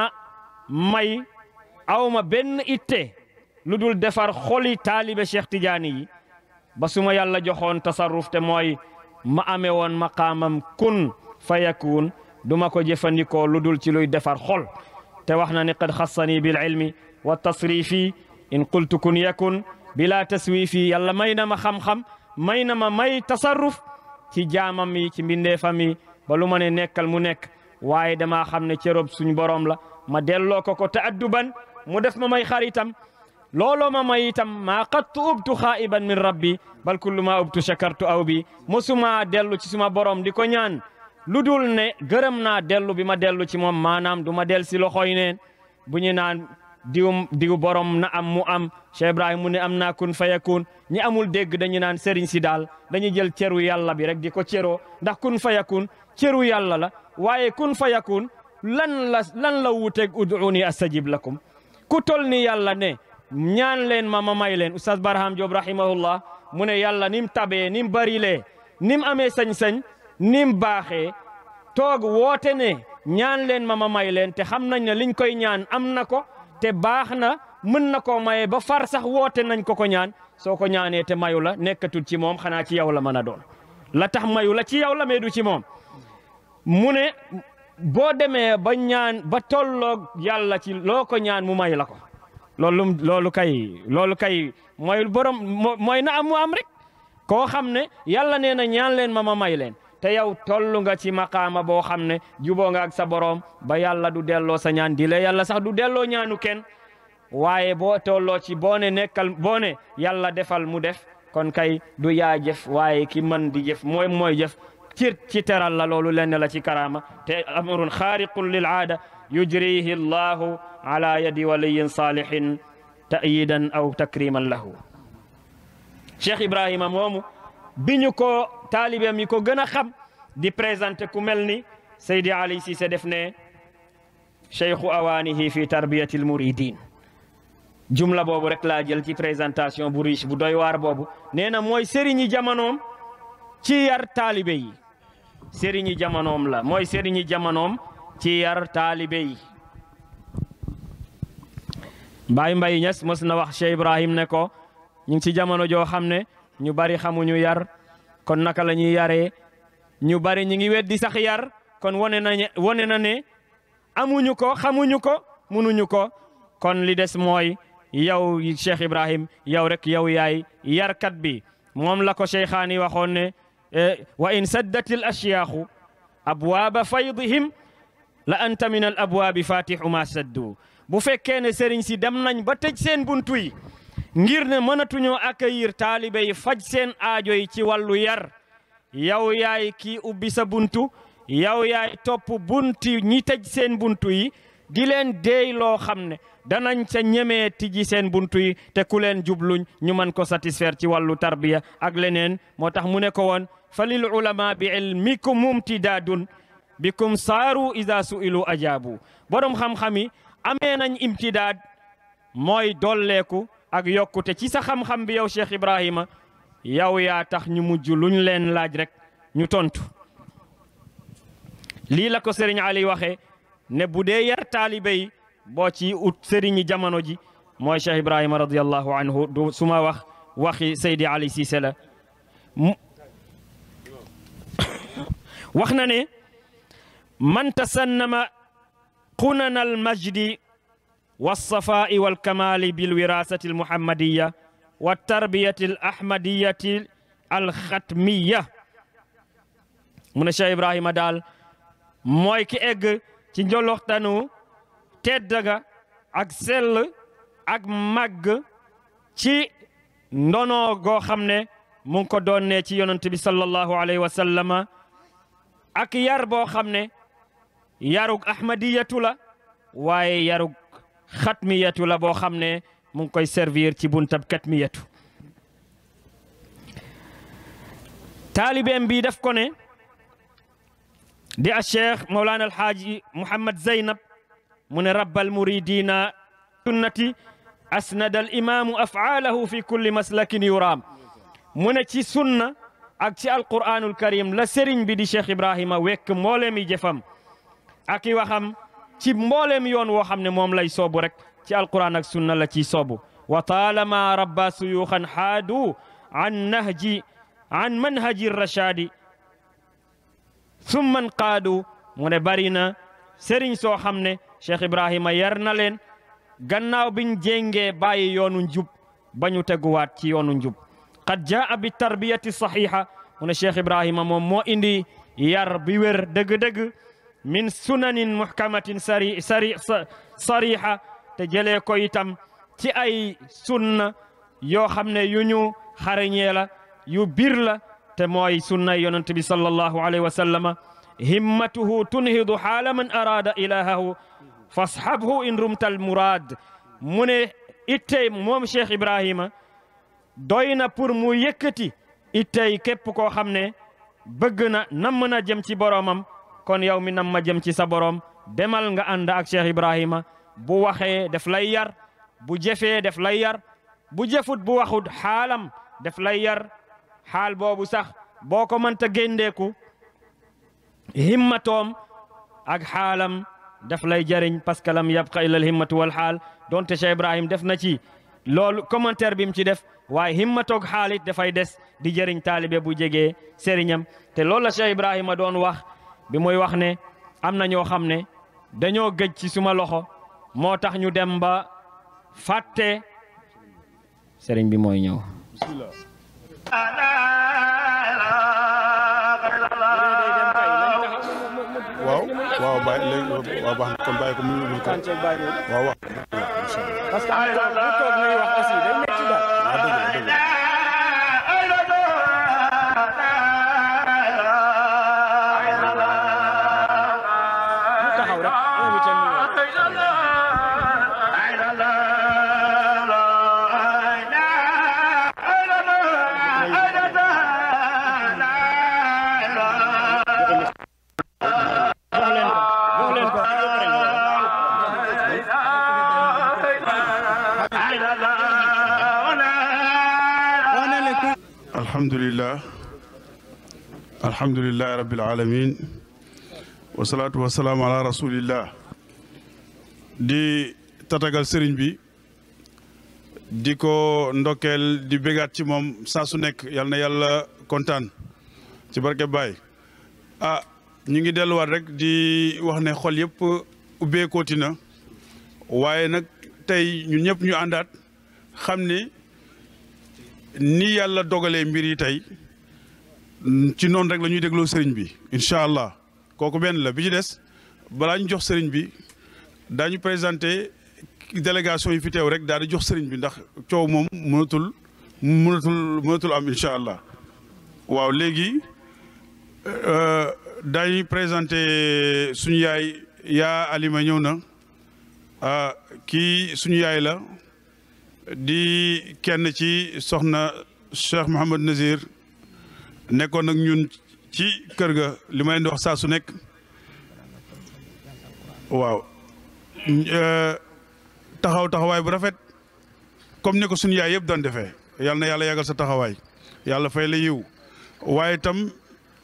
may awma benn itte lu dul defar xoli taalibe cheikh tijaani yi ba su ma yàlla joxoon tasarruf te mooy ma amee woon maqaamam kun fa yakun du ma ko jëfandikoo lu dul ci luy defar xol te wax na ni qad xassani bil ilmi wa tasrifi in qultu kun yakun bila taswifi yàlla may na ma xam-xam may na ma may tasarruf ci jaamam yi ci mbindeefam yi ba lu ma nekkal mu nekk waaye damaa xam ne cërob suñ borom la ma delloo ko ko taadduban mu def ma may xaritam looloo ma may itam maa qattu ubtu xaa'iban min rabbi bal kullu maa ubtu shakartu aw bi mosuma dellu ci suma borom di ko ñaan lu dul ne gërëm naa dellu bi ma dellu ci moom maanaam du ma dellu si loxoy neen bu ñu naan diwu diw borom na am mu am Cheikh mu ne am naa kun fayakun ñi amul dégg dañu naan sëriñ si daal dañu jël ceru yàlla bi rek di ko ceroo ndax kun fayakun ceru yàlla la waaye kun fayakun lan la lan la wuuteeg ud'uuni astajib lakum ku tol ni yàlla ne ñaan leen ma ma may leen Oustaz Barham Diop rahimahullah mu ne yàlla nim tabee nim barilee nim amee sañ-sañ nim baaxee toog woote ne ñaan leen ma ma may leen te xam nañ ne liñ koy ñaan am na ko te baax na mën na ko maye ba far sax woote nañ ko ko ñaan soo ko ñaanee te mayu la nekkatul ci moom xanaa ci yow la mën a doon la tax mayu la ci yow la mais du ci moom mu ne boo demee ba ñaan ba tolloog yàlla ci loo ko ñaan mu may la ko loolu loolu kay loolu kay mooy borom moy na am mu am rek koo xam ne yàlla nee na ñaan leen ma ma may leen te yow tollu nga ci maqaama boo xam ne juboo nga ak sa boroom ba yàlla du delloo sa ñaan di yàlla sax du delloo ñaanu kenn waaye boo tolloo ci boo ne nekkal boo ne yàlla defal mu def kon kay du yaa jëf waaye ki man di jef mooy mooy jëf ci ci teral la loolu lenn la ci karaama te amrun xaariqun lil aada yujrihi llahu ala yadi waliyin saalihin tayidan aw takriman lahu cheikh ibrahima moomu bi ko taalibeem yi ko gën a xam di présenté ku mel ni Seydi Ali Cissé def ne cheikhu awaanihi fi tarbiyatil muridin jumla boobu rek laa jël ci présentation bu riche bu doy waar boobu nee na mooy sëriñi jamonoom ci yar taalibe yi sëriñi jamonoom la mooy sëriñi jamonoom ci yar taalibe yi Baay Mbay Ñas mos na wax Cheikh Ibrahim ne ko ñu ngi ci jamono joo xam ne ñu bari xamuñu yar kon naka la ñuy yaree ñu bari ñu ngi weddi sax yar kon wane na wane na ne amuñu ko xamuñu ko munuñu ko kon li des mooy yow Cheikh Ibrahim yow rek yow yaay yarkat bi moom la ko cheykhaan yi waxoon ne e, wa in saddat il ashyaaxu abwaaba faydihim la anta min al abwaabi faatixu ma saddu bu fekkee ne sëriñ si dem nañ ba tej seen buntu yi ngir ne mënatuñoo accueillir taalibe yi faj seen aajo yi ci wàllu yar yow yaay kii ubbi sa buntu yow yaay topp bunti ñi tëj seen buntu yi di leen deey loo xam ne danañ sa ñemee tijji seen buntu yi te ku leen jubluñ ñu mën ko satisfaire ci wàllu tarbiya ak leneen moo tax mu ne ko woon fa lil ulama bi ilmikum mumtidaadun bikum saaru ida suilu ajaabu borom xam-xam yi amee nañ imtidaad mooy dolleeku ak yokkute ci sa xam-xam bi yow Cheikh Ibrahima yow yaa tax ñu mujj luñ leen laaj rek ñu tontu. lii la ko Serigne Ali waxee ne bu dee yar taalibe yi boo ci ut Serigne jamono ji mooy Cheikh Ibrahima radiyallahu anhu suma wax waxi Seydi Ali Cissé la wax na ne man tasannama qunana والصفاء والكمال بالوراثة المحمدية والتربية الأحمدية alxatmiya mu ne Cheikh Ibrahima daal mooy ki egg ci njoloxtanu tedd ga ak sell ak màgg ci ndono goo xam ne mu ngi ko doonee ci yonent bi sallallahu alayhi ak yar boo xam ne yarug ahmadiyatu waaye yarug xatmiyatu la boo xam ne mu ngi koy servir ci buntab katmiyatu taalibeem bi def ko ne di a cheikh mawlaana alxaaji muhammad zeynab mu ne rabbal muridina sunnati asnada al imaamu afaalahu fi kulli maslakin yuraam mu ne ci sunna ak ci alquraanul karim la sëriñ bi di cheikh ibrahima wekk mboolemi jëfam ak i waxam ci mboolem yoon woo xam ne moom lay soobu rek ci alquran ak sunna la ciy soobu wa taalama rabba suyuxan xaadu an nahji an manhaji rachadi summan qaadu mu ne bari na sëriñ soo xam ne cheikh ibrahima yar na leen gannaaw biñ jéngee bàyyi yoonu njub ba ñu teguwaat ci yoonu njub qad jaa bi tarbiyati saxiixa mu ne cheikh ibrahima moom moo indi yar bi wér dëgg min sunanin muhkamatin sari te jëlee ko itam ci ay sunna yoo xam ne yu ñu xarañee yu bir la te mooy sunna yonent bi sallallahu alayhi wa sallama himmatuhu tunhidu xaala man araada ilahahu fashabhu in rumtal muraad mu ne ittey moom Cheikh Ibrahima doy na mu yëkkati ittey képp koo xam ne bëgg na namm na jëm ci boromam kon yow mi nam ma jëm ci sa boroom demal nga ànd ak Cheikh Ibrahima bu waxee def lay yar bu jëfee def lay yar bu jëfut bu waxut xaalam def lay yar xaal boobu sax boo ko mënta géndeeku himmatoom ak xaalam def lay jariñ parce que lam yabqa illa al himmatu wal xaal donte Cheikh Ibrahim def na ci loolu commentaire bi mu ci def waaye toog xaalit dafay des di jëriñ taalibe bu jegee sëriñam te loolu la Ibrahima doon wax bi mooy wax ne am na ñoo xam ne dañoo gëj ci suma loxo moo tax ñu dem ba fàtte sëriñ bi mooy ñëw ko alhamdulilahi rabbil alamin wasalaatu wasalaamu ala rasulillah di tatagal sëriñ bi di ko ndokkeel di bégaat ci moom saa su nekk yal na yàlla kontaan ci barke ah ñu ngi delluwaat rek di wax ne xol yëpp ubbeekooti na waaye nag tey ñu ñëpp ñu àndaat xam ni ni yàlla dogalee mbir yi tey ci noonu rek la ñuy dégloo sëriñ bi incha allah kooku benn la bi ci des balaa ñu jox sëriñ bi daañu présenté délégation yi fi teew rek daal di jox sëriñ bi ndax coow moom mënatul mënatul mënatul am incha allah waaw léegi euh, daañu présenté suñu yaay yaa Alima ñëw na ah, kii suñu yaay la di kenn ci soxna Cheikh Mouhamed Nazir. nekkoon nag ñun ci kër ga li ma leen wax saa su nekk waaw euh, taxaw taxawaay bu rafet comme ni ko suñu yaay yëpp doon defee yal na yàlla yàggal sa taxawaay yàlla fay la yiw waaye itam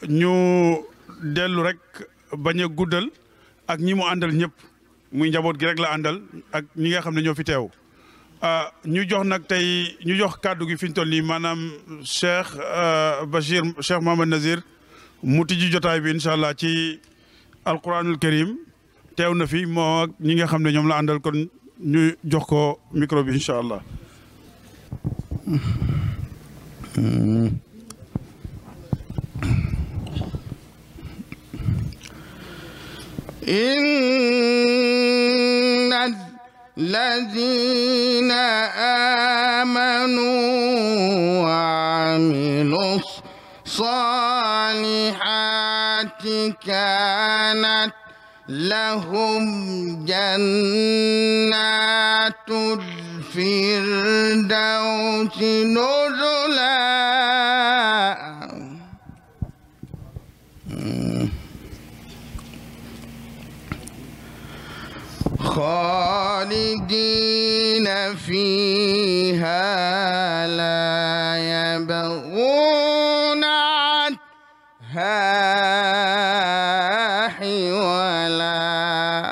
ñu dellu rek bañ guddal ak ñii mu àndal ñëpp muy njaboot gi rek la àndal ak ñi nga xam ne ñoo fi teew Euh, ñu jox nag tey ñu jox kàddu gi fi ñu toll nii maanaam Cheikh euh, Bachir Cheikh Mohamed Nazir mu tijji jotaay bi incha allah ci alquranul karim teew na fi moo ak ñi nga xam ne ñoom la àndal kon ñu jox ko micro bi allah. إن الذين آمنوا وعملوا الصالحات كانت لهم جنات الفردوس نزلا خالدين فيها لا يبغون عنها حولا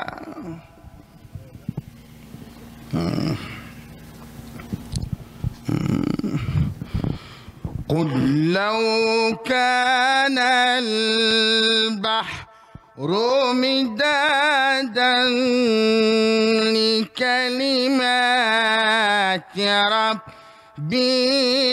قل لو كان البحر رمدادا لكلمات ربي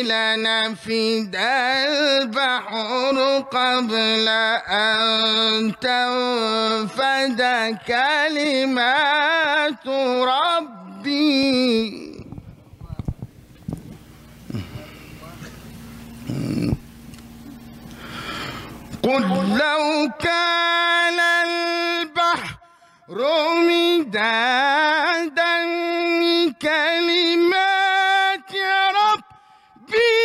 لنفد البحر قبل أن تنفد كلمات ربي قل لو كان رمدادا كلمات ربي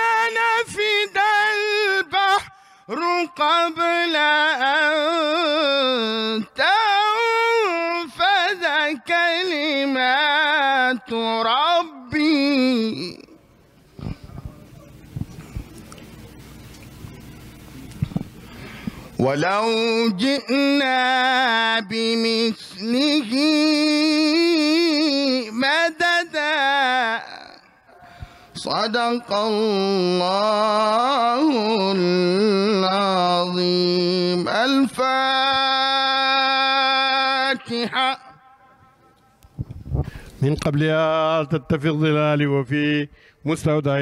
لنفد البحر قبل أن تنفذ كلمات ربي ولو جئنا بمثله مددا صدق الله العظيم الفاتحة من قبل أن تتفق ظلالي وفي مستودع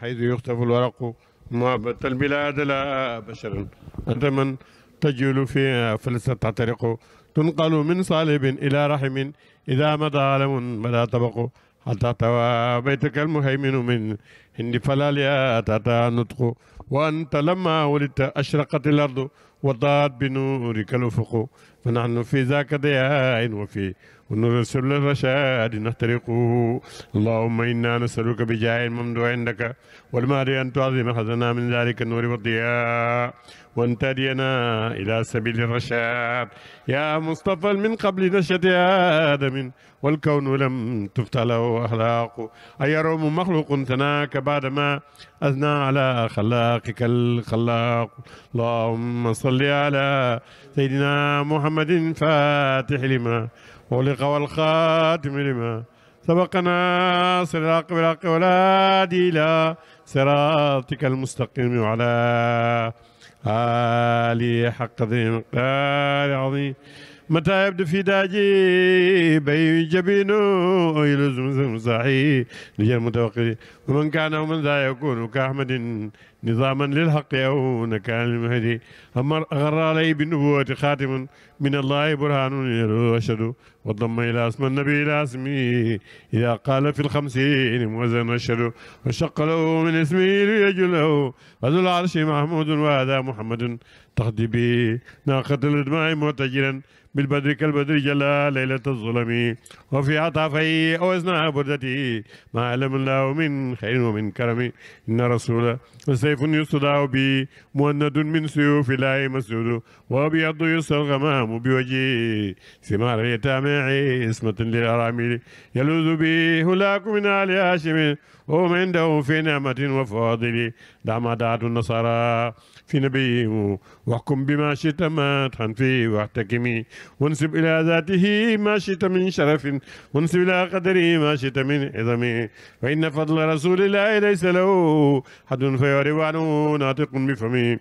حيث يختف الورق محبة البلاد لا بشر أنت من تجول فيها فلست تعترق تنقل من صالب إلى رحم إذا مضى علم ملا طبق حتى توى بيتك المهيمن من هند فلاليا تاتا نطق وأنت لما ولدت أشرقت الأرض وضاءت بنورك الأفق فنحن في ذاك ضياء وفي ونور سبل الرشاد نخترقه اللهم إنا نسألك بجاه الممدوح عندك والمهدي أن تعظم حزنا من ذلك النور والضياء وأن تهدينا إلى سبيل الرشاد يا مصطفى من قبل نشأة آدم والكون لم تفتح له أخلاق أيروم مخلوق ثناك بعدما أثنى على خلاقك الخلاق اللهم صل على سيدنا محمد فاتح لما ولقى والخاتم لما سبقنا صراط بالحق ولا إلى صراطك المستقيم وعلى آله حق ذي مقدار عظيم متى يبدو في داجي بي جبينه يلزم صحيح لجل المتوقع ومن كان ومن ذا يكون كأحمد نظاما للحق يوم كان المهدي أما أغر علي بالنبوة خاتم من الله برهان يرشد وضم إلى اسم النبي إلى اسمه إذا قال في الخمسين وزن رشد وشق له من اسمه ليجله وذو العرش محمود وهذا محمد تخدي به ناقة الإدماء معتجلا بالبدر كالبدر جلا ليلة الظلم وفي عطافي أوزنا بردتي ما علم الله من خير ومن كرم إن رسول وسيف يصدع بي مهند من سيوف الله مسعود وأبيض يسر الغمام بوجهي ثمار يتامعي اسمة للأرامل يلوذ بي هلاك من آل هاشم وهم عنده في نعمة وفاضل دعم دعت النصارى في نبيه وحكم بما شئت ما تحن فيه واحتكمي وانسب إلى ذاته ما شئت من شرف وانسب إلى قدره ما شئت من عظم فإن فضل رسول الله ليس له حد فيروانه ناطق بفمي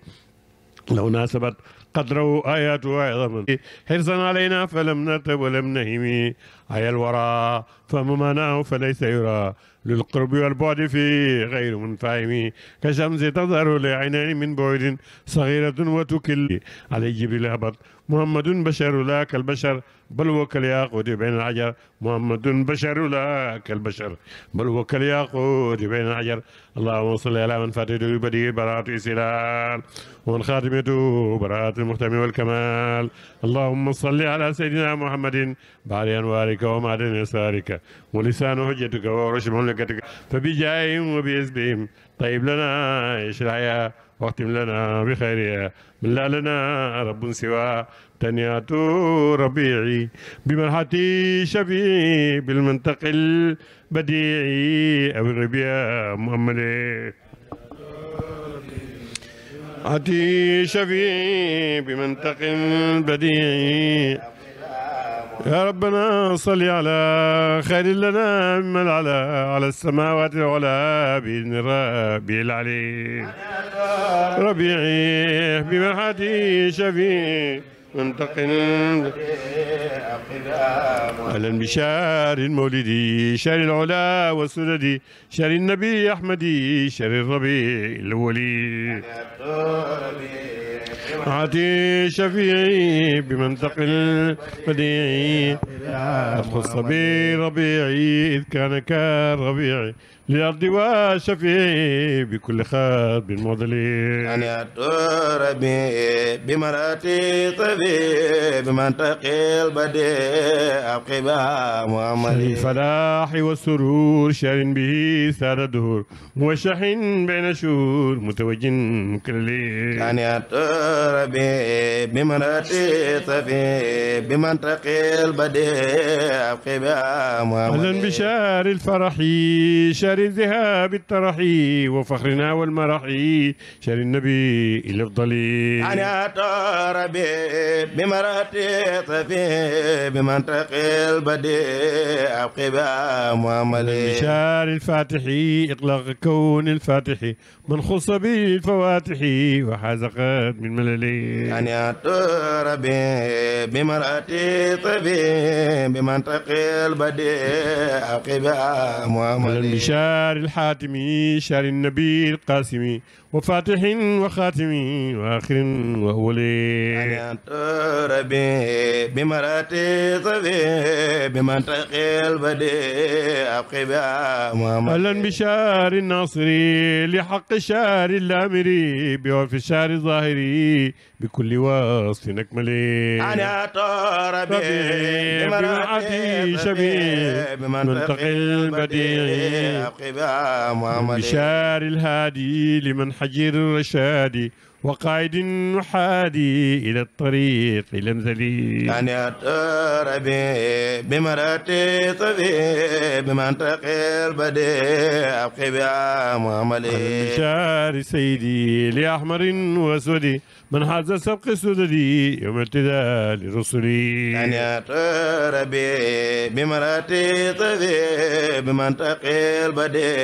لو ناسبت قدره آيات وعظما حرصا علينا فلم نرتب ولم نهم أي الورى فممناه فليس يرى للقرب والبعد فيه غير منفهم كشمس تظهر لعينين من بعد صغيرة وتكل علي جبريل هبط محمد بشر لا كالبشر بل هو كالياقوت بين الحجر محمد بشر لا كالبشر بل هو كالياقوت بين الحجر اللهم صل على من فاتته بديع براءة السلال ومن خاتمته براءة المختم والكمال اللهم صل على سيدنا محمد بعد انوارك ومعدن يسارك ولسان حجتك ورشم لكتك فبجاههم وباسمهم طيب لنا اشرعيا واختم لنا بخيرها من لا لنا رب سوى تنيات ربيعي بمنحتي شفيعي بالمنطق البديعي أبي الربيع مؤملي عتي شفيعي بمنطق البديعي يا ربنا صل على خير لنا من العلا على السماوات العلا بإذن ربي العلي ربيعي بمرحتي شفيع منتقنا أهلا بشار مولدي شار العلا والسدد شار النبي أحمدي شار الربيع الولي عاتي شفيعي بمنطق البديعي أدخل صبي ربيعي إذ كان كالربيعي للأرض وشفي بكل خاب معضلي أنا ربي بمراتي طبي بمنطقي البديع أبقبها مؤملي الفلاح والسرور شار به سار الدهور موشح بين شهور متوج مكلي أنا ربي بمراتي طبي بمنطقي البديع أبقبها مؤملي أهلا بشار الفرح شار دار الذهاب الترح وفخرنا والمرح شر النبي الأفضل أنا تربي بمراتي طفي بمنطق البديع قبا معملي شار الفاتح إطلاق كون الفاتح من خص بالفواتح وحازقت من مللي أنا تربي بمراتي طفي بمنطق البديع قبا معملي الدار الحاتمي شار النبي القاسمي وفاتح وخاتم وآخر وأولي أنت ربي بمراتي طبي بمنطق البديع أبقي محمد أهلا بشار الناصري لحق شار الأمري بوف الشار الظاهري بكل وصف أكملي أنا ربي بمراتي شبيه بمنطق البديع أبقي محمد بشار الهادي لمن حي حجير الرشاد وقائد نحادي إلى الطريق الأمثلي أن يطر بي بمراتي طبي بمنطق البديع أبقي بعام عملي بشار سيدي لأحمر وأسود من هذا سبق سددي يوم ابتداء لرسلي أن ربي بمراتي طبي بمنطقي البدي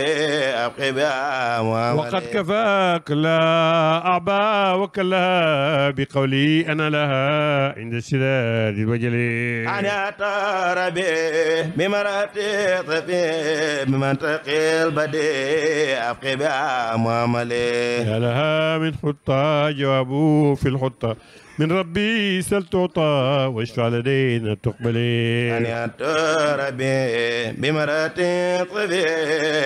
أبقي بها وقد كفاك لا أعبى وكلها بقولي أنا لها عند الشداد الوجل أن ربي بمراتي طبي بمنطقي البدي أبقي بها معاملي يا لها من حطة جوابه في الحطة من ربي سل تعطى واشفع لدينا تقبلي أن يعطى ربي بمرات طبي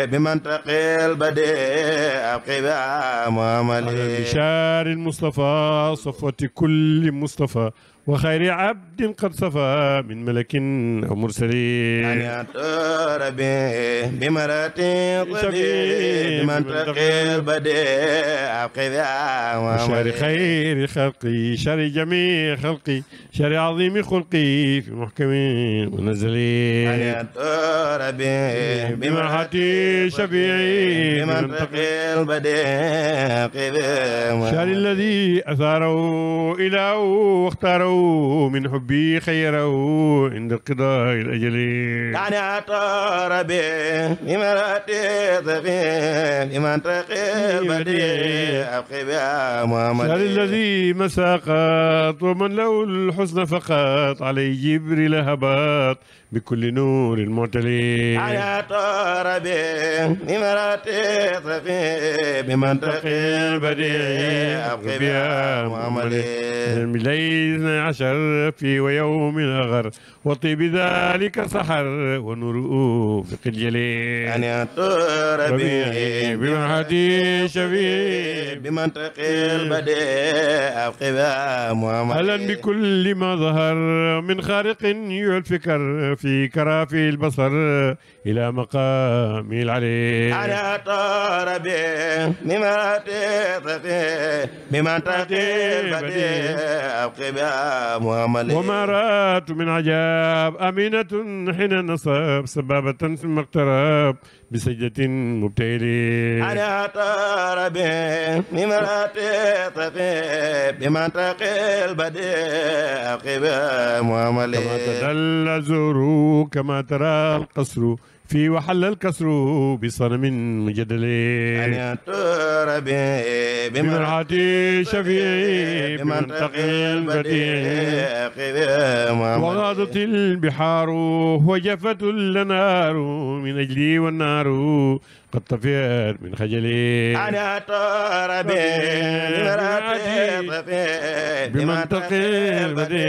بمنطق البديع قبع معاملي بشار المصطفى صفوة كل مصطفى وخير عبد قد صفى من ملك أو مرسلين أنا ربي بمراتي قدير من تقي البديع قذا وشر خير خلقي شر جميع خلقي شر عظيم خلقي في محكم منزلين أنا ربي بمرحتي شفيعي بمن تقي البديع قذا شر الذي أثاره إله واختاره من حبي خيره عند انقضاء الأجل كان عطى ربي بمرات ضفين بمن تقي البديع أبقي بها محمد الذي مساقات ومن له الحسن فقط عليه جبريل هبات بكل نور المعتلي حياة ربي نمراتي صفي بمنطق البديع أبقي بها محمد من عشر في ويوم آخر وطيب ذلك سحر ونور في الجليل حياة ربي بمنحتي شفي بمنطق البديع أبقي بها محمد أهلا بكل ما ظهر من خارق يلفكر في كرافي البصر إلى مقام العلي أنا طربي مما تطفي مما تطفي أبقي محمد وما رأت من عجاب أمينة حين النصب سبابة في المقترب بسجدة مبتهلين أنا ربي مما تطفي بمنطق البديع قبل معاملين كما تدل زورو كما ترى القصر في وحل الكسر بصنم مجدل أن ربي بمرحتي شفيعي بمنطقي البديع وغاضت البحار وجفت النار من أجلي والنار قد طفيت من خجلي أنا تربي مراتي بمنطق البديع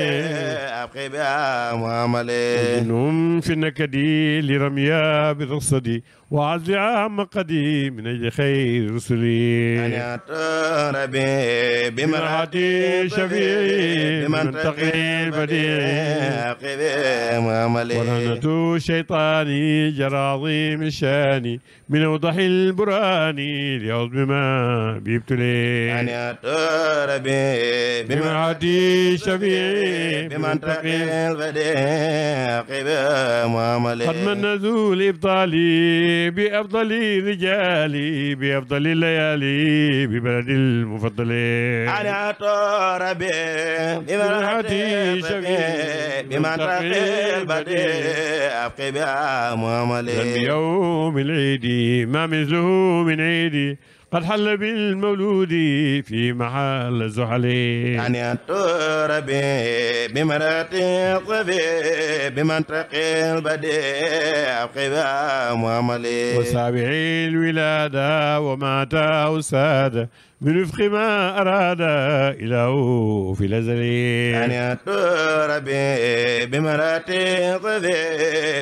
أبقي بها معاملي في النكدي لرميا برصدي وعز عام قديم من أجل خير رسلي أنا ربي بمرحتي شفيعي بمن تقي بديعي ورهنة شيطاني جراضي من شاني من أوضح البراني لعظم ما بيبتلي أنا ربي بمرحتي شفيعي بمن تقي بديعي قد من نزول إبطالي بأفضل رجالي بأفضل الليالي ببلد المفضل أنا تربي بمرحتي شفي بمن تقي البدي أبقي بها معاملي يوم العيد ما من زهو من عيدي قد حل بالمولود في محل زحلي يعني التربي بمرات الطبي بمنطق البديع قوام عملي وسابعي الولادة ومات أوساد من وفق ما أراد إله في الأزل أن يطور بمرات طذي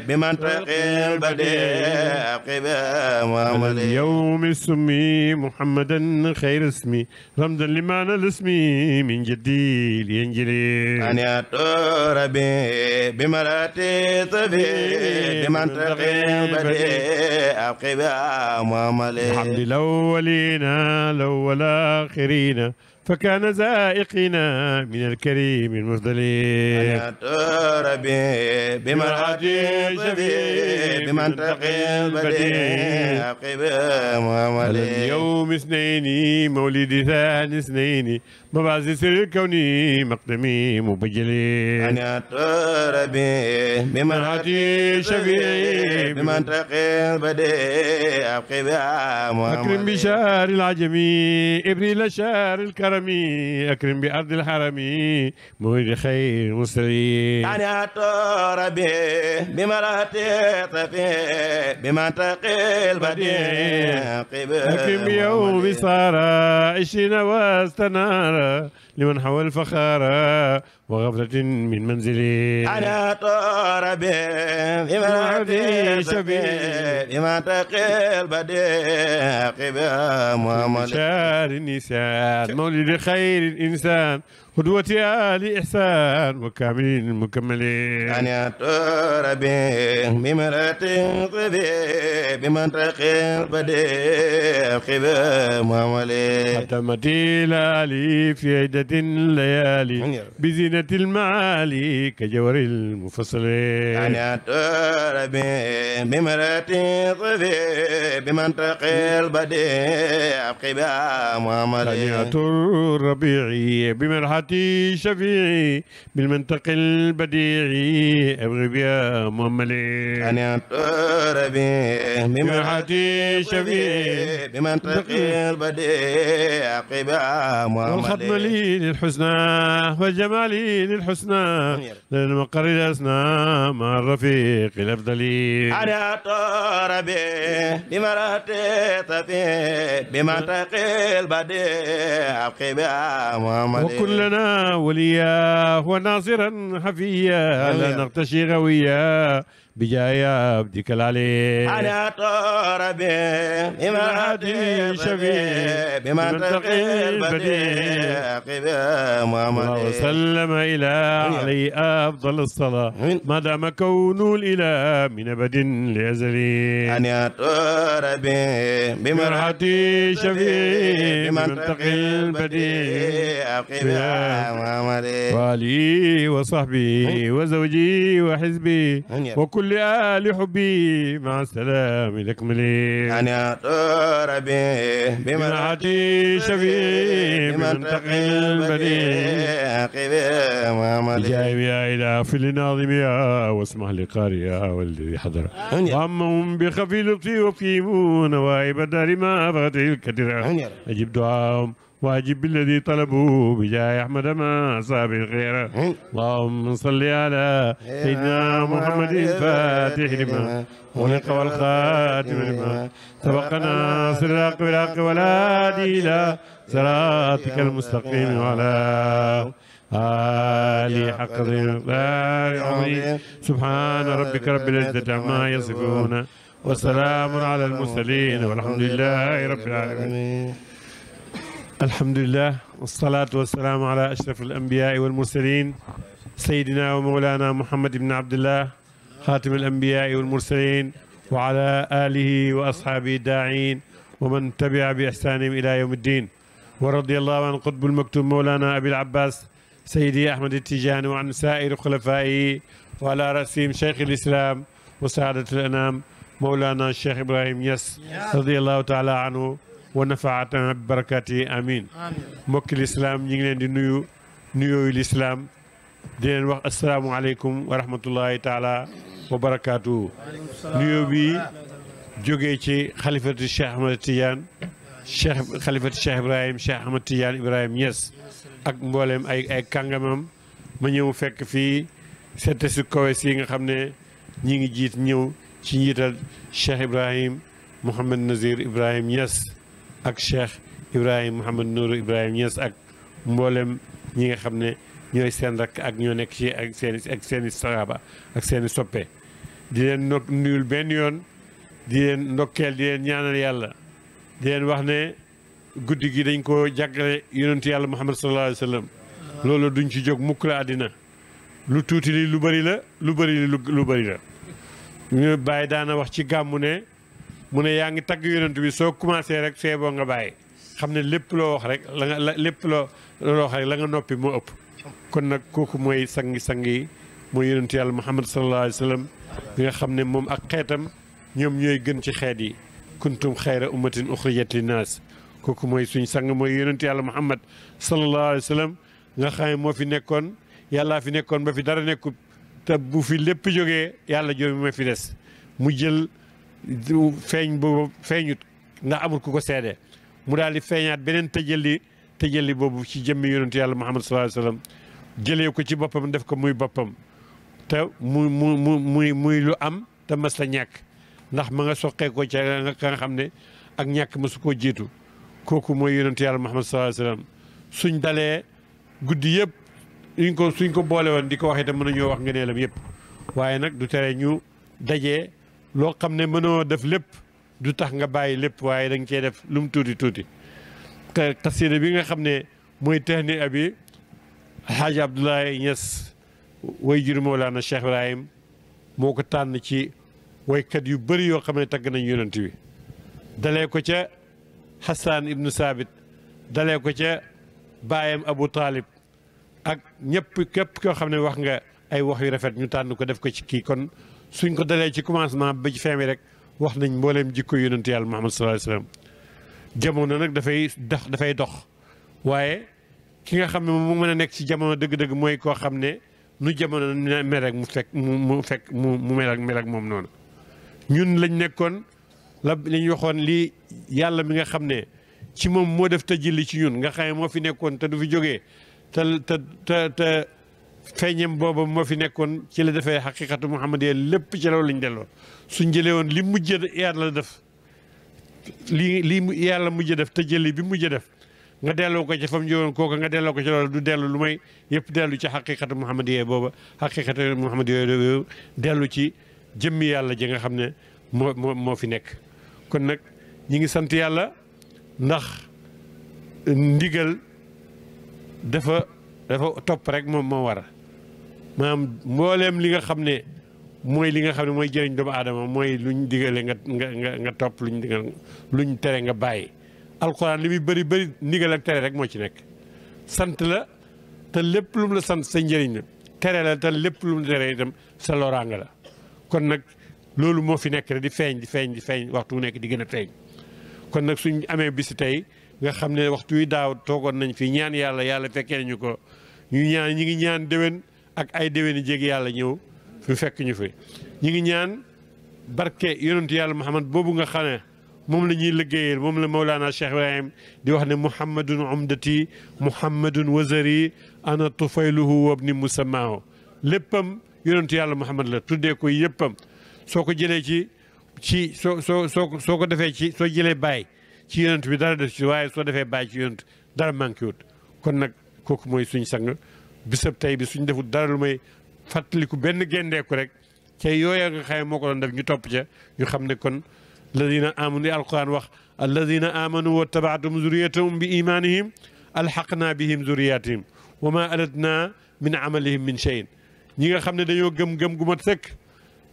بمنطق البديع قبا محمد اليوم سمي محمدا خير اسمي رمزا لمعنى الاسم من جدي لينجلي أن يطور بمرات طذي بمنطق البديع قبا محمد الحمد للأولين الأولين الآخرين فكان زائقنا من الكريم المفضل حياة ربي بمرحتي شفي بمن تقي البديع عقب محمد يوم اثنين مولد ثاني اثنين مبعث سر الكون مقدمي مبجلي حياة ربي بمرحتي شفي بمن تقي البديع عقب محمد أكرم بشار العجمي إبريل شار الكرم الحرمي أكرم بأرض الحرمي مويد خير مسري أنا أطار به بمرات طفي بمنطقي البديع أكرم يوم سارة عشنا واستنار لمن حوى الفخار وغفلة من منزلي أنا طربي بما عبدي شبيب بما تقي البديع قبا محمد شار النسان مولد خير الإنسان قدوتي آل إحسان مكاملين مكملين أنا تربي بمرات طبي بمنطق بدي خبا معملي ختمتي الآلي في عدة الليالي بزينة المعالي كجور المفصلين أنا تربي بمرات طبي بمنطق البدي خبا معملي أنا تربي بمرحة شفاعتي شفيعي بالمنطق البديع أبغي بيا مملي أنا ربي بمنحتي شفيعي بمنطق البديع قبا مملي والختم لي للحسنى والجمال للحسنى للمقر الأسنى مع الرفيق الأفضل أنا ربي بمراتي تفي بمنطق البديع قبا مملي وكلنا لنا ولياه وناصرا حفيا لا نغتشي غويا بجاي عبدك العلي على طربي بما عدي شفيع بما تقي البديع محمد وسلم إلى علي أفضل الصلاة ما دام كون الإله من أبد لأزلي على طربي بما عدي شفيع بما تقي البديع محمد وعلي وصحبي وزوجي وحزبي وكل كل آل حبي مع السلام لكملي أنا ربي بمن عدي شفي بمن تقي البريق محمد جايب يا إله في الناظم يا واسمح لقاري يا والذي حضر وأمهم بخفي لطفي وفيمون وعبد ما أبغت الكثير أجيب دعاهم واجب الذي طلبوه بجاه احمد ما صاب الخير اللهم صل على سيدنا محمد الفاتح لما ونق والخاتم لما سبقنا صراط بالحق ولا ديلا صراطك المستقيم وعلى آلي حق العظيم سبحان ربك رب العزة عما يصفون وسلام على المرسلين والحمد لله رب العالمين alhamdulilah wasalaatu wasalaamu ala ashraf alambiyaai walmursalin sayidina wa mawlana muhammad ibn abdillah xaatim alambiyaai walmursalin wa ala alihi wa ashaabihi daain wa man tabia bi ihsaanihim ila yawm ddin wa radiallahu an qutbul maktum mawlana abil abbas sayidi ahmad tijaani wa an saa'iri xulafaa'ihi wa ala rasihim cheikh alislam wa saadatul anaam mawlana cheikh ibrahim Niass radiallahu taala anhu wa nafaatana bi barakaati amin mbokki lislaam ñi ngi leen di nuyu nuyooyu lislaam di leen wax asalaamualeykum wa rahmatullahi taala wa barakaatu nuyoo bi jógee ci xalifatu Cheikh Ahmad Tidiane Cheikh xalifatu Cheikh Ibrahim Cheikh Ahmad Tidiane ak mbooleem ay ay kàngamam ma ñëw fekk fii seete si kawe si nga xam ne ñi ngi jiit ñëw ci njiital Cheikh Ibrahim Mouhamed Nazir Ibrahim Niass ak Cheikh Ibrahim Mouhamed Nourou Ibrahim Niass ak mboolem ñi nga xam ne ñooy seen rakk ak ñoo nekk ci ak seen ak seen i saaba ak seen soppe di leen ndok nuyul benn yoon di leen ndokkeel di leen ñaanal yàlla di leen wax ne guddi gi dañ ko jàggale yonentu yàlla Muhammad sallallahu alayhi loolu duñ ci jóg mukk la àddina lu tuuti li lu bëri la lu bëri li lu bëri la ñu bàyyi daana wax ci gàmmu ne mu ne yaa ngi tagg yonent bi soo commencé rek feeboo nga bàyyi xam ne lépp loo wax rek la nga lépp loo loo la nga noppi moo ëpp kon nag kooku mooy sangi sangi mooy yonent yàlla muhammad sallallahu alayhi nga xam ne moom ak xeetam ñoom ñooy gën ci xeet yi kuntum xayra ummatin uxrijat linnaas kooku mooy suñ sang mooy yonent yàlla muhammad sallallahu alayhi wa nga xam ne moo fi nekkoon yàllaa fi nekkoon ba fi dara nekkut te bu fi lépp jógee yàlla joomi ma fi des mu jël feeñ boobu feeñut ndax amul ku ko seede mu daal di feeñaat beneen tëjëli tëjëli boobu ci jëmmi yonentu yàlla Muhammad sallallahu alayhi wa sallam jëlee ko ci boppam def ko muy boppam te mu mu mu muy muy lu am te mas ñàkk ndax ma nga soqee ko ca ka nga xam ne ak ñàkk masu koo jiitu kooku mooy yonentu yàlla Muhammad sallallahu alayhi suñ dalee guddi yëpp suñ ko suñ ko boole woon di ko waxee te mën nañoo wax ngëneelam yëpp waaye nag du tere ñu dajee loo xam ne mënoo def lépp du tax nga bàyyi lépp waaye da cee def lu tuuti tuuti te bi nga xam ne mooy tehni abi alxaaji Abdoulaye Niass way jur Mawlana Cheikh Ibrahim moo ko tànn ci waykat yu bari yoo xam ne tagg nañ yonent bi dalee ko ca Hassan ibnu Sabit dalee ko ca baayam Abu taalib ak ñëpp képp koo xam ne wax nga ay wax yu rafet ñu tànn ko def ko ci kii kon suñ ko dalee ci commencement ba ci fin bi rek wax nañ mbooleem jikko yonent yàlla Muhammad sallallahu alayhi wasallam jamono nag dafay dox dafay dox waaye ki nga xam ne mu mën a nekk ci jamono dëgg mooy koo xam ne nu jamono mel rek mu fekk mu mu fekk mu mu mel ak mel ak moom noonu ñun lañ nekkoon la li waxoon lii yàlla mi nga xam ne ci moom moo def tëjil li ci ñun nga xam ne moo fi nekkoon te du fi jógee te te te feeñam booba moo fi nekkoon ci la defee xaqiqatu muhammadiya lépp ci loolu lañ delloo suñ jëlee woon li mujj yàlla def lii lii yàlla mujj def te jëli bi mujj def nga delloo ko ci fa mu jógoon kooka nga delloo ko ci loolu du dellu lu may yëpp dellu ci xaqiqatu muhammadiya booba xaqiqatu muhammadiya yooyu dellu ci jëmm yàlla ji nga xam ne moo moo fi nekk kon nag ñi ngi sant yàlla ndax ndigal dafa dafa topp rek moom moo war maanaam mbooleem li nga xam ne mooy li nga xam ne mooy jëriñ doomu aadama mooy luñ digale nga nga nga nga topp lu luñ tere nga bàyyi. alxuraan li muy bëri bëri ndigal ak tere rek moo ci nekk sant la te lépp lu la sant sa njëriñ la tere la te lépp lu mu la tere itam sa loraanga la kon nag loolu moo fi nekk di feeñ di feeñ di feeñ waxtu wu nekk di gën a feeñ kon nag suñ amee bisi tey nga xam ne waxtu yi daaw toogoon nañ fi ñaan yàlla yàlla fekkee nañu ko ñu ak ay déwéni jéeg yàlla ñëw fi fekk ñu fi ñu ngi ñaan barke yonentu yàlla Muhammad boobu nga xam ne moom la ñuy liggéeyal moom la Mawlana Cheikh Ibrahim di wax ne muhammadun umdati muhammadun wazari ana tufayluhu wabni musamaahu léppam yonentu yàlla Muhammad la tuddee ko yëppam soo ko jëlee ci ci soo soo soo soo ko defee ci soo jëlee baay ci yonent bi dara def ci waaye soo defee baay ci yonent dara manqué wut kon nag kooku mooy suñ sang bisab tey bi suñ deful dara lu may fàttaliku benn géndeeku rek ca yooya nga xaye moo ko doon def ñu topp ca ñu xam ne kon alladina amanu alquran wax alladina amanu wa tabaatum zuriyatahum bi imanihim alxaqna bihim zuriyatihim wa ma alatna min amalihim min cheyin ñi nga xam ne dañoo gëm-gëm gu mat sëkk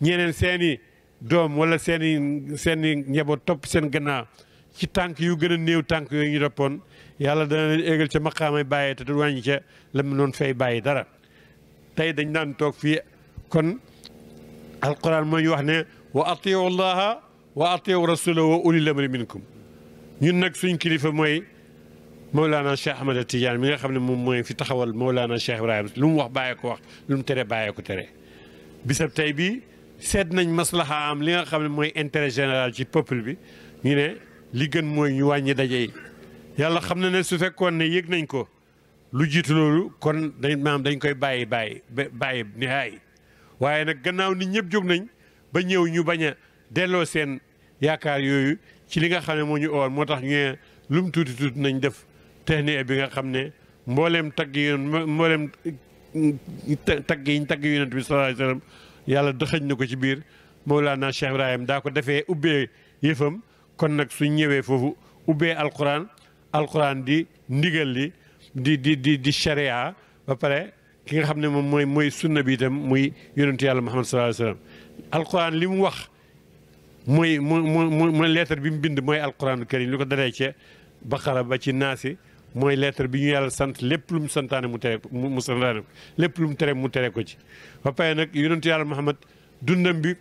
ñeneen seeni doom walla seeni seeni njaboot topp seen ganaar ci tànk yu gën a néew tànk yooyu ñu toppoon yàlla dana leen éegal ca maqaamay bàyyi te du wàññi ca lam mu noonu fay bàyyi dara tey dañ daan toog fii kon alquran moo ñu wax ne wa atiyu llaha wa atiyu rasula wa ulil amri minkum ñun nag suñ kilifa mooy Mawlana Cheikh Ahmed Tidiane mi nga xam ne moom mooy fi taxawal Mawlana Cheikh Ibrahima lu mu wax bàyyee ko wax lu mu tere bàyyee ko tere bisab tey bii seet nañ maslaha am li nga xam ne mooy intere général ci peuple bi ñu ne li gën mooy ñu wàññi daje yi yàlla xam na ne su fekkoon ne yëg nañ ko lu jiitu kon dañ maam dañ koy bàyyi bàyyi bàyyi nihaay waaye nag gannaaw ni ñëpp jóg nañ ba ñëw ñu bañ a delloo seen yaakaar yooyu ci li nga xam ne moo ñu ool moo tax ñu lum tuuti tuuti nañ def tehniya bi nga xam ne mbooleem tagg yi mbooleem tagg yiñ tagg yonent bi sallallahu yàlla dëxëñ na ko ci biir Mawlana Cheikh Ibrahim daa ko defee ubbee yëfam kon nag suñ ñëwee foofu ubbee alquran alxuraan di ndigal li di di di di sharia ba pare ki nga xam ne moom mooy mooy sunna bi itam muy yonentu yàlla muhammad sallallahu alayhi wa sallam li mu wax mooy mu mu mu lettre bi mu bind mooy alxuraanu karim li ko daree ca baqara ba ci naasi mooy lettre bi ñu yàlla sant lépp lu mu santaane mu tere mu santaane lépp lu mu tere mu tere ko ci ba pare nag yonentu yàlla muhammad dundam bi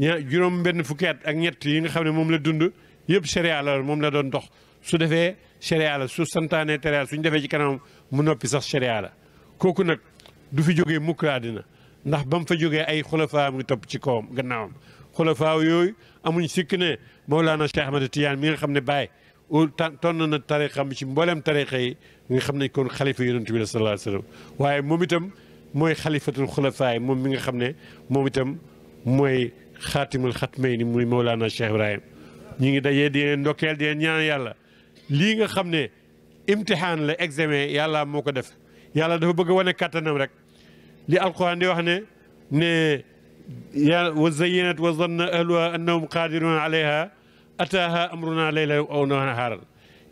ña juróom benn fukki at ak ñett yi nga xam ne moom la dund yëpp sharia la moom la doon dox su defee sharia la su santaane tere suñ defee ci kanam mu noppi sax sharia la kooku nag du fi jógee mukk àddina ndax ba mu fa jógee ay xulafaa mu ngi topp ci kawam gannaawam xulafaa yooyu amuñ sikk ne Mawlana Cheikh Ahmed Tidiane mi nga xam ne Baye tonn na tariqam ci mbooleem tariqa yi nga xam ne kon xalifa yonent bi la sallallahu alayhi wa waaye moom itam mooy xalifatul xulafaa yi moom mi nga xam ne moom itam mooy xaatimul xatmay ni muy Mawlana Cheikh Ibrahim ñu ngi dajee di yàlla lii nga xam ne imtixaan la examen yàlla moo ko def yàlla dafa bëgg wane kàttanam rek li alquran di wax ne ne ya wa zayanat wa zanna ahluha annahum qadiruuna alayha ataaha amruna layla aw nahaaran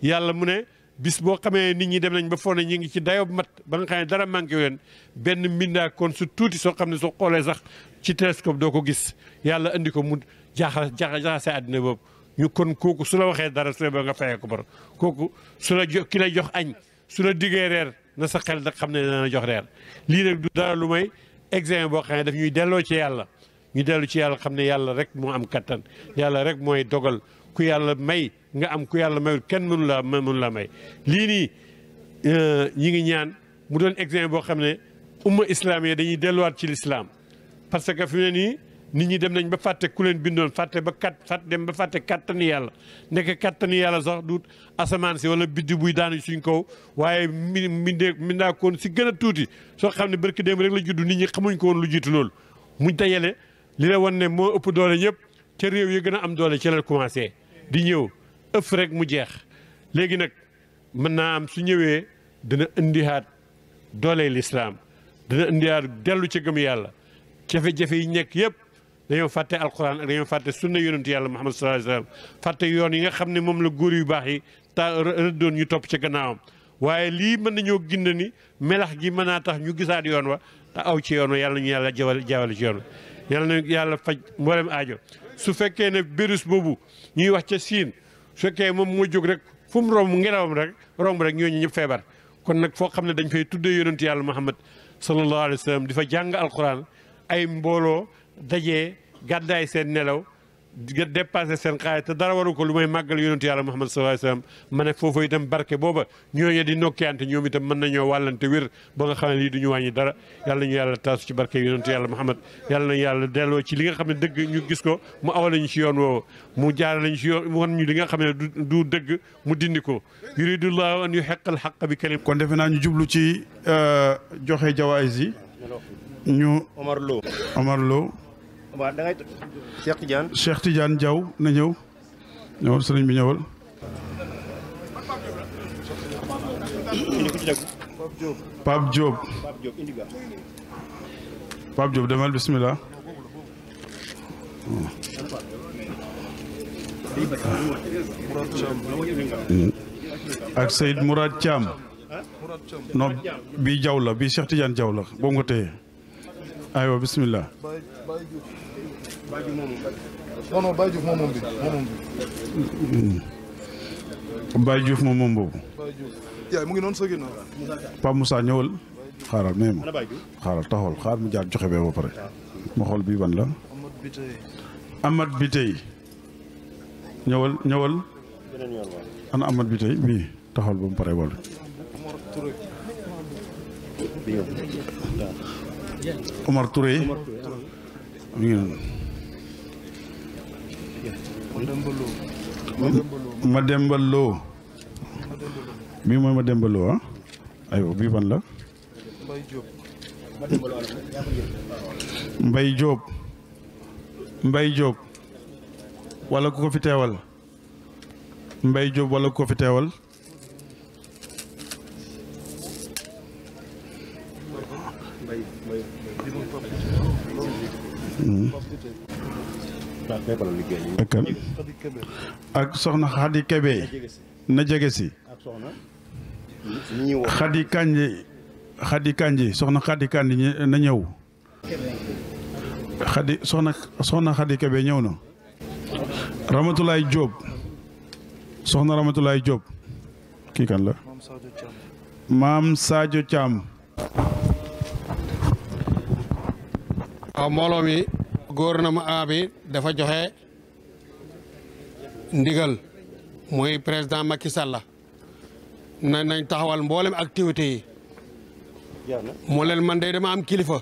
yàlla mu ne bis boo xamee nit ñi dem nañ ba foog ne ñu ngi ci dayoo mat ba nga xam ne dara manqué leen benn mbindaa kon su tuuti soo xam ne soo xoolee sax ci télescope doo ko gis yàlla andi ko mu jaaxal jaaxase àddina boobu ñu kon kooku su la waxee dara su la ba nga fayee ko bor kooku su la jox ki la jox añ su la diggee reer na sa xel nag xam ne dana jox reer lii nag du dara lu may examen boo xam ne daf ñuy delloo ci yàlla ñu dellu ci yàlla xam ne yàlla rek moo am kattan yàlla rek mooy dogal ku yàlla may nga am ku yàlla mayul kenn mënu la mënu la may lii nii euh, ñi ngi ñaan mu doon examen boo xam ne umma islaam yi dañuy delluwaat ci lislaam parce que fi ne nii nit ñi dem nañ ba fàtte ku leen bindoon fàtte ba kat fàtte dem ba fàtte kattanu yàlla nekk kattanu yàlla sax du asamaan si wala biddi buy daanu suñ kaw waaye mi mindee mindaakoon si gën a tuuti soo xam ne barki démb rek la judd nit ñi xamuñ ko woon lu jiitu loolu muñ tayele li la wan ne moo ëpp doole ñëpp ca réew yi gën a am doole ci la commencé di ñëw ëff rek mu jeex léegi nag mën naa am su ñëwee dina indihaat doole lislaam dina indihaat dellu ca gëm yàlla jafe-jafe yi yëpp dañoo fàtte alquran ak dañoo fàtte sunna yonentu yàlla Muhammad sallallahu alayhi wasallam fàtte yoon yi nga xam ne moom la góor yu baax yi ta rëddoon ñu topp ci gannaawam waaye lii mën nañoo gind ni melax gi mën naa tax ñu gisaat yoon wa te aw ci yoon yàlla ñu yàlla jawal jawal ci na yàlla faj mboolem aajo su fekkee ne virus boobu ñuy wax ca siin su moom moo jóg rek fu mu romb ngelawam rek romb rek ñooñu ñëpp feebar kon nag foo xam ne dañ fay tuddee yonentu yàlla Muhammad sallallahu alayhi wasallam di fa jàng alquran ay mbooloo dajee gàddaay seen nelaw nga dépassé seen xaay te dara waru ko lu may màggal yonentu yàlla Muhammad sallallahu alayhi wa sallam ma ne foofu itam barke booba ñooñu di nokkiante ñoom itam mën nañoo wàllante wér ba nga xam ne lii du ñu wàññi dara yàlla ñu yàlla taasu ci barke yonentu yàlla Muhammad yàlla nañu yàlla delloo ci li nga xam ne dëgg ñu gis ko mu awal ñu ci yoon woo mu jaar lañ ci yoon woo ñu li nga xam ne du dëgg mu dindi ko yuridullahu an yuhiqqal haqqa bi kalim kon defe naa ñu jublu ci euh, joxe jawaayis yi Lo waaw da ngay Cheikh Tidiane. na ñëw ñëwal sëriñ bi ñëwal. Pape Diop. Pape Diop demal bismillah. ak Seyd Mourad Thiam. non bii Diaw la bii Cheikh Tidiane Diaw la boobu nga téye aywa bismillah. non non Baye moom moom boobu. yaay mu ngi noonu sa ginnaaw. Pape Moussa ñëwal. xaaral nee xaaral taxawal xaar mu jaar joxe bee ba pare. ma xool bii ban la. Amad Bitey. ñëwal ñëwal. ana Amad Bitey bii taxawal ba mu pare wala. Omar Touré. mi ngi ma dembaloo bii mooy ma dembaloo ah aywa bii ban la Mbay Jóob Mbay Jóob wala ku ko fi teewal Mbay Jóob wala ku ko fi teewal mm. ak kan ak soxna Xadi Kebe na jege si Xadi Kanji Xadi Kanji soxna Xadi Kanji na ñëw Xadi soxna soxna Xadi Kebe ñëw na Ramatulaay Jóob soxna Ramatulaay Jóob kii kan la maam Sadio Thiam gouvernement bi dafa joxe ndigal mooy président Macky Sall na nañ taxawal mboolem activités yi mu leen man day dama am kilifa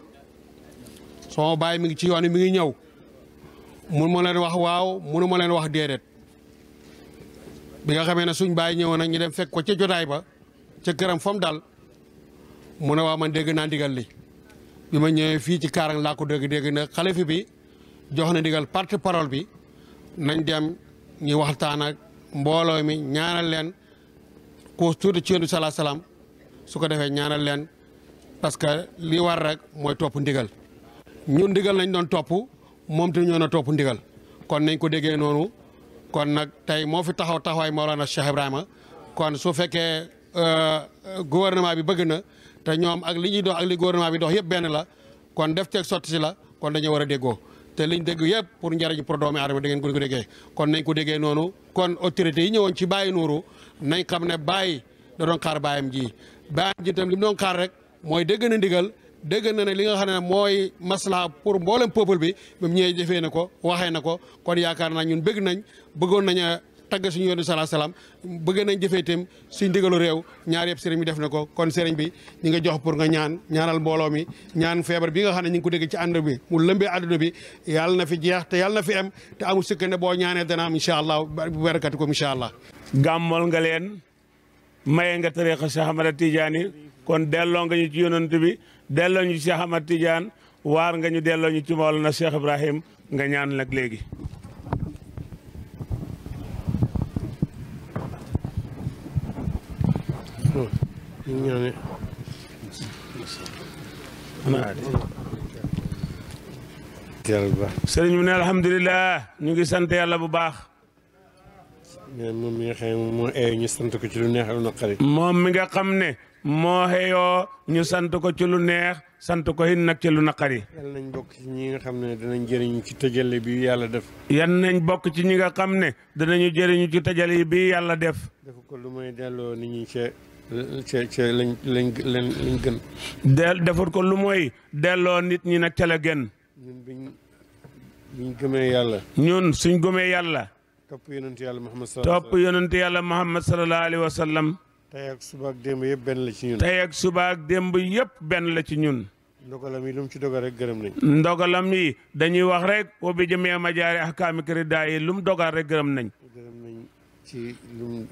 soo bàyyi mi ngi ci yoon mi ngi ñëw mun ma leen wax waaw munu ma leen wax déedéet bi nga xamee ne suñ bàyyi ñëwoon nag ñu dem fekk ko ca jotaay ba ca këram fam dal mu ne waa man dégg naa ndigal li bi ma ñëwee fii ci Kaarang laa ko dégg dégg na xalifa bi jox na ndigal porte parole bi nañ dem ñu waxtaan ak mbooloo mi ñaanal leen ku tuuti ci yonent bi salaam su ko defee ñaanal leen parce que lii war rek mooy topp ndigal ñun ndigal lañ doon topp moom te ñoo na topp ndigal kon nañ ko déggee noonu kon nag tey moo fi taxaw taxawaay Mawlana Cheikh Ibrahima kon su fekkee euh, gouvernement bi bëgg na te ñoom ak li ñuy dox ak li gouvernement bi dox yëpp benn la kon def teg sotti la kon dañoo war a déggoo te liñ dégg yëpp pour njariñ pour doomi aadama da ngeen ko déggee kon nañ ko déggee noonu kon autorité yi ñëwoon ci Baye Nourou nañ xam ne Baye da doon xaar baayam jii baayam ji tam li mu doon xaar rek mooy dégg na ndigal dégg na ne li nga xam ne mooy maslaha pour mboolem peuple bi moom ñëwee jëfee na ko waxee na ko kon yaakaar naa ñun bëgg nañ bëggoon nañ tagg suñu yoonu salaa salaam bëgg nañ jëfee itam suñ ndigalu réew ñaar yëpp sëriñ bi def na ko kon sëriñ bi ñu nga jox pour nga ñaan ñaanal mbooloo mi ñaan feebar bi nga xam ne ñu ngi ko dégg ci ànd bi mu lëmbee àdduna bi yàlla na fi jeex te yàlla na fi am te amul sëkk ne boo ñaanee dana am incha allah barakati ko incha allah gàmmal nga leen maye nga tariixa Cheikh Ahmada Tidiane kon delloo nga ñu ci yonant bi delloo ñu Cheikh Ahmad Tidiane waar nga ñu delloo ñu ci Mawlana Cheikh Ibrahim nga ñaan nag léegi ñooñu sëriñ bi ne alhamdulilah ñu ngi sant yàlla bu baax. moom mi nga xam ne moo xeeyoo ñu sant ko ci lu neex ak moom mi nga xam ne moo sant ko ci lu neex sant ko it nag ci lu naqari. yan nañ bokk ci ñi nga xam ne danañ jëriñu ci tëjale bi yàlla def. yan nañ bokk ci ñi nga xam ne danañu jëriñu ci tëjale bi yàlla def. def ko lu may delloo nit ci ci lañ lañ lañ gën. del defut ko lu mooy delloo nit ñi nag ca la gën. ñun biñ biñ gëmee yàlla. ñun suñ gëmee yàlla. topp yonent yàlla Muhammad sallallahu topp yonent yàlla Muhammad sallallahu alayhi wa sallam. tey ak suba ak démb yëpp benn la ci ñun. tey ak suba ak démb yëpp benn la ci ñun. ndogalam yi lu mu ci dogal rek gërëm nañ. ndogalam yi dañuy wax rek. wa bi jëmee ma jaare ahkaami yi lu mu dogal rek gërëm nañ. ci lu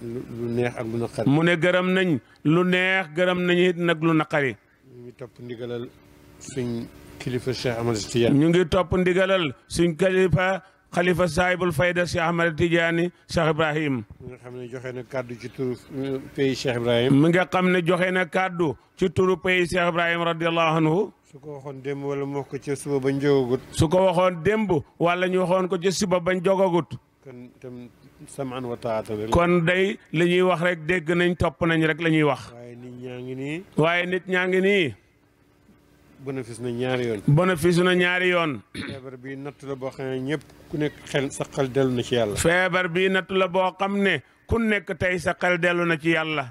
mu ne gërëm nañ lu neex gërëm nañ it nag lu naqari. ngi kilifa Cheikh ñu ngi topp ndigalal suñ kilifa xalifa saahibul fayda Cheikh Ahmad Tidiane Cheikh xam ne joxe na kàddu ci turu euh, pays Cheikh Ibrahim. mi nga xam ne joxe na kàddu ci turu pays Cheikh Ibrahim radiyallahu anhu. su ko waxoon démb wala mu wax ko ci suba bañ su ko waxoon ñu jogagut. samaan wa taata kon dey li ñuy wax rek dégg nañ topp nañu rek la ñuy wax. waaye nit ñaa ngi nii. waaye nit ñaa ngi nii. bénéfice na ñaari yoon. na ñaari yoon. feebar bii natt la boo xam ñëpp ku nekk xel sa xel dellu na ci yàlla. feebar bii natt la boo xam ne ku nekk tey sa xel dellu na ci yàlla.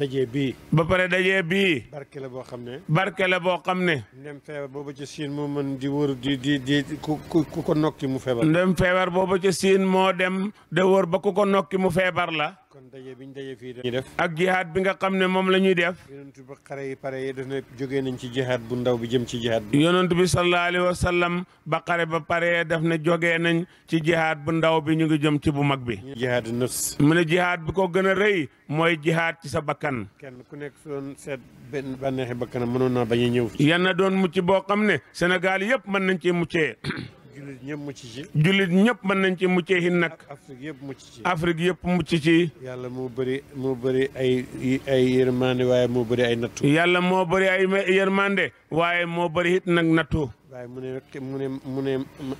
dajee bii. ba pare dajee bii. barke la boo xam ne. barke la boo xam ne. ndem feebar boobu ca Siin moo mën di wër di di di ku ku ko nokki mu feebar. ndem feebar boobu ca Siin moo dem de wër ba ku ko nokki mu feebar la. kon daje bi ñu daje fii dañuy def. ak jihaad bi nga xam ne moom la ñuy def. yonent bi xare yi pare yi daf ne jógee nañ ci jihaad bu ndaw bi jëm ci jihaad bi. yonent bi sallallahu alayhi wa sallam ba xare ba pare daf ne jógee nañ ci jihaad bu ndaw bi ñu ngi jëm ci bu mag bi. jihaad nafs. mu ne jihaad bi ko gën a rëy mooy jihaad ci sa bakkan. kenn ku nekk su doon seet benn bànneexi bakkanam mënoon naa bañ a ñëw. yan na mucc boo xam ne Sénégal yëpp mën nañ cee muccee. jullit ñëpp mucc ci. jullit ñëpp mën nañ ci muccee hin nag. Afrique yëpp mucc ci. Afrique yëpp mucc ci. yàlla moo bëri moo bëri ay ay yërmande waaye moo bëri ay nattu. yàlla moo bëri ay yërmande waaye moo bari it nag nattu. baay mu ne mu ne mu ne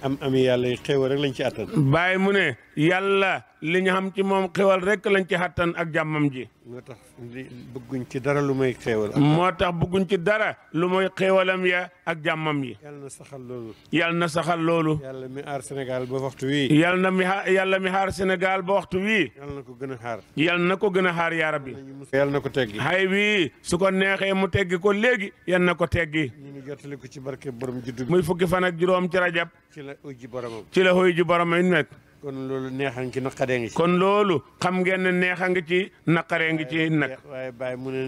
am am yàlla xéewal rek lañ ci attan. baay mu ne yàlla. li ñu xam ci moom xewal rek lañ ci xattan ak jàmmam ji. moo tax bëgguñ ci dara lu may moo tax bëgguñ ci dara lu may xewalam ya ak jàmmam yi. yàlla na saxal loolu. yàlla na saxal loolu. yàlla mi aar Sénégal ba waxtu wii. yàlla na mi yàlla mi aar Sénégal ba wii. yàlla na ko gën a xaar. yàlla na ko gën a xaar yaara bi. yàlla na ko teggi. xay bi su ko neexee mu teggi ko léegi yàlla na ko teggi. ñu ngi jottali ko ci barke borom juddu bi. muy fukki fan ak juróom ci rajab. ci la uy ji boromam. ci la uy ji boromam it nekk. kon loolu neexa nga ci naqaree nga ci. kon loolu xam ngeen ne neexa nga ci naqaree nga ci nag. waaye Baye mu ne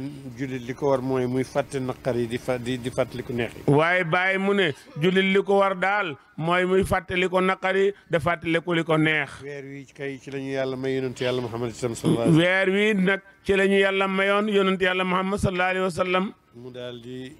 li ko war mooy muy fàtte naqar yi di fa di di fàttali ko waaye Baye mu ne jullit li ko war daal mooy muy fàttali ko naqar yi da fàttali ko li ko neex. weer wi kay ci la ñu yàlla may yonent yàlla Muhammad sallallahu alayhi wa sallam. weer wi nag ci la ñu yàlla mayoon yonent yàlla Muhammad sallallahu alayhi wa sallam. mu daal di.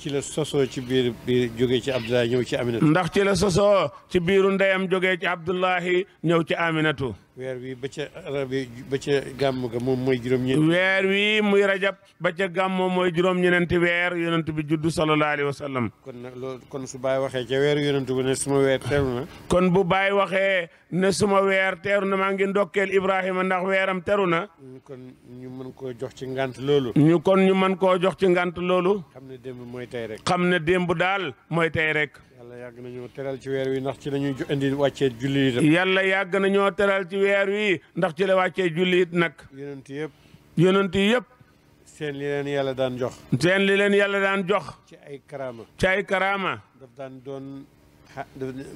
ci la sosoo ci biir biir jógee ci Abdoulaye ñëw ci Aminatu. ndax ci la sosoo ci biiru ndeyam jógee ci Abdoulahi ñëw ci Aminatu. weer wi ba ca rabi ba ca gàmm ga moom mooy juróom-ñeent. weer wii muy rajab ba ca gàmm moom mooy juróom weer yonent bi juddu sallallahu alayhi wa sallam. kon nag loolu kon su baay waxee ca weer yonent bi ne suma weer teeru na. kon bu baay waxee ne suma weer teeru na maa ngi ndokkeel Ibrahima ndax weeram teru na. kon ñu mën koo jox ci ngant loolu. ñu kon ñu mën koo jox ci ngant loolu. xam ne démb mooy tey xam ne démb daal mooy tey rek. yàgg nañoo teral ci weer wi ndax ci la ñuy indi wàccee julli it. yàlla yàgg nañoo teral ci weer wi ndax ci la wàccee julli it nag. yonent yëpp. yonent seen li leen yàlla daan jox. seen li leen yàlla daan jox. ci ay karaama. ci ay karaama.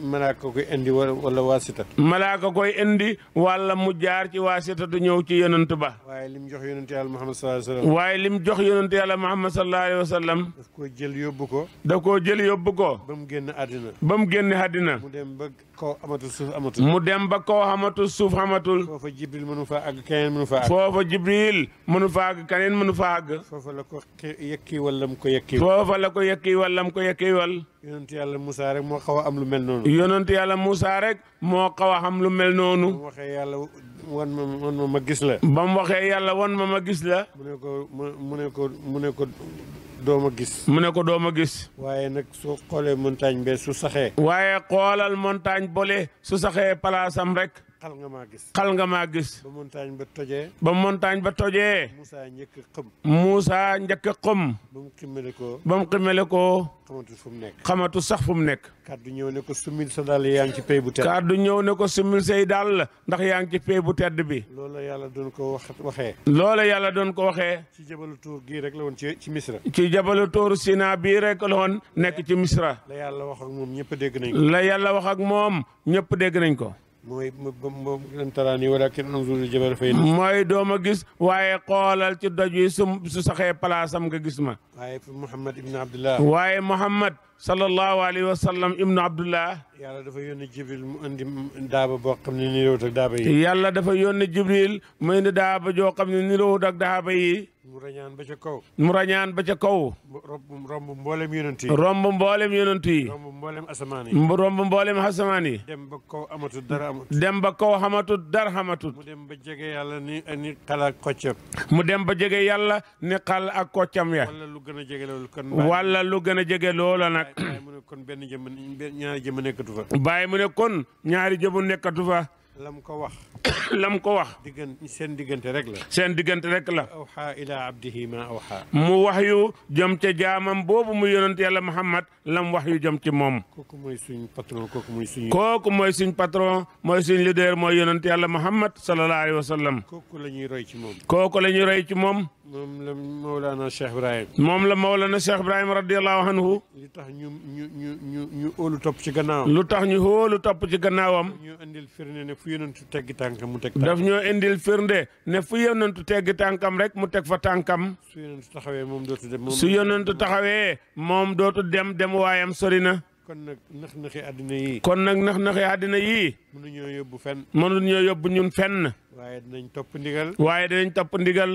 malaaka koy indi wala waasita malaaka koy indi wala mu jaar ci waasita du ñëw ci yonent ba waaye lim jox yonent yàlla Muhammad sallallahu alayhi wa sallam waaye jox yonent yàlla Muhammad sallallahu alayhi wa sallam yóbbu ko daf koo jël yóbbu ko ba mu génn àddina ba mu génn àddina mu dem ba kaw amatul suuf amatul mu dem ba kaw amatul suuf amatul foofa jibril mënu faa àgg keneen mënu faa àgg foofa jibril mënu faa àgg la ko yekki wala mu la mu ko yekki yonent yàlla Moussa rek moo xaw am lu mel noonu. yonent yàlla Moussa rek moo xaw a am lu mel noonu. ba waxee yàlla wan ma wan ma gis la. ba waxee yàlla wan ma ma gis la. mu ne ko mu ne ko mu ne ko dooma gis. mu ne ko doom dooma gis. waaye nag soo xoolee montagne bee su saxee. waaye xoolal montagne boole su saxee palaasam rek. xal nga maa gis. xal nga maa gis. ba montagne ba tojee. ba montagne ba tojee. Moussa njëkk xëm. Moussa njëkk xëm. ba mu ximmele ko. ba mu ximmele ko. xamatu fu mu nekk. xamatu sax fu mu nekk. kaddu ñëw ne ko sumil sa daal yaa ngi ci pay ñëw ne ko sumil say daal ndax yaa ngi ci pay bu tedd bi. loola yàlla doon ko wax waxee. loola yàlla doon ko waxee. ci jabalu tuur gii rek la woon ci ci Misra. ci jabalu tuur Sina bii rek la woon nekk ci Misra. la yàlla wax ak moom ñëpp dégg nañ la yàlla wax ak moom ñëpp dégg nañ ko. mooy mu taraani wala kenn anzur jabal fay mooy doo ma gis waaye xoolal ci doj wi su su saxee palaasam nga gis ma. waaye Mouhamed Ibn Abdullah. waaye Mouhamed. sallallahu alayhi wa sallam Ibn Abdullah. yàlla dafa yónni Jibril mu indi daaba boo xam ne niroowut ak daaba yi. yàlla dafa yónni Jibril mu indi daaba joo xam mu rañaan ba ca kaw. mu rañaan ba ca kaw. romb mboolem yonent yi. romb mboolem yonent yi. romb mboolem asamaan yi. romb mboolem asamaan yi. dem ba kaw amatul dara amatul. dem ba kaw xamatul dara xamatul. mu dem ba jege yàlla ni ni xal ak koccam. mu dem ba jege yàlla ni ak koccam ya. wala lu gën a jege loolu kon. wala lu gën a jege loola nag. bàyyi mu ne kon benn jëmm ñaari jëmm nekkatu lam ko wax. lam ko wax. diggante seen diggante rek la. seen diggante rek la. awxa ila abdihi ma awxa. mu wax yu jëm ca jaamam boobu mu yonent yàlla Muhammad lam wax yu jëm ci moom. kooku mooy suñ patron kooku mooy suñ. kooku mooy suñ patron mooy suñ leader mooy yonent yàlla Muhammad sallallahu alayhi wa sallam. kooku la ñuy roy ci moom. kooku la ñuy roy ci moom. moom la Mawlana Cheikh Ibrahim. moom la Mawlana Cheikh Ibrahim radiyallahu anhu. lu tax ñu ñu ñu ñu ñu óolu topp ci gannaawam. lu tax ñu óolu topp ci gannaawam. ñu andil firnde ne fu yonentu tegg tànkam mu teg daf ñoo indil firnde ne fu yonentu tegg tànkam rek mu teg fa tànkam su yonentu taxawee moom dootu dem su yonentu taxawee moom dootu dem demuwaayam waayam sori na kon nag nax-naxi àddina yii kon nag nax-naxi àddina yii mënuñoo yóbbu fenn mënuñoo yóbbu ñun fenn waaye dinañ topp ndigal waaye dinañ topp ndigal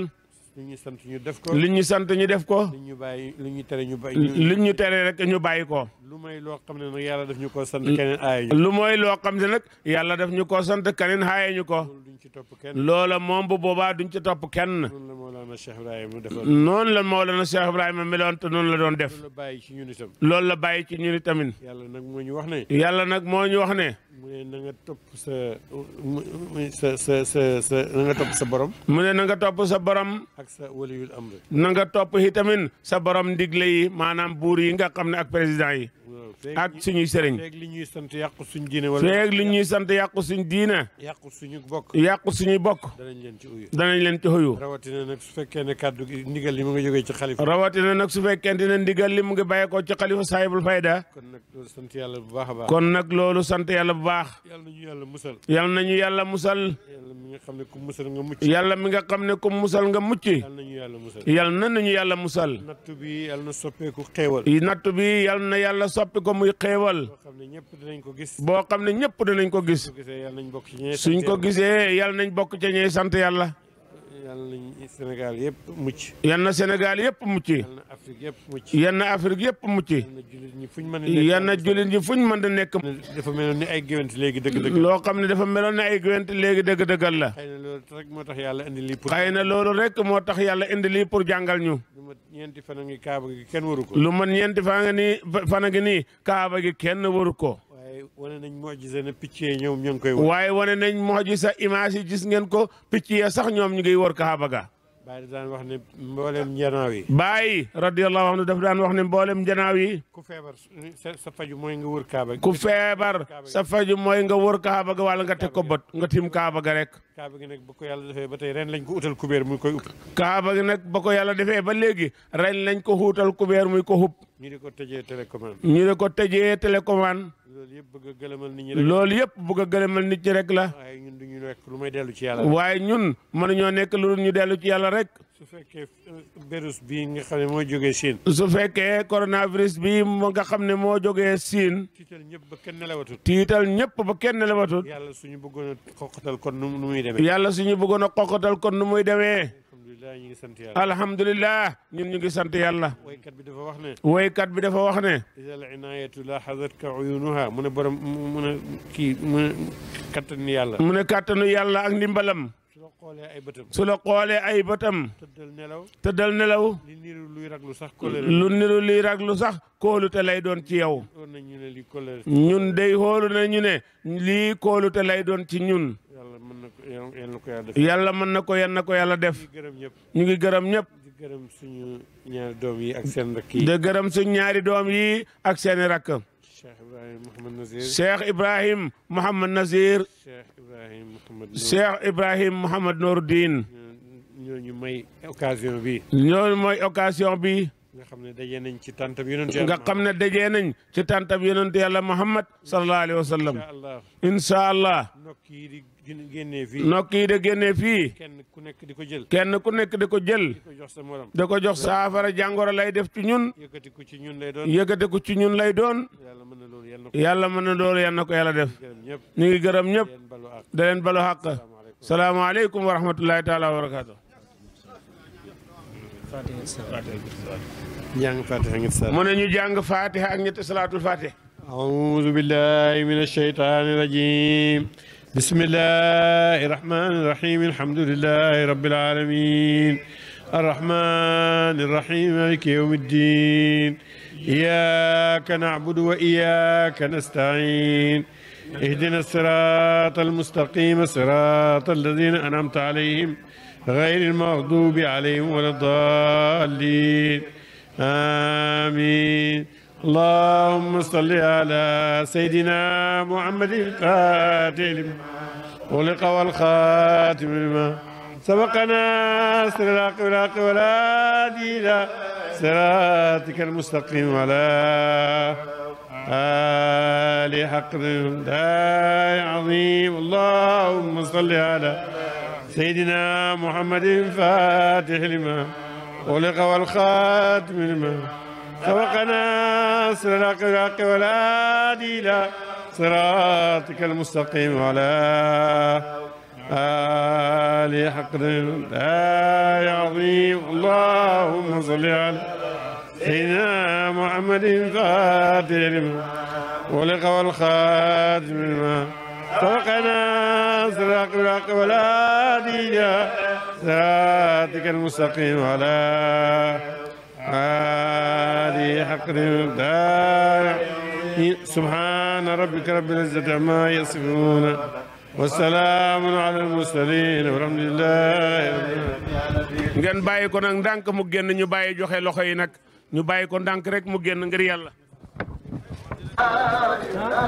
li ñu sant ñu def ko li ñu sant ñu def ko. li ñu bàyyi li ñu tere ñu bàyyi. li ñu tere rek ñu bàyyi ko. lu mooy loo xam ne nag yàlla def ñu ko sant keneen aaye ñu. lu mooy loo xam ne nag yàlla daf ñu koo sant keneen aaye ñu ko. loola moom bu boobaa duñ ci topp kenn. noonu la moo Mawlana Cheikh Ibrahima mi doon te noonu la doon def. loolu la bàyyi ci ñun itam. loolu la bàyyi ci ñun itamit. yàlla nag moo ñu wax ne. yàlla nag moo ñu wax ne. mu ne na nga topp sa sa sa sa sa borom. mu ne na topp sa borom. ak sa waliyul amri na nga topp itamit sa borom ndigle yi maanaam buur yi nga xam ne ak président yi. ak suñuy sëriñ. feeg li ñuy sant yàqu suñ diine feeg li ñuy sant yàqu suñ bokk. yàqu suñuy bokk. danañ leen ci uyu. rawatina nag su fekkee ne kàddu gi ndigal li mu ngi jógee ci xalifa. rawatina nag su fekkente ne ndigal li mu ngi bàyyi ko ci xalifa saahibul fayda. kon nag loolu sant yàlla bu baax a baax. kon nag loolu sant yàlla bu baax. yàlla musal. yàlla mi nga xam ne ku musal nga mucc muccee. yal na nañu yàlla musal. nattu bi yal na soppeeku xeewal. nattu bi yal na yàlla soppi ko muy xeewal. boo xam ne ñëpp danañ ko gis. boo xam ne ñëpp danañ ko gis. suñ ko gisee yal nañ bokk ca ñee sant yàlla. yal na Sénégal yëpp mucc. yal na Sénégal yëpp mucc. yal na Afrique yëpp mucc. yal na Afrique yëpp jullit ñi fuñ mën a na a nekk. loo xam ne dafa meloon ni ay géwént léegi dëgg-dëggal la. xëy na loolu rek moo tax yàlla indi lii pour. xëy na loolu rek moo tax yàlla indi lii pour jàngal ñu. lu mat ñeenti fan a ngi kaaba gi kenn waru a ngi ko. wane nañ mojisa ne picc yi ñoom ñu ngi koy. waaye wane nañ mojisa image yi gis ngeen ko picc ya sax ñoom ñu ngi wër Kaaba ga. Baay daan wax ne mboolem njanaaw yi. Baay radiyallahu anhu daf daan wax ne mboolem njanaaw yi. ku feebar sa faju mooy nga wër Kaaba gi. ku feebar sa faju mooy nga wër Kaaba ga wala nga teg ko bët nga tim Kaaba ga rek. Kaaba gi nag ba ko yàlla defee ba tey lañ ko utal kubéer muy koy upp. Kaaba gi nag ba ko yàlla defee ba léegi ren lañ ko huutal kubéer muy ko hupp. ñu di ko tëjee télécommande. ñu di ko tëjee télécommande. loolu yëpp bëgg a gëlëmal nit ñi rek. yëpp bëgg a gëlëmal nit ñi la. waaye ñun du ñu nekk lu may dellu ci yàlla. waaye ñun mënuñoo nekk lu ñu dellu ci yàlla rek. su fekkee eh, virus bii nga xam ne moo jógee Chine. su fekkee coronavirus bii moo nga xam ne moo jógee Chine. tiital ñëpp ba kenn nelawatut. tiital ñëpp ba kenn nelawatut. yàlla suñu bëggoon a xoqatal kon nu muy demee. yàlla suñu bëggoon a xoqatal kon nu muy demee. alhamdulilah ñu ngi sant yàlla. alhamdulilah ñun ñu ngi sant yàlla. woykat bi dafa wax ne. woykat bi dafa wax ne. idal inaayatu laaxadatka uyunuha mu ne borom mu ne kii mu ne yàlla. mu ne kattanu yàlla ak ndimbalam. su la xoolee ay bëtam. su la xoolee ay bëtam. tëddal nelaw. tëddal nelaw. lu niru luy raglu sax kóolute. lu niru luy raglu sax kóolute lay doon ci yow. ñun dey xoolu na ñu ne lii koolute lay doon ci ñun. yàlla mën na ko yan na ko yàlla def. ñu ngi gërëm ñëpp. di gërëm suñu ñaari doom yi ak seen rakk yi. di gërëm suñu ñaari doom yi ak seen rakk. Cheikh Ibrahim Mohamed Nazir. Cheikh Cheikh Ibrahim Mouhamad Nourdiin. ñooñu may occasion bi. nga xam ne dajee nañ ci tàntab yonent yàlla nga xam ne dajee nañ ci tàntab yonent yàlla Muhammad sallallahu alayhi wa sallam incha allah nokk yi di génnee fii nokk yi di génnee fii kenn ku nekk di ko jël kenn ku nekk di ko jël di jox sa morom da ko jox saafara jàngoro lay def ci ñun yëkkati ko ci ñun lay doon yëkkati ko ci ñun lay doon yàlla mën na loolu yal na ko yàlla def ñu ngi gërëm ñëpp da leen balu xàq salaamaaleykum wa rahmatullahi taala wa jàng Fatiha ak ñetti salaat. mu ne ñu jàng Fatiha ak ñetti salaatul Fatiha. أعوذ بالله من الشيطان الرجيم بسم الله الرحمن الرحيم الحمد لله رب العالمين الرحمن الرحيم مالك يوم الدين إياك نعبد وإياك نستعين اهدنا الصراط المستقيم صراط الذين أنعمت عليهم غير المغضوب عليهم ولا الضالين آمين اللهم صل على سيدنا محمد الفاتح لما ولق والخاتم لما سبقنا سراق ولاق ولا دينا صراطك المستقيم ولا آل حق العظيم اللهم صل على سيدنا محمد الفاتح لما أغلق والخاتم لما سبقنا صراط الحق والهادي إلى صراطك المستقيم وعلى آل حق يا عظيم اللهم صل على سيدنا محمد الفاتح لما أغلق والخاتم لما توقنا صراط الحق ولا دين صراطك المستقيم على هذه حق المقدار سبحان ربك رب العزة عما يصفون wasalaam ala almursalin walhamdulilah ngeen bàyyi ko nag ndànk mu génn ñu bàyyi joxe loxo yi nag ñu bàyyi ko ndànk rek mu génn ngir yàlla Allah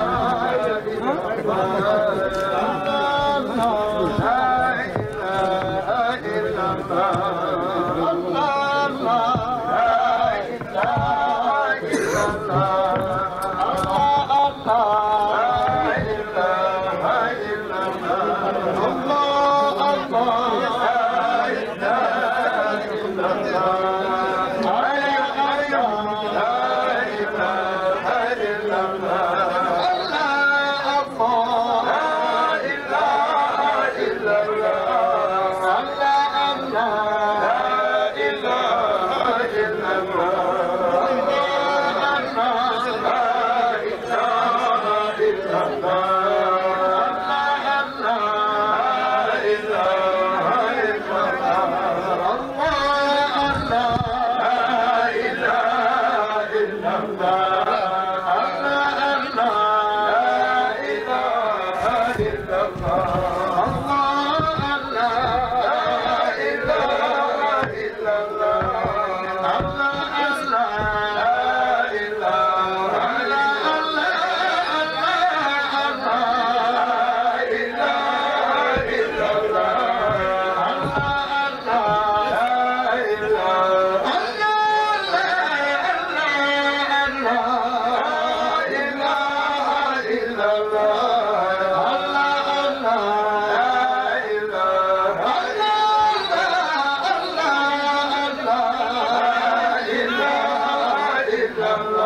Akbar